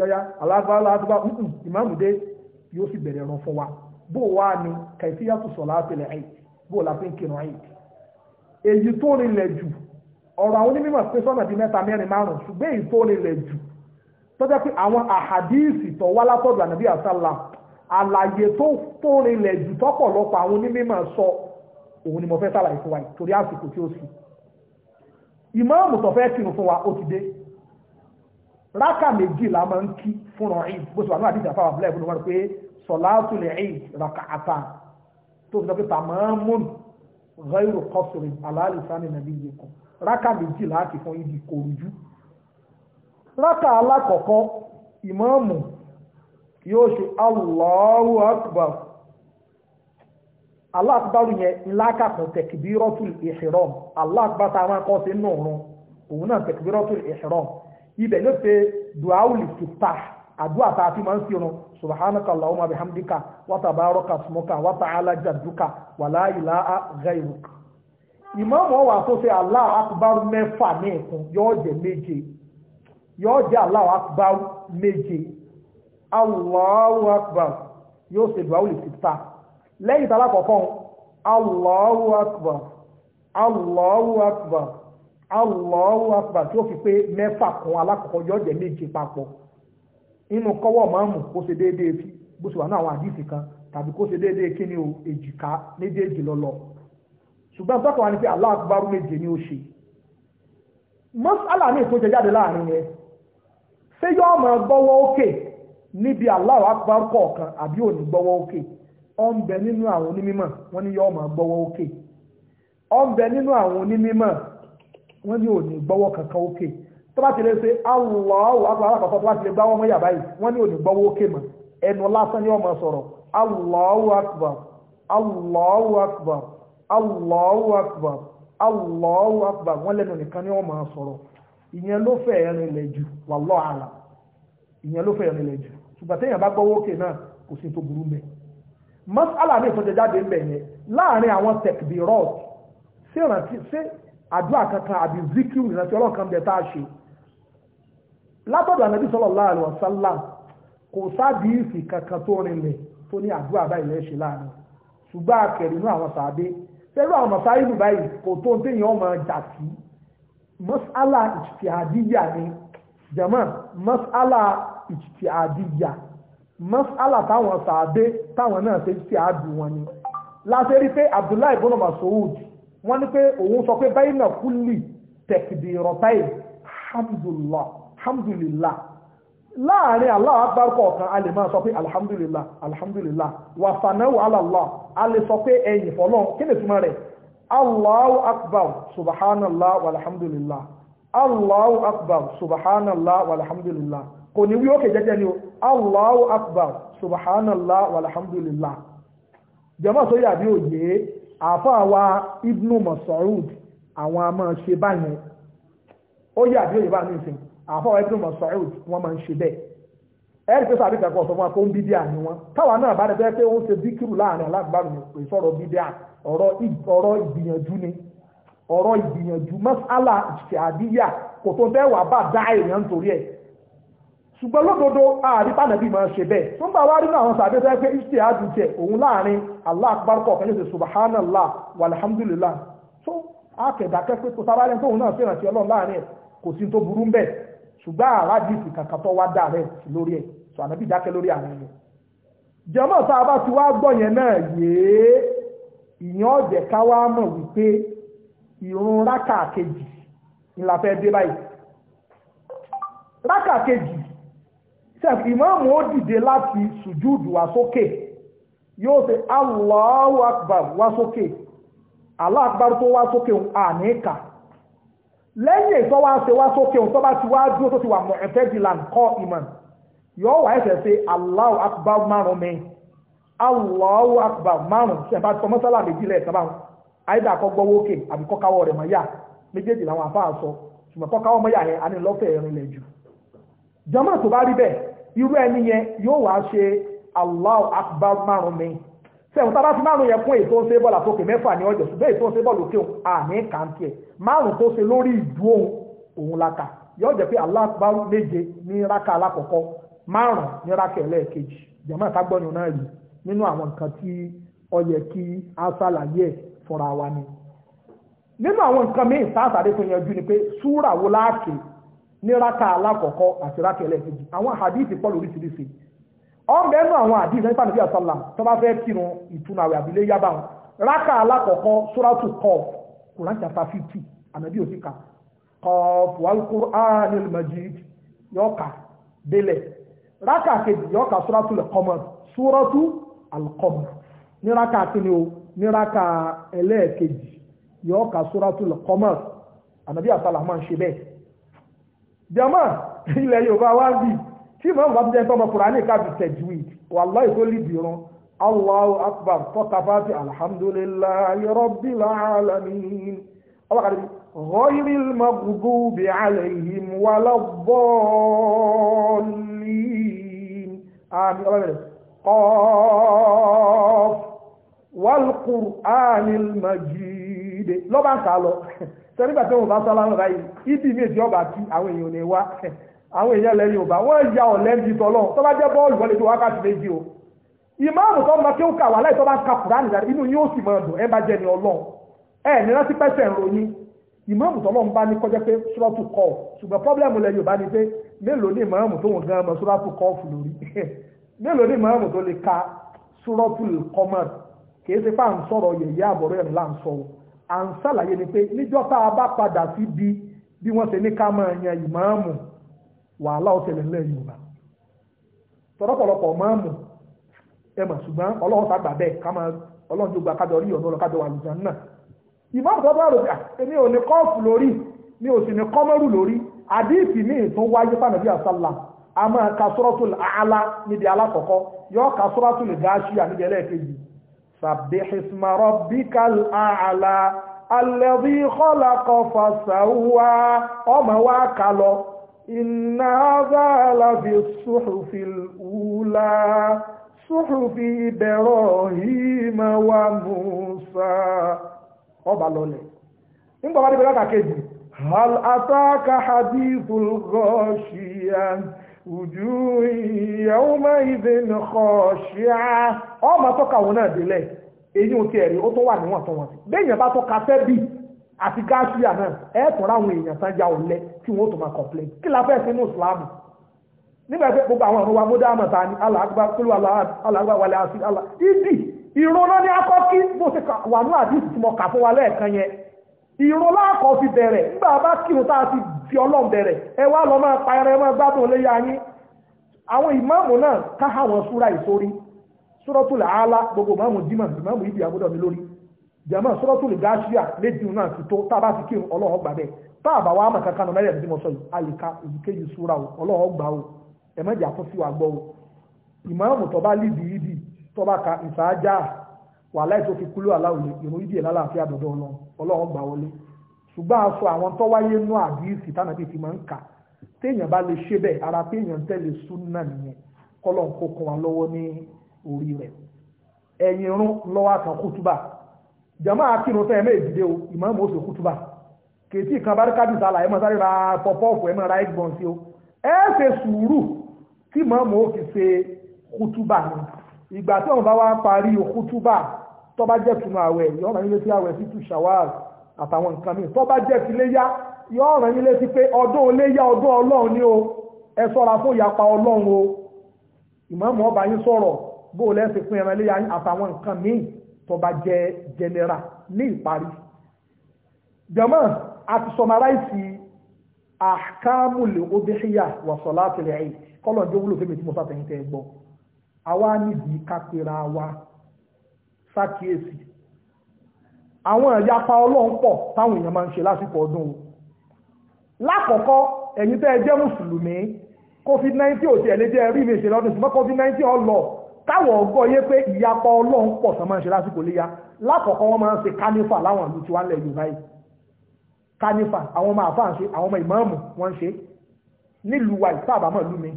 yọya alágbára láàtúbà ìmáàmù dé yóò sì bẹ̀rẹ̀ ẹ̀rọ fún wa bó wá ní kẹfíyàtù sọ̀lá àtẹlẹ̀ àìd bó la fi ń kírun àìd èyí tó rinlẹ̀ jù ọ̀rọ̀ àwọn onímọ̀ pé sọ́nà bíi mẹ́ta mẹ́rin márùn-ún ṣùgbọ́n èyí tó rinlẹ̀ jù tó jẹ́ pé àwọn àhàdíìsì tó wá látọ̀dọ̀ ànàbí àsálà àlàyé tó rinlẹ̀ jù tọ́pọ̀lọpọ̀ àwọn onímọ̀ sọ òun ni mo fẹ́ sàlàyé fún wa torí àsìkò tí ó sì ìmáàmù tó fẹ́ kírun fún wa ó ti dé rákà méjì la máa ń kí fúnra ẹ̀ bó ṣe wà ní àdìjà fáwọn abúlé ìbúnú wọn pé sọ̀láàtù lè ẹ̀yìn ràkàtà tó fi dọ́kítà máa ń múnù ghairu kọsùrì aláàlùsánì nàbí yìí kan rákà méjì láti fún ibi kòrújú rákà alákọ̀ọ́kọ́ ìmáàmù yóò ṣe Allahu akbar aláàkúbárù yẹn ìlákàkùn tẹ̀kìbírọ́tùl ìṣìrọ̀m aláàkúbátà máa kọ́ sí nù òun náà tẹ̀kìbírọ́tùl ìṣìrọ̀m ibẹ̀ ló ṣe duawul istiftah àdúrà tá a fi máa ń sírun subhanaka allahumma bihamdika wa tabaraka smuka wa ta'ala jadduka wa la ilaha ghayruk imam wa tó ṣe allah akbar mẹ́fà ní ẹ̀kún yóò jẹ méje yóò jẹ allah akbar méje allahu akbar yóò ṣe dùwà olè síta lẹ́yìn tàlá kọ̀ọ̀kan allahu akbar allahu akbar tí ó fi pé mẹ́fà kan alákọ̀ọ́kọ́ yóò jẹ méje papọ̀ inú kọ́wọ́ mọ́mù kó ṣe déédéé tí bó ṣe wà náà àwọn àdìsí kan tàbí kó ṣe déédéé kí ni o èjìká méjèèjì lọ́lọ́ ṣùgbọ́n tọ́kọ̀ ni pé ala méje ni ó ṣe mọ́sálà ní ìtúnjẹ jáde láàrin yẹn ṣé yóò máa gbọ́wọ́ òkè níbi Allahu Akbar kọ̀ọ̀kan àbí ò gbọ́wọ́ òkè ó nínú àwọn onímọ̀ wọ́n ní gbọ́wọ́ tó bá ti lè ṣe Allahu akbar alákọ̀ọ́kọ́ tó bá ti lè gbáwọ́ mọ́ yàbá yìí wọ́n ní olùgbọ́wọ́ òkè mọ̀ ẹnu lásán ni ọmọ sọ̀rọ̀ Allahu akbar Allahu akbar Allahu akbar Allahu akbar wọ́n lẹ́nu nìkan ni ọmọ sọ̀rọ̀ ìyẹn ló fẹ́ rinlẹ̀ jù wallahu alam ìyẹn ló fẹ́ rinlẹ̀ jù ṣùgbọ́n téèyàn bá gbọ́wọ́ òkè náà kò sí tó burú mẹ́ masala mi ìtọ́jẹ jáde ńbẹ̀ yẹn láàrin àdúrà kankan àbí zikiru ìrántí ọlọ́kan bẹ̀ ṣe látọ̀dọ̀ ànábì sallallahu alaihi wasallam kò sábìísì kankan tó rinlẹ̀ tó ní àdúrà báyìí lẹ́ṣẹ̀ láàrin ṣùgbọ́n akẹ̀rì inú àwọn sàábé fẹ́rù àwọn masáìlú báyìí kò tó ń téèyàn ọmọ jà sí mas'ala ìtìtìhàdíyà ni jama mas'ala ìtìtìhàdíyà mas'ala táwọn sàábé táwọn náà ṣe ti àdù wọn ni láti rí pé Abdullahi ibn Mas'ud wọ́n ní pé òun sọ pé báyìí náà kulli takbiratayn hamdulillah alhamdulillah láàrin aláwọ̀ agbárúkọ̀ ọ̀kan a lè máa sọ pé alhamdulillah alhamdulillah wà fanáwò aláàlá a lè sọ pé ẹ̀yìn fọ́lọ́ kí ni túnmọ̀ rẹ̀ allahu akbar subhanallah walhamdulillah allahu akbar subhanallah walhamdulillah kò ní wí ókè jẹ́jẹ́ ni o allahu akbar subhanallah walhamdulillah jama sọ yàbí òye àfáà wa ibnu mas'ud àwọn a máa ó yàbí òye ní ìsìn àfọwọ́ ẹgbẹ́ mọ̀ sọ̀rọ̀ wọn máa ń ṣe bẹ́ẹ̀ ẹ̀rí pé sàbí kankan sọ fún wa kó ń bídíà ni wọn táwa náà bá dẹ́gbẹ́ pé ó ń ṣe díkìrù láàrin alágbàrún pé sọ̀rọ̀ bídíà ọ̀rọ̀ ìgbìyànjú ni ọ̀rọ̀ ìgbìyànjú mọ́sálà ìṣàdíyà kò tó dẹ́wà bá dá èèyàn torí ẹ̀ ṣùgbọ́n lódodo àrípa nàbí máa ṣe bẹ́ẹ̀ tó ń bá wá náà àwọn sàbí tẹ́ pé ìṣẹ́ àdùjẹ òun láàrin Allah akbar yóò subhanallah walhamdulillah tó àkẹ̀dàkẹ́ pé kò sábà rẹ̀ tóun náà fẹ́ràn sí ọlọ́run láàrin kò sí tó burú ń bẹ́ẹ̀ ṣùgbọ́n àràdìsì kankan tó wá dà rẹ̀ lórí ẹ̀ sọ ànábì dákẹ́ lórí àwọn ẹ̀yẹ jọmọ́ tá a bá ti wá gbọ́ yẹn náà yéé ìyẹn ọ̀jẹ̀ ká wá mọ̀ wípé ìrun rákà kejì ńlá fẹ́ dé báyìí rákà kejì sẹ́f ìmáàmù ó dìde láti sùjúdù wá sókè yóò ṣe Allahu Akbar wá sókè Allahu tó wá sókè àníkà lẹ́yìn ìtọ́ wá ń ṣe wá sókè òun tó bá ti wá dúró tó ti wà mọ̀ẹ́tẹ́dìlan kọ́ ìmọ̀ yóò wà ẹ̀sẹ̀ ṣe Allahu akbar márùn mi Allahu akbar márùn ṣe bá tọ́ mọ́sálà méjì lẹ́ẹ̀kan báwọn àìdá kọ́ gbọ́wọ́ òkè àbí kọ́káwọ́ rẹ̀ mọ́yà méjèèjì làwọn àfáà sọ ṣùgbọ́n kọ́káwọ́ mọ́yà yẹn àní lọ́fẹ̀ lẹ̀ jù jọmọ́ tó bá rí bẹ́ẹ̀ irú ẹni sẹ́wọ̀n tá a bá fi márùn yẹn fún èyí tó ń ṣe bọ́ọ̀lù àtòkè mẹ́fà ní ọjọ́ ṣùgbọ́n èyí tó ń ṣe bọ́ọ̀lù òkè òun àní kàǹtì ẹ̀ márùn tó ṣe lórí ìdú òun laka yóò jẹ́ pé aláàbárú méje ní raka alákọ̀ọ́kọ́ márùn ní raka ẹlẹ́ẹ̀kejì jẹ̀mọ́ ìtagbọ́nyọ̀ náà rí nínú àwọn nǹkan tí ó yẹ kí a ṣàlàyé fúnra wa ni nínú àwọn nǹkan míì sáàsàdé tó yanjú ni pé súrà láàkè ní raka alákọ̀ọ́kọ́ àti raka ẹlẹ́ẹ̀kejì àwọn hadith pọ̀ lóríṣiríṣi ọ̀bẹ nù àwọn àdìs nípa níbi àsálà tó bá fẹ́ kírun ìtúnu àwẹ̀ àbílẹ̀ yábà wọn rákà alákọ̀ọ́kọ́ sóràtù kọ́ọ̀f kùrán chapter fifty ànábì òsì ká kọ́ọ̀f wàlúkúrú ánìl majid yọ̀ọ̀kà délẹ̀ rákà kejì yọ̀ọ̀kà sóràtù lẹ̀kọ́mọ̀ sóràtù alùkọ́mọ̀ ní rákà kíni o ní rákà ẹlẹ́ẹ̀kejì yọ̀ọ̀kà sóràtù lẹ̀kọ́mọ̀ ànábì àsálà máa ń ṣe bẹ́ẹ̀ tí ìmọ̀ bá jẹ́ tọ́mọ kùránì káfí tẹ̀júwìd wàláì tó lè dìrún Allahu akbar tọ́kafáàtì alhamdulillahi rabbil alamin ọlọ́kàdé ghayril maghdubi alayhim waladdallin àmì ọlọ́bẹ̀rẹ̀ qaf wal qur'anil majid lọ́bàá ń kà lọ sẹ́rígbà tí wọ́n bá sọ́lá ń ra yìí ibi ọba kí àwọn èèyàn ò wá àwọn èèyàn ilẹ̀ Yorùbá wọ́n ya ọ̀lẹ́bí tọ́lọ́ tó bá jẹ́ bọ́ọ̀lù wọlé tó wákàtí méjì o ìmáàmù tó ń bá kí ó kà wà láì tó bá ń ka Kùránì dáadáa inú yóò sì máa dùn ẹ bá jẹ́ ni Ọlọ́run ẹ ní rántí pẹ́sẹ̀ ń ròyìn ìmáàmù tọ́lọ́ ń bá ní kọjá pé súrọ́tù kọ́ ṣùgbọ́n pọ́blẹ́mù ilẹ̀ Yorùbá ni pé mélòó ni ìmáàmù tó ń gan ọmọ súrọ́tù kọ́ fù mélòó ni ìmáàmù tó lè ka súrọ́tù kọ́mọ̀ kìí ṣe fáà ń sọ̀rọ̀ yẹ̀yẹ́ àbọ̀rọ̀ ẹ̀rìn là ń sọ o à ń sàlàyé ni pé níjọ́ tá a bá padà sí bí bí wọ́n ṣe ní ká máa yan ìmáàmù wàhálà ọ̀tẹ̀lẹ̀ ńlẹ̀ yorùbá tọ́lọ́pọ̀lọpọ̀ máa mú ẹmọ̀ ṣùgbọ́n ọlọ́run sàgbà bẹ́ẹ̀ ká máa ọlọ́run tó gba kájọ rí ọ̀nà ọlọ́kájọ wà lùjọ náà ìmáàmù tó bá rò pé ah, èmi ò ní kọ́ọ̀fù lórí mi ò sì ní kọ́mọ́rù lórí àdíìsì míì tó wáyé fànàbí àsálà a máa ka sọ́rọ́tù àlá níbi alákọ̀ọ́kọ́ yóò ka sọ́rọ́tù lè gáṣíà níbi ẹlẹ́ẹ̀kejì sàbíhìsmà rabbikal àlá alladhi khalaqa fasawwa ọmọ wa kà lọ إن هذا لفي الصحف الأولى صحف إبراهيم وموسى ọba lọlẹ̀ nígbà wá níbẹ̀rẹ̀ kàkéjì hal ataka hadithul ghashiya ojú yawma idhin khashiya ọmọ tọ́ka wọn náà délẹ̀ èyí ò tiẹ̀ rí ó tó wà níwọ̀n tó wọ́n sí bẹ́ẹ̀ yẹn bá tọ́ka fẹ́ bì àti gáṣíà náà ẹ̀ tún ráwọn èèyàn sájà ọ̀lẹ́ tí wọ́n tó máa complain kí la fẹ́ sínú islam nígbà pé gbogbo àwọn ìrànwọ́ mọ́dáàmà ta ni aláàgbà kúlù aláàgbà wàlẹ̀ àti alá ìdí ìrọ̀nà ní akọ́kí bó ṣe wà ní àdìsí tí mo kà fún wa lẹ́ẹ̀kan yẹn ìrún láàkọ́ fi bẹ̀rẹ̀ nígbà bá kírun tá a ti fi ọlọ́run bẹ̀rẹ̀ ẹ wá lọ máa pa ẹrẹ máa gbádùn léyà yín àwọn ìmáàmù náà káhàwọn súra ìsórí súrọ́tùlà áálá gbogbo ìmáàmù dímọ̀ ìmáàmù ìdí àbúdọ̀ mi lórí jama suratul Ghashiyah méjìun náà ti tó tábà ti kírun ọlọ́run gbà bẹ́ẹ̀ táàbà wa àmà kankan mẹ́rẹ̀ ẹ̀dí mo sọ yìí àyíká èyíkéyìí súra o ọlọ́run gbà o ẹ má jẹ́ àtúnṣe wa gbọ́ o ìmáàmù tó bá líbi ìdì tó bá ka ìfàájà wàhálà tó fi kúlú aláwòye ìrún ìdí ìlàlàáfíà dọ̀dọ̀ ọlọ́run ọlọ́run gbà wọlé ṣùgbọ́n aṣọ àwọn tó wáyé nú àdìsí tánàbí ti máa ń kà téèyàn bá lè ṣe ara téèyàn tẹ̀lé súnà nìyẹn kọ́lọ́n kó wa lọ́wọ́ ní orí rẹ̀ ẹ̀yìn rún lọ́wọ́ àtàkùtùbà jama akínú tẹ́ ẹ̀mẹ́ ìdíde o ìmọ̀ọ́mù oṣù kútùbà kètì kan bá rí kábíyèsí àlà ẹ̀mọ́ sáré ra pọ̀pọ́ọ̀fù ẹ̀mọ́ ra ẹ̀gbọ́n sí o ẹ ṣe sùúrù tí ìmọ̀ọ́mù ó fi ṣe kútùbà ni ìgbà tí wọn bá wá parí kútùbà tó bá jẹ́ tunu àwẹ̀ yọ̀ọ́ ràn yín létí àwẹ̀ sí tu shawal àtàwọn nǹkan mi tó bá jẹ́ ti léyá yọ̀ọ́ ràn yín létí pé ọdún léyá ọdún ọlọ́run ni o ẹ sọ́ra fún ìyapa ọlọ́run o ìmọ̀ọ́mù ọba yín sọ̀rọ̀ bó o lẹ́sìn pín ẹran léyá àtàwọn nǹkan míì tó bá jẹ́ general ní ìparí jọmọ́ àti sọmaráìsì àkàmùlẹ̀ obìnrin wà sọ̀lá àtìlẹ́yìn kọ́lọ̀ jẹ́ wúlò fẹ́mi tí mo sàtẹ̀yìn tẹ́ gbọ́ àwa níbi kápẹ́ra wa sákìyèsí àwọn ìyapa ọlọ́run pọ̀ táwọn èèyàn máa ń ṣe lásìkò ọdún o lákọ̀ọ́kọ́ ẹ̀yin tẹ́ ẹ jẹ́ mùsùlùmí covid-19 ò tiẹ̀ lè jẹ́ rí mi ṣe lọ́dún ṣùgbọ́n covid-19 ọ̀ táwọn ọgọ́ yé pé ìyapa ọlọ́run pọ̀ sọ máa ń ṣe lásìkò léyà lákọ̀ọ́kọ́ wọ́n máa ń ṣe kánífà láwọn ìlú tí wọ́n lẹ̀ yorùbá yìí kánífà àwọn ọmọ àfáà ń ṣe àwọn ọmọ ìmáàmù wọ́n ń ṣe nílùú wa ìsáàbàmọ̀ lú mi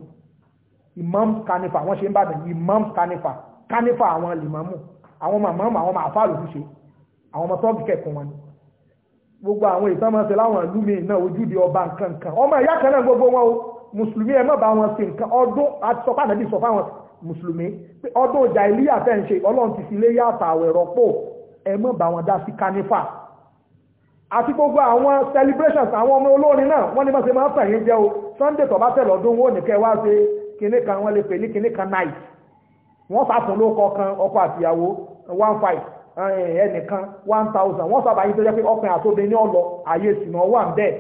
imam kánífà wọ́n ṣe ń bàdàn imam kánífà kánífà àwọn lìmọ́mù àwọn ọmọ àmọ́mù àwọn ọmọ àfáà ló fi ṣe àwọn ọmọ tọ́ọ̀gì kẹ̀kọ́ wọn ni gbogbo àwọn ìsọmọsẹ láwọn ìlú mi náà ojúde ọba nǹkan kan ọmọ ìyá kan náà gbogbo wọn o mùsùlùmí ẹ má bá wọn ṣe nǹkan ọdún àti sọfà nàbí mùsùlùmí ọdún ìjà ìlíyà fẹ́ ń ṣe ọlọ́run ti fi lé yàtà àwẹ̀ rọ́pò ẹ mọ́ bá wọn dá sí kánífà àti gbogbo àwọn celebrations àwọn ọmọ olórin náà wọ́n ní mọ́sẹ̀ máa ń fẹ̀yìn jẹ́ o sunday tó bá tẹ̀ lọ́dún wọn ò ní kẹ́ wá ṣe kinní kan wọ́n lè pè ní kinní kan night wọ́n sàfún ló kọ̀ọ̀kan ọkọ àtìyàwó one five ẹnìkan one thousand wọ́n sábà yí tó jẹ́ pé ọkùnrin àtòbìnrin ọlọ àyè ìsìnà wà ń bẹ́ẹ̀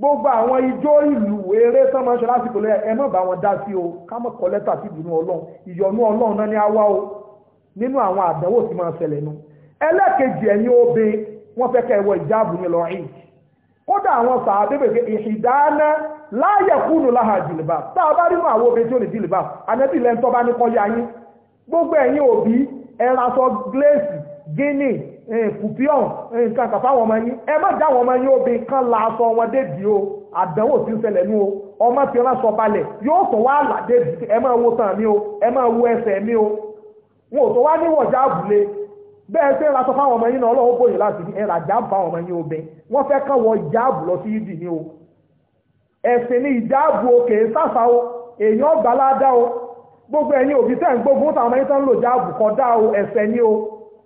gbogbo àwọn ijó ìlú eré sánmọ́ ṣe lásìkò lẹ́yẹ ẹ má bá wọn dá sí o ká mọ̀ kọ́ lẹ́tà sí ìdùnnú ọlọ́run ìyọ̀nú ọlọ́run náà ní àwa o nínú àwọn àdánwò tí máa ṣẹlẹ̀ nu ẹlẹ́ẹ̀kejì ẹ̀yin obìnrin wọ́n fẹ́ kẹ́ ẹ wọ ìjáàbù ní lọ rìn kódà àwọn sàádébèké ìdáná láàyè kúnnù láhà jìlìbà tá a bá rí àwọn obìnrin tí ó ní jìlìbà ànẹ́bí lẹ́ńtọ́ bá ní kọ́ yá yín gbogbo ẹ̀yin òbí ẹ̀rasọ gíléèsì gíní Eh, pùpíọ̀n eh, nǹkan kàfà ọmọ yín ẹ má ọmọ yín obìnrin kan wọn o àdánwò tí ń o ọmọ tí wọn sọ balẹ̀ yóò sọ wá ẹ wo o ẹ wo ẹsẹ̀ mí o wọn ò wá bẹ́ẹ̀ fáwọn ọmọ náà ọlọ́wọ́ láti ní ẹ̀rà ọmọ obìnrin wọ́n fẹ́ wọ lọ sí ìdì o ẹ̀sìn ni ìjáàbù òkè o èèyàn o gbogbo òbí ń gbógun o ẹ̀sẹ̀ ni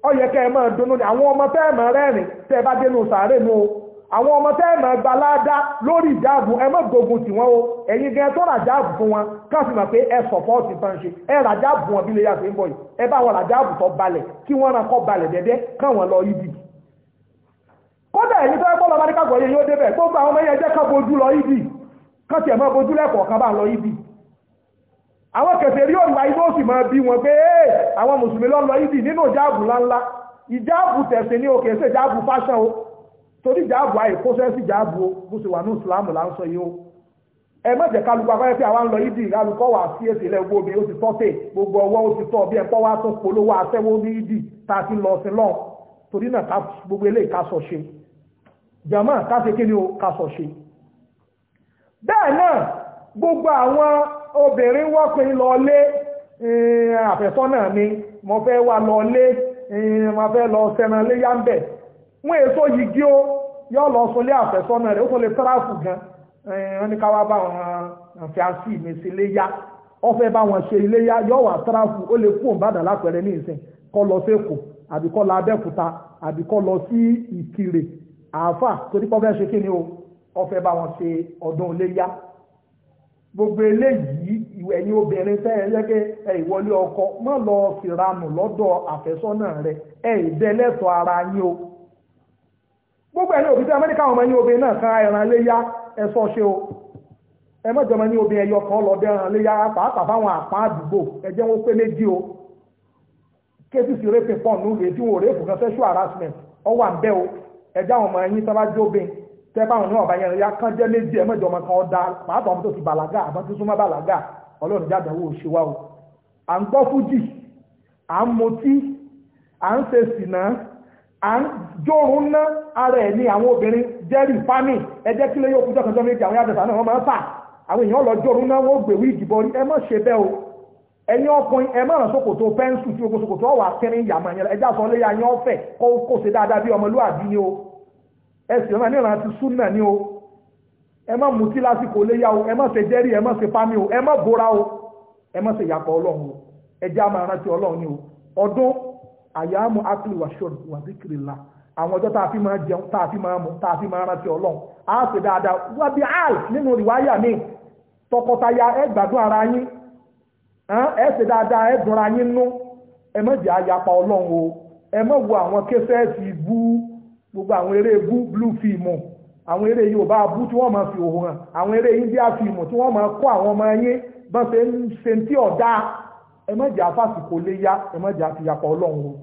ó yẹ kẹ́ ẹ máa dunnú ni àwọn ọmọ tẹ́ẹ̀ máa rẹ́rìn tẹ́ ẹ bá dénú sàárè nu o àwọn ọmọ tẹ́ẹ̀ máa gba ládá lórí ìjáàbù ẹ má gbógun tì wọ́n o ẹ̀yin gan tó rà jáàbù fún wọn káàsì mọ̀ pé ẹ sọ̀pọ́ọ̀tì tán ṣe ẹ rà jáàbù wọn bí lè yàtọ̀ ń bọ̀ yìí ẹ bá wọn rà jáàbù tó balẹ̀ kí wọ́n ràn kọ́ balẹ̀ dẹ́dẹ́ káwọn lọ ibi kódà ẹ̀yin tó ẹgbọ́n lọ́mọdé kàgbọ́ yẹ yóò débẹ̀ gbogbo àwọn ọmọ yẹn jẹ́ ká bojú lọ ibi káàsì ẹ̀ má bojú lẹ́kọ̀ọ́ ká bá lọ ibi àwọn kẹsẹ̀ rí ọ̀nà ayé ó sì máa bí wọn pé àwọn mùsùlùmí lọ́lọ́ ìdí nínú ìjáàbù ńláńlá ìjáàbù tẹ̀sìn ní òkè ṣe ìjáàbù fáṣán o torí ìjáàbù ayé kó sẹ́sì ìjáàbù o bó ṣe wà ní ìsìlámù là ń sọ yìí o ẹ má jẹ́ kálukú afẹ́fẹ́ pé àwa ń lọ ìdí ìrálukọ́ wà sí èsì ilẹ̀ gbogbo ó ti tọ́tẹ̀ gbogbo ọwọ́ ó ti tọ́ bí ẹ̀pọ́ wá tó polówó aṣẹ́wó ní ìdí tá gbogbo àwọn obìnrin wọ́pin lọlé eh, àfẹ́sọ́nà mi mo fẹ́ wà lọlé eh, mo fẹ́ lọ sẹ́ran léyà ń bẹ̀ wọ́n èso yìí ó yọ́ lọ sunlé àfẹ́sọ́nà rẹ̀ ó tún tráfù gan eh, wọ́n ní káwá bá wọn fi àṣì mi sí léyà ó fẹ́ bá wọn ṣe yọ́ wà tráfù ó lè lọ sí àbí kọ́ lọ abẹ́kúta àbí kọ́ lọ sí ìkirè àáfà torí ni fẹ́ bá wọn ṣe gbogbo eléyìí ẹ̀yin obìnrin tẹ́ ẹ lẹ́kẹ́ ẹ ìwọlé ọkọ má lọ fìranù lọ́dọ̀ àfẹ́sọ́nà rẹ ẹ ìdẹ́lẹ́tọ̀ ara yín o gbogbo ẹ̀yin òbí tí amẹ́ríkà ọmọ yín obìnrin náà kan ẹran léyá ẹ sọ ṣe o ẹ mọ́jọ ọmọ yín obìnrin ẹyọ kan lọ́dọ̀ ẹran léyá pàápàá fáwọn àpá àdúgbò ẹ jẹ́ wọn pé méjì o kéésì sí rẹ́pìn pọ̀ nù rèé tí wọn ò rẹ́pù kan sexual harassment ọ wà o ẹ̀já ọmọ yín sábà jóbin tẹ́pá àwọn náà bá yẹn ya kán jẹ́ méjì ẹ̀mọ́jọ ọmọ kan ọ̀dà pàápàá ọmọ tó ti bàlágà àmọ́ tó súnmọ́ bàlágà ọlọ́run jáde owó ṣe wá o à ń gbọ́ fújì à ń mutí à ń ṣe sìnà à ń jórun ná ara ẹ̀ ní àwọn obìnrin jẹ́rìí fámì ẹjẹ́ kílẹ̀ yóò kújọ́ kan jọ méjì àwọn yàtọ̀ náà wọ́n máa ń fà àwọn èèyàn lọ jórun ná wọ́n gbèwí ìdìbò rí ẹ má ọkùnrin ẹ má rán ṣòkòtò pẹ́ńsù tí ogun ṣòkòtò ọ̀wà kẹrin yàmọ̀ ẹ̀yẹn ẹjá sọ léyà yín ọ̀fẹ́ kó ṣe dáadáa bí ọmọlúwàbí ni o ẹ̀sìn náà níran àti súnà ní o ẹ má mutí lásìkò léyà o ẹ má ṣe jẹ́rì ẹ má ṣe pámi o ẹ má bora o ẹ má ṣe yàpọ̀ ọlọ́run o ẹ jẹ́ àmà rántí ọlọ́run ni o ọdún àyàmú apili wàṣọ́ọ̀nù wàzíkìrìlá àwọn ọjọ́ tààfin máa jẹun tààfin máa mú tààfin máa rántí ọlọ́run á ṣe dáadáa wá bí al nínú rìwáyà mi tọkọtaya ẹ gbádùn ara yín ẹ ṣe dáadáa ẹ dùnra yín nú ẹ má jẹ́ àyàpọ̀ ọlọ́run o ẹ má wo àwọn kẹsẹ́ẹ̀sì bú gbogbo àwọn eré bú blue fíìmù àwọn eré yorùbá abú tí wọ́n máa fi òhun hàn àwọn eré india fíìmù tí wọ́n máa kó àwọn ọmọ yín bá ṣe ń ṣe tí ọ̀dá ẹ má jẹ́ àfàsìkò lé yá ẹ má jẹ́ àfìyàpọ̀ ọlọ́run o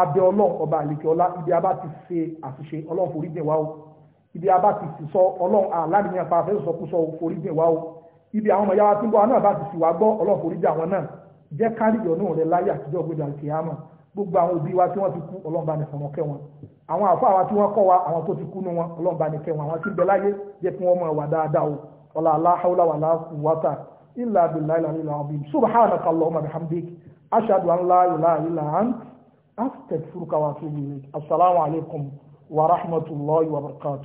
abẹ ọlọ́run ọba àlèkè ọlá ibi abá ti ṣe àṣìṣe ọlọ́run foríjìn wa o ibi abá ti sì sọ ọlọ́run àlànìyàn apá afẹ́ sọkúsọ foríjìn wa o ibi àwọn ọmọ yàrá gbogbo àwọn òbí wa tí wọ́n ti kú ọlọ́mba ní fọ̀rọ̀ kẹ́ wọn àwọn àfa wa tí wọ́n kọ́ wa àwọn tó ti kú nu wọn ọlọ́mba ní kẹ́ wọn àwọn tí ń bẹ láyé jẹ́ kí wọ́n mọ̀ wà dáadáa o ọ̀là aláhàwùlà wà láwùwátà ilà abdullahi ilà ilà ọ̀bí subhanaka allahumma bihamdik ashhadu an la ilaha illa ant astaghfiruka wa atubu ilayk assalamu wa rahmatullahi wa barakatuh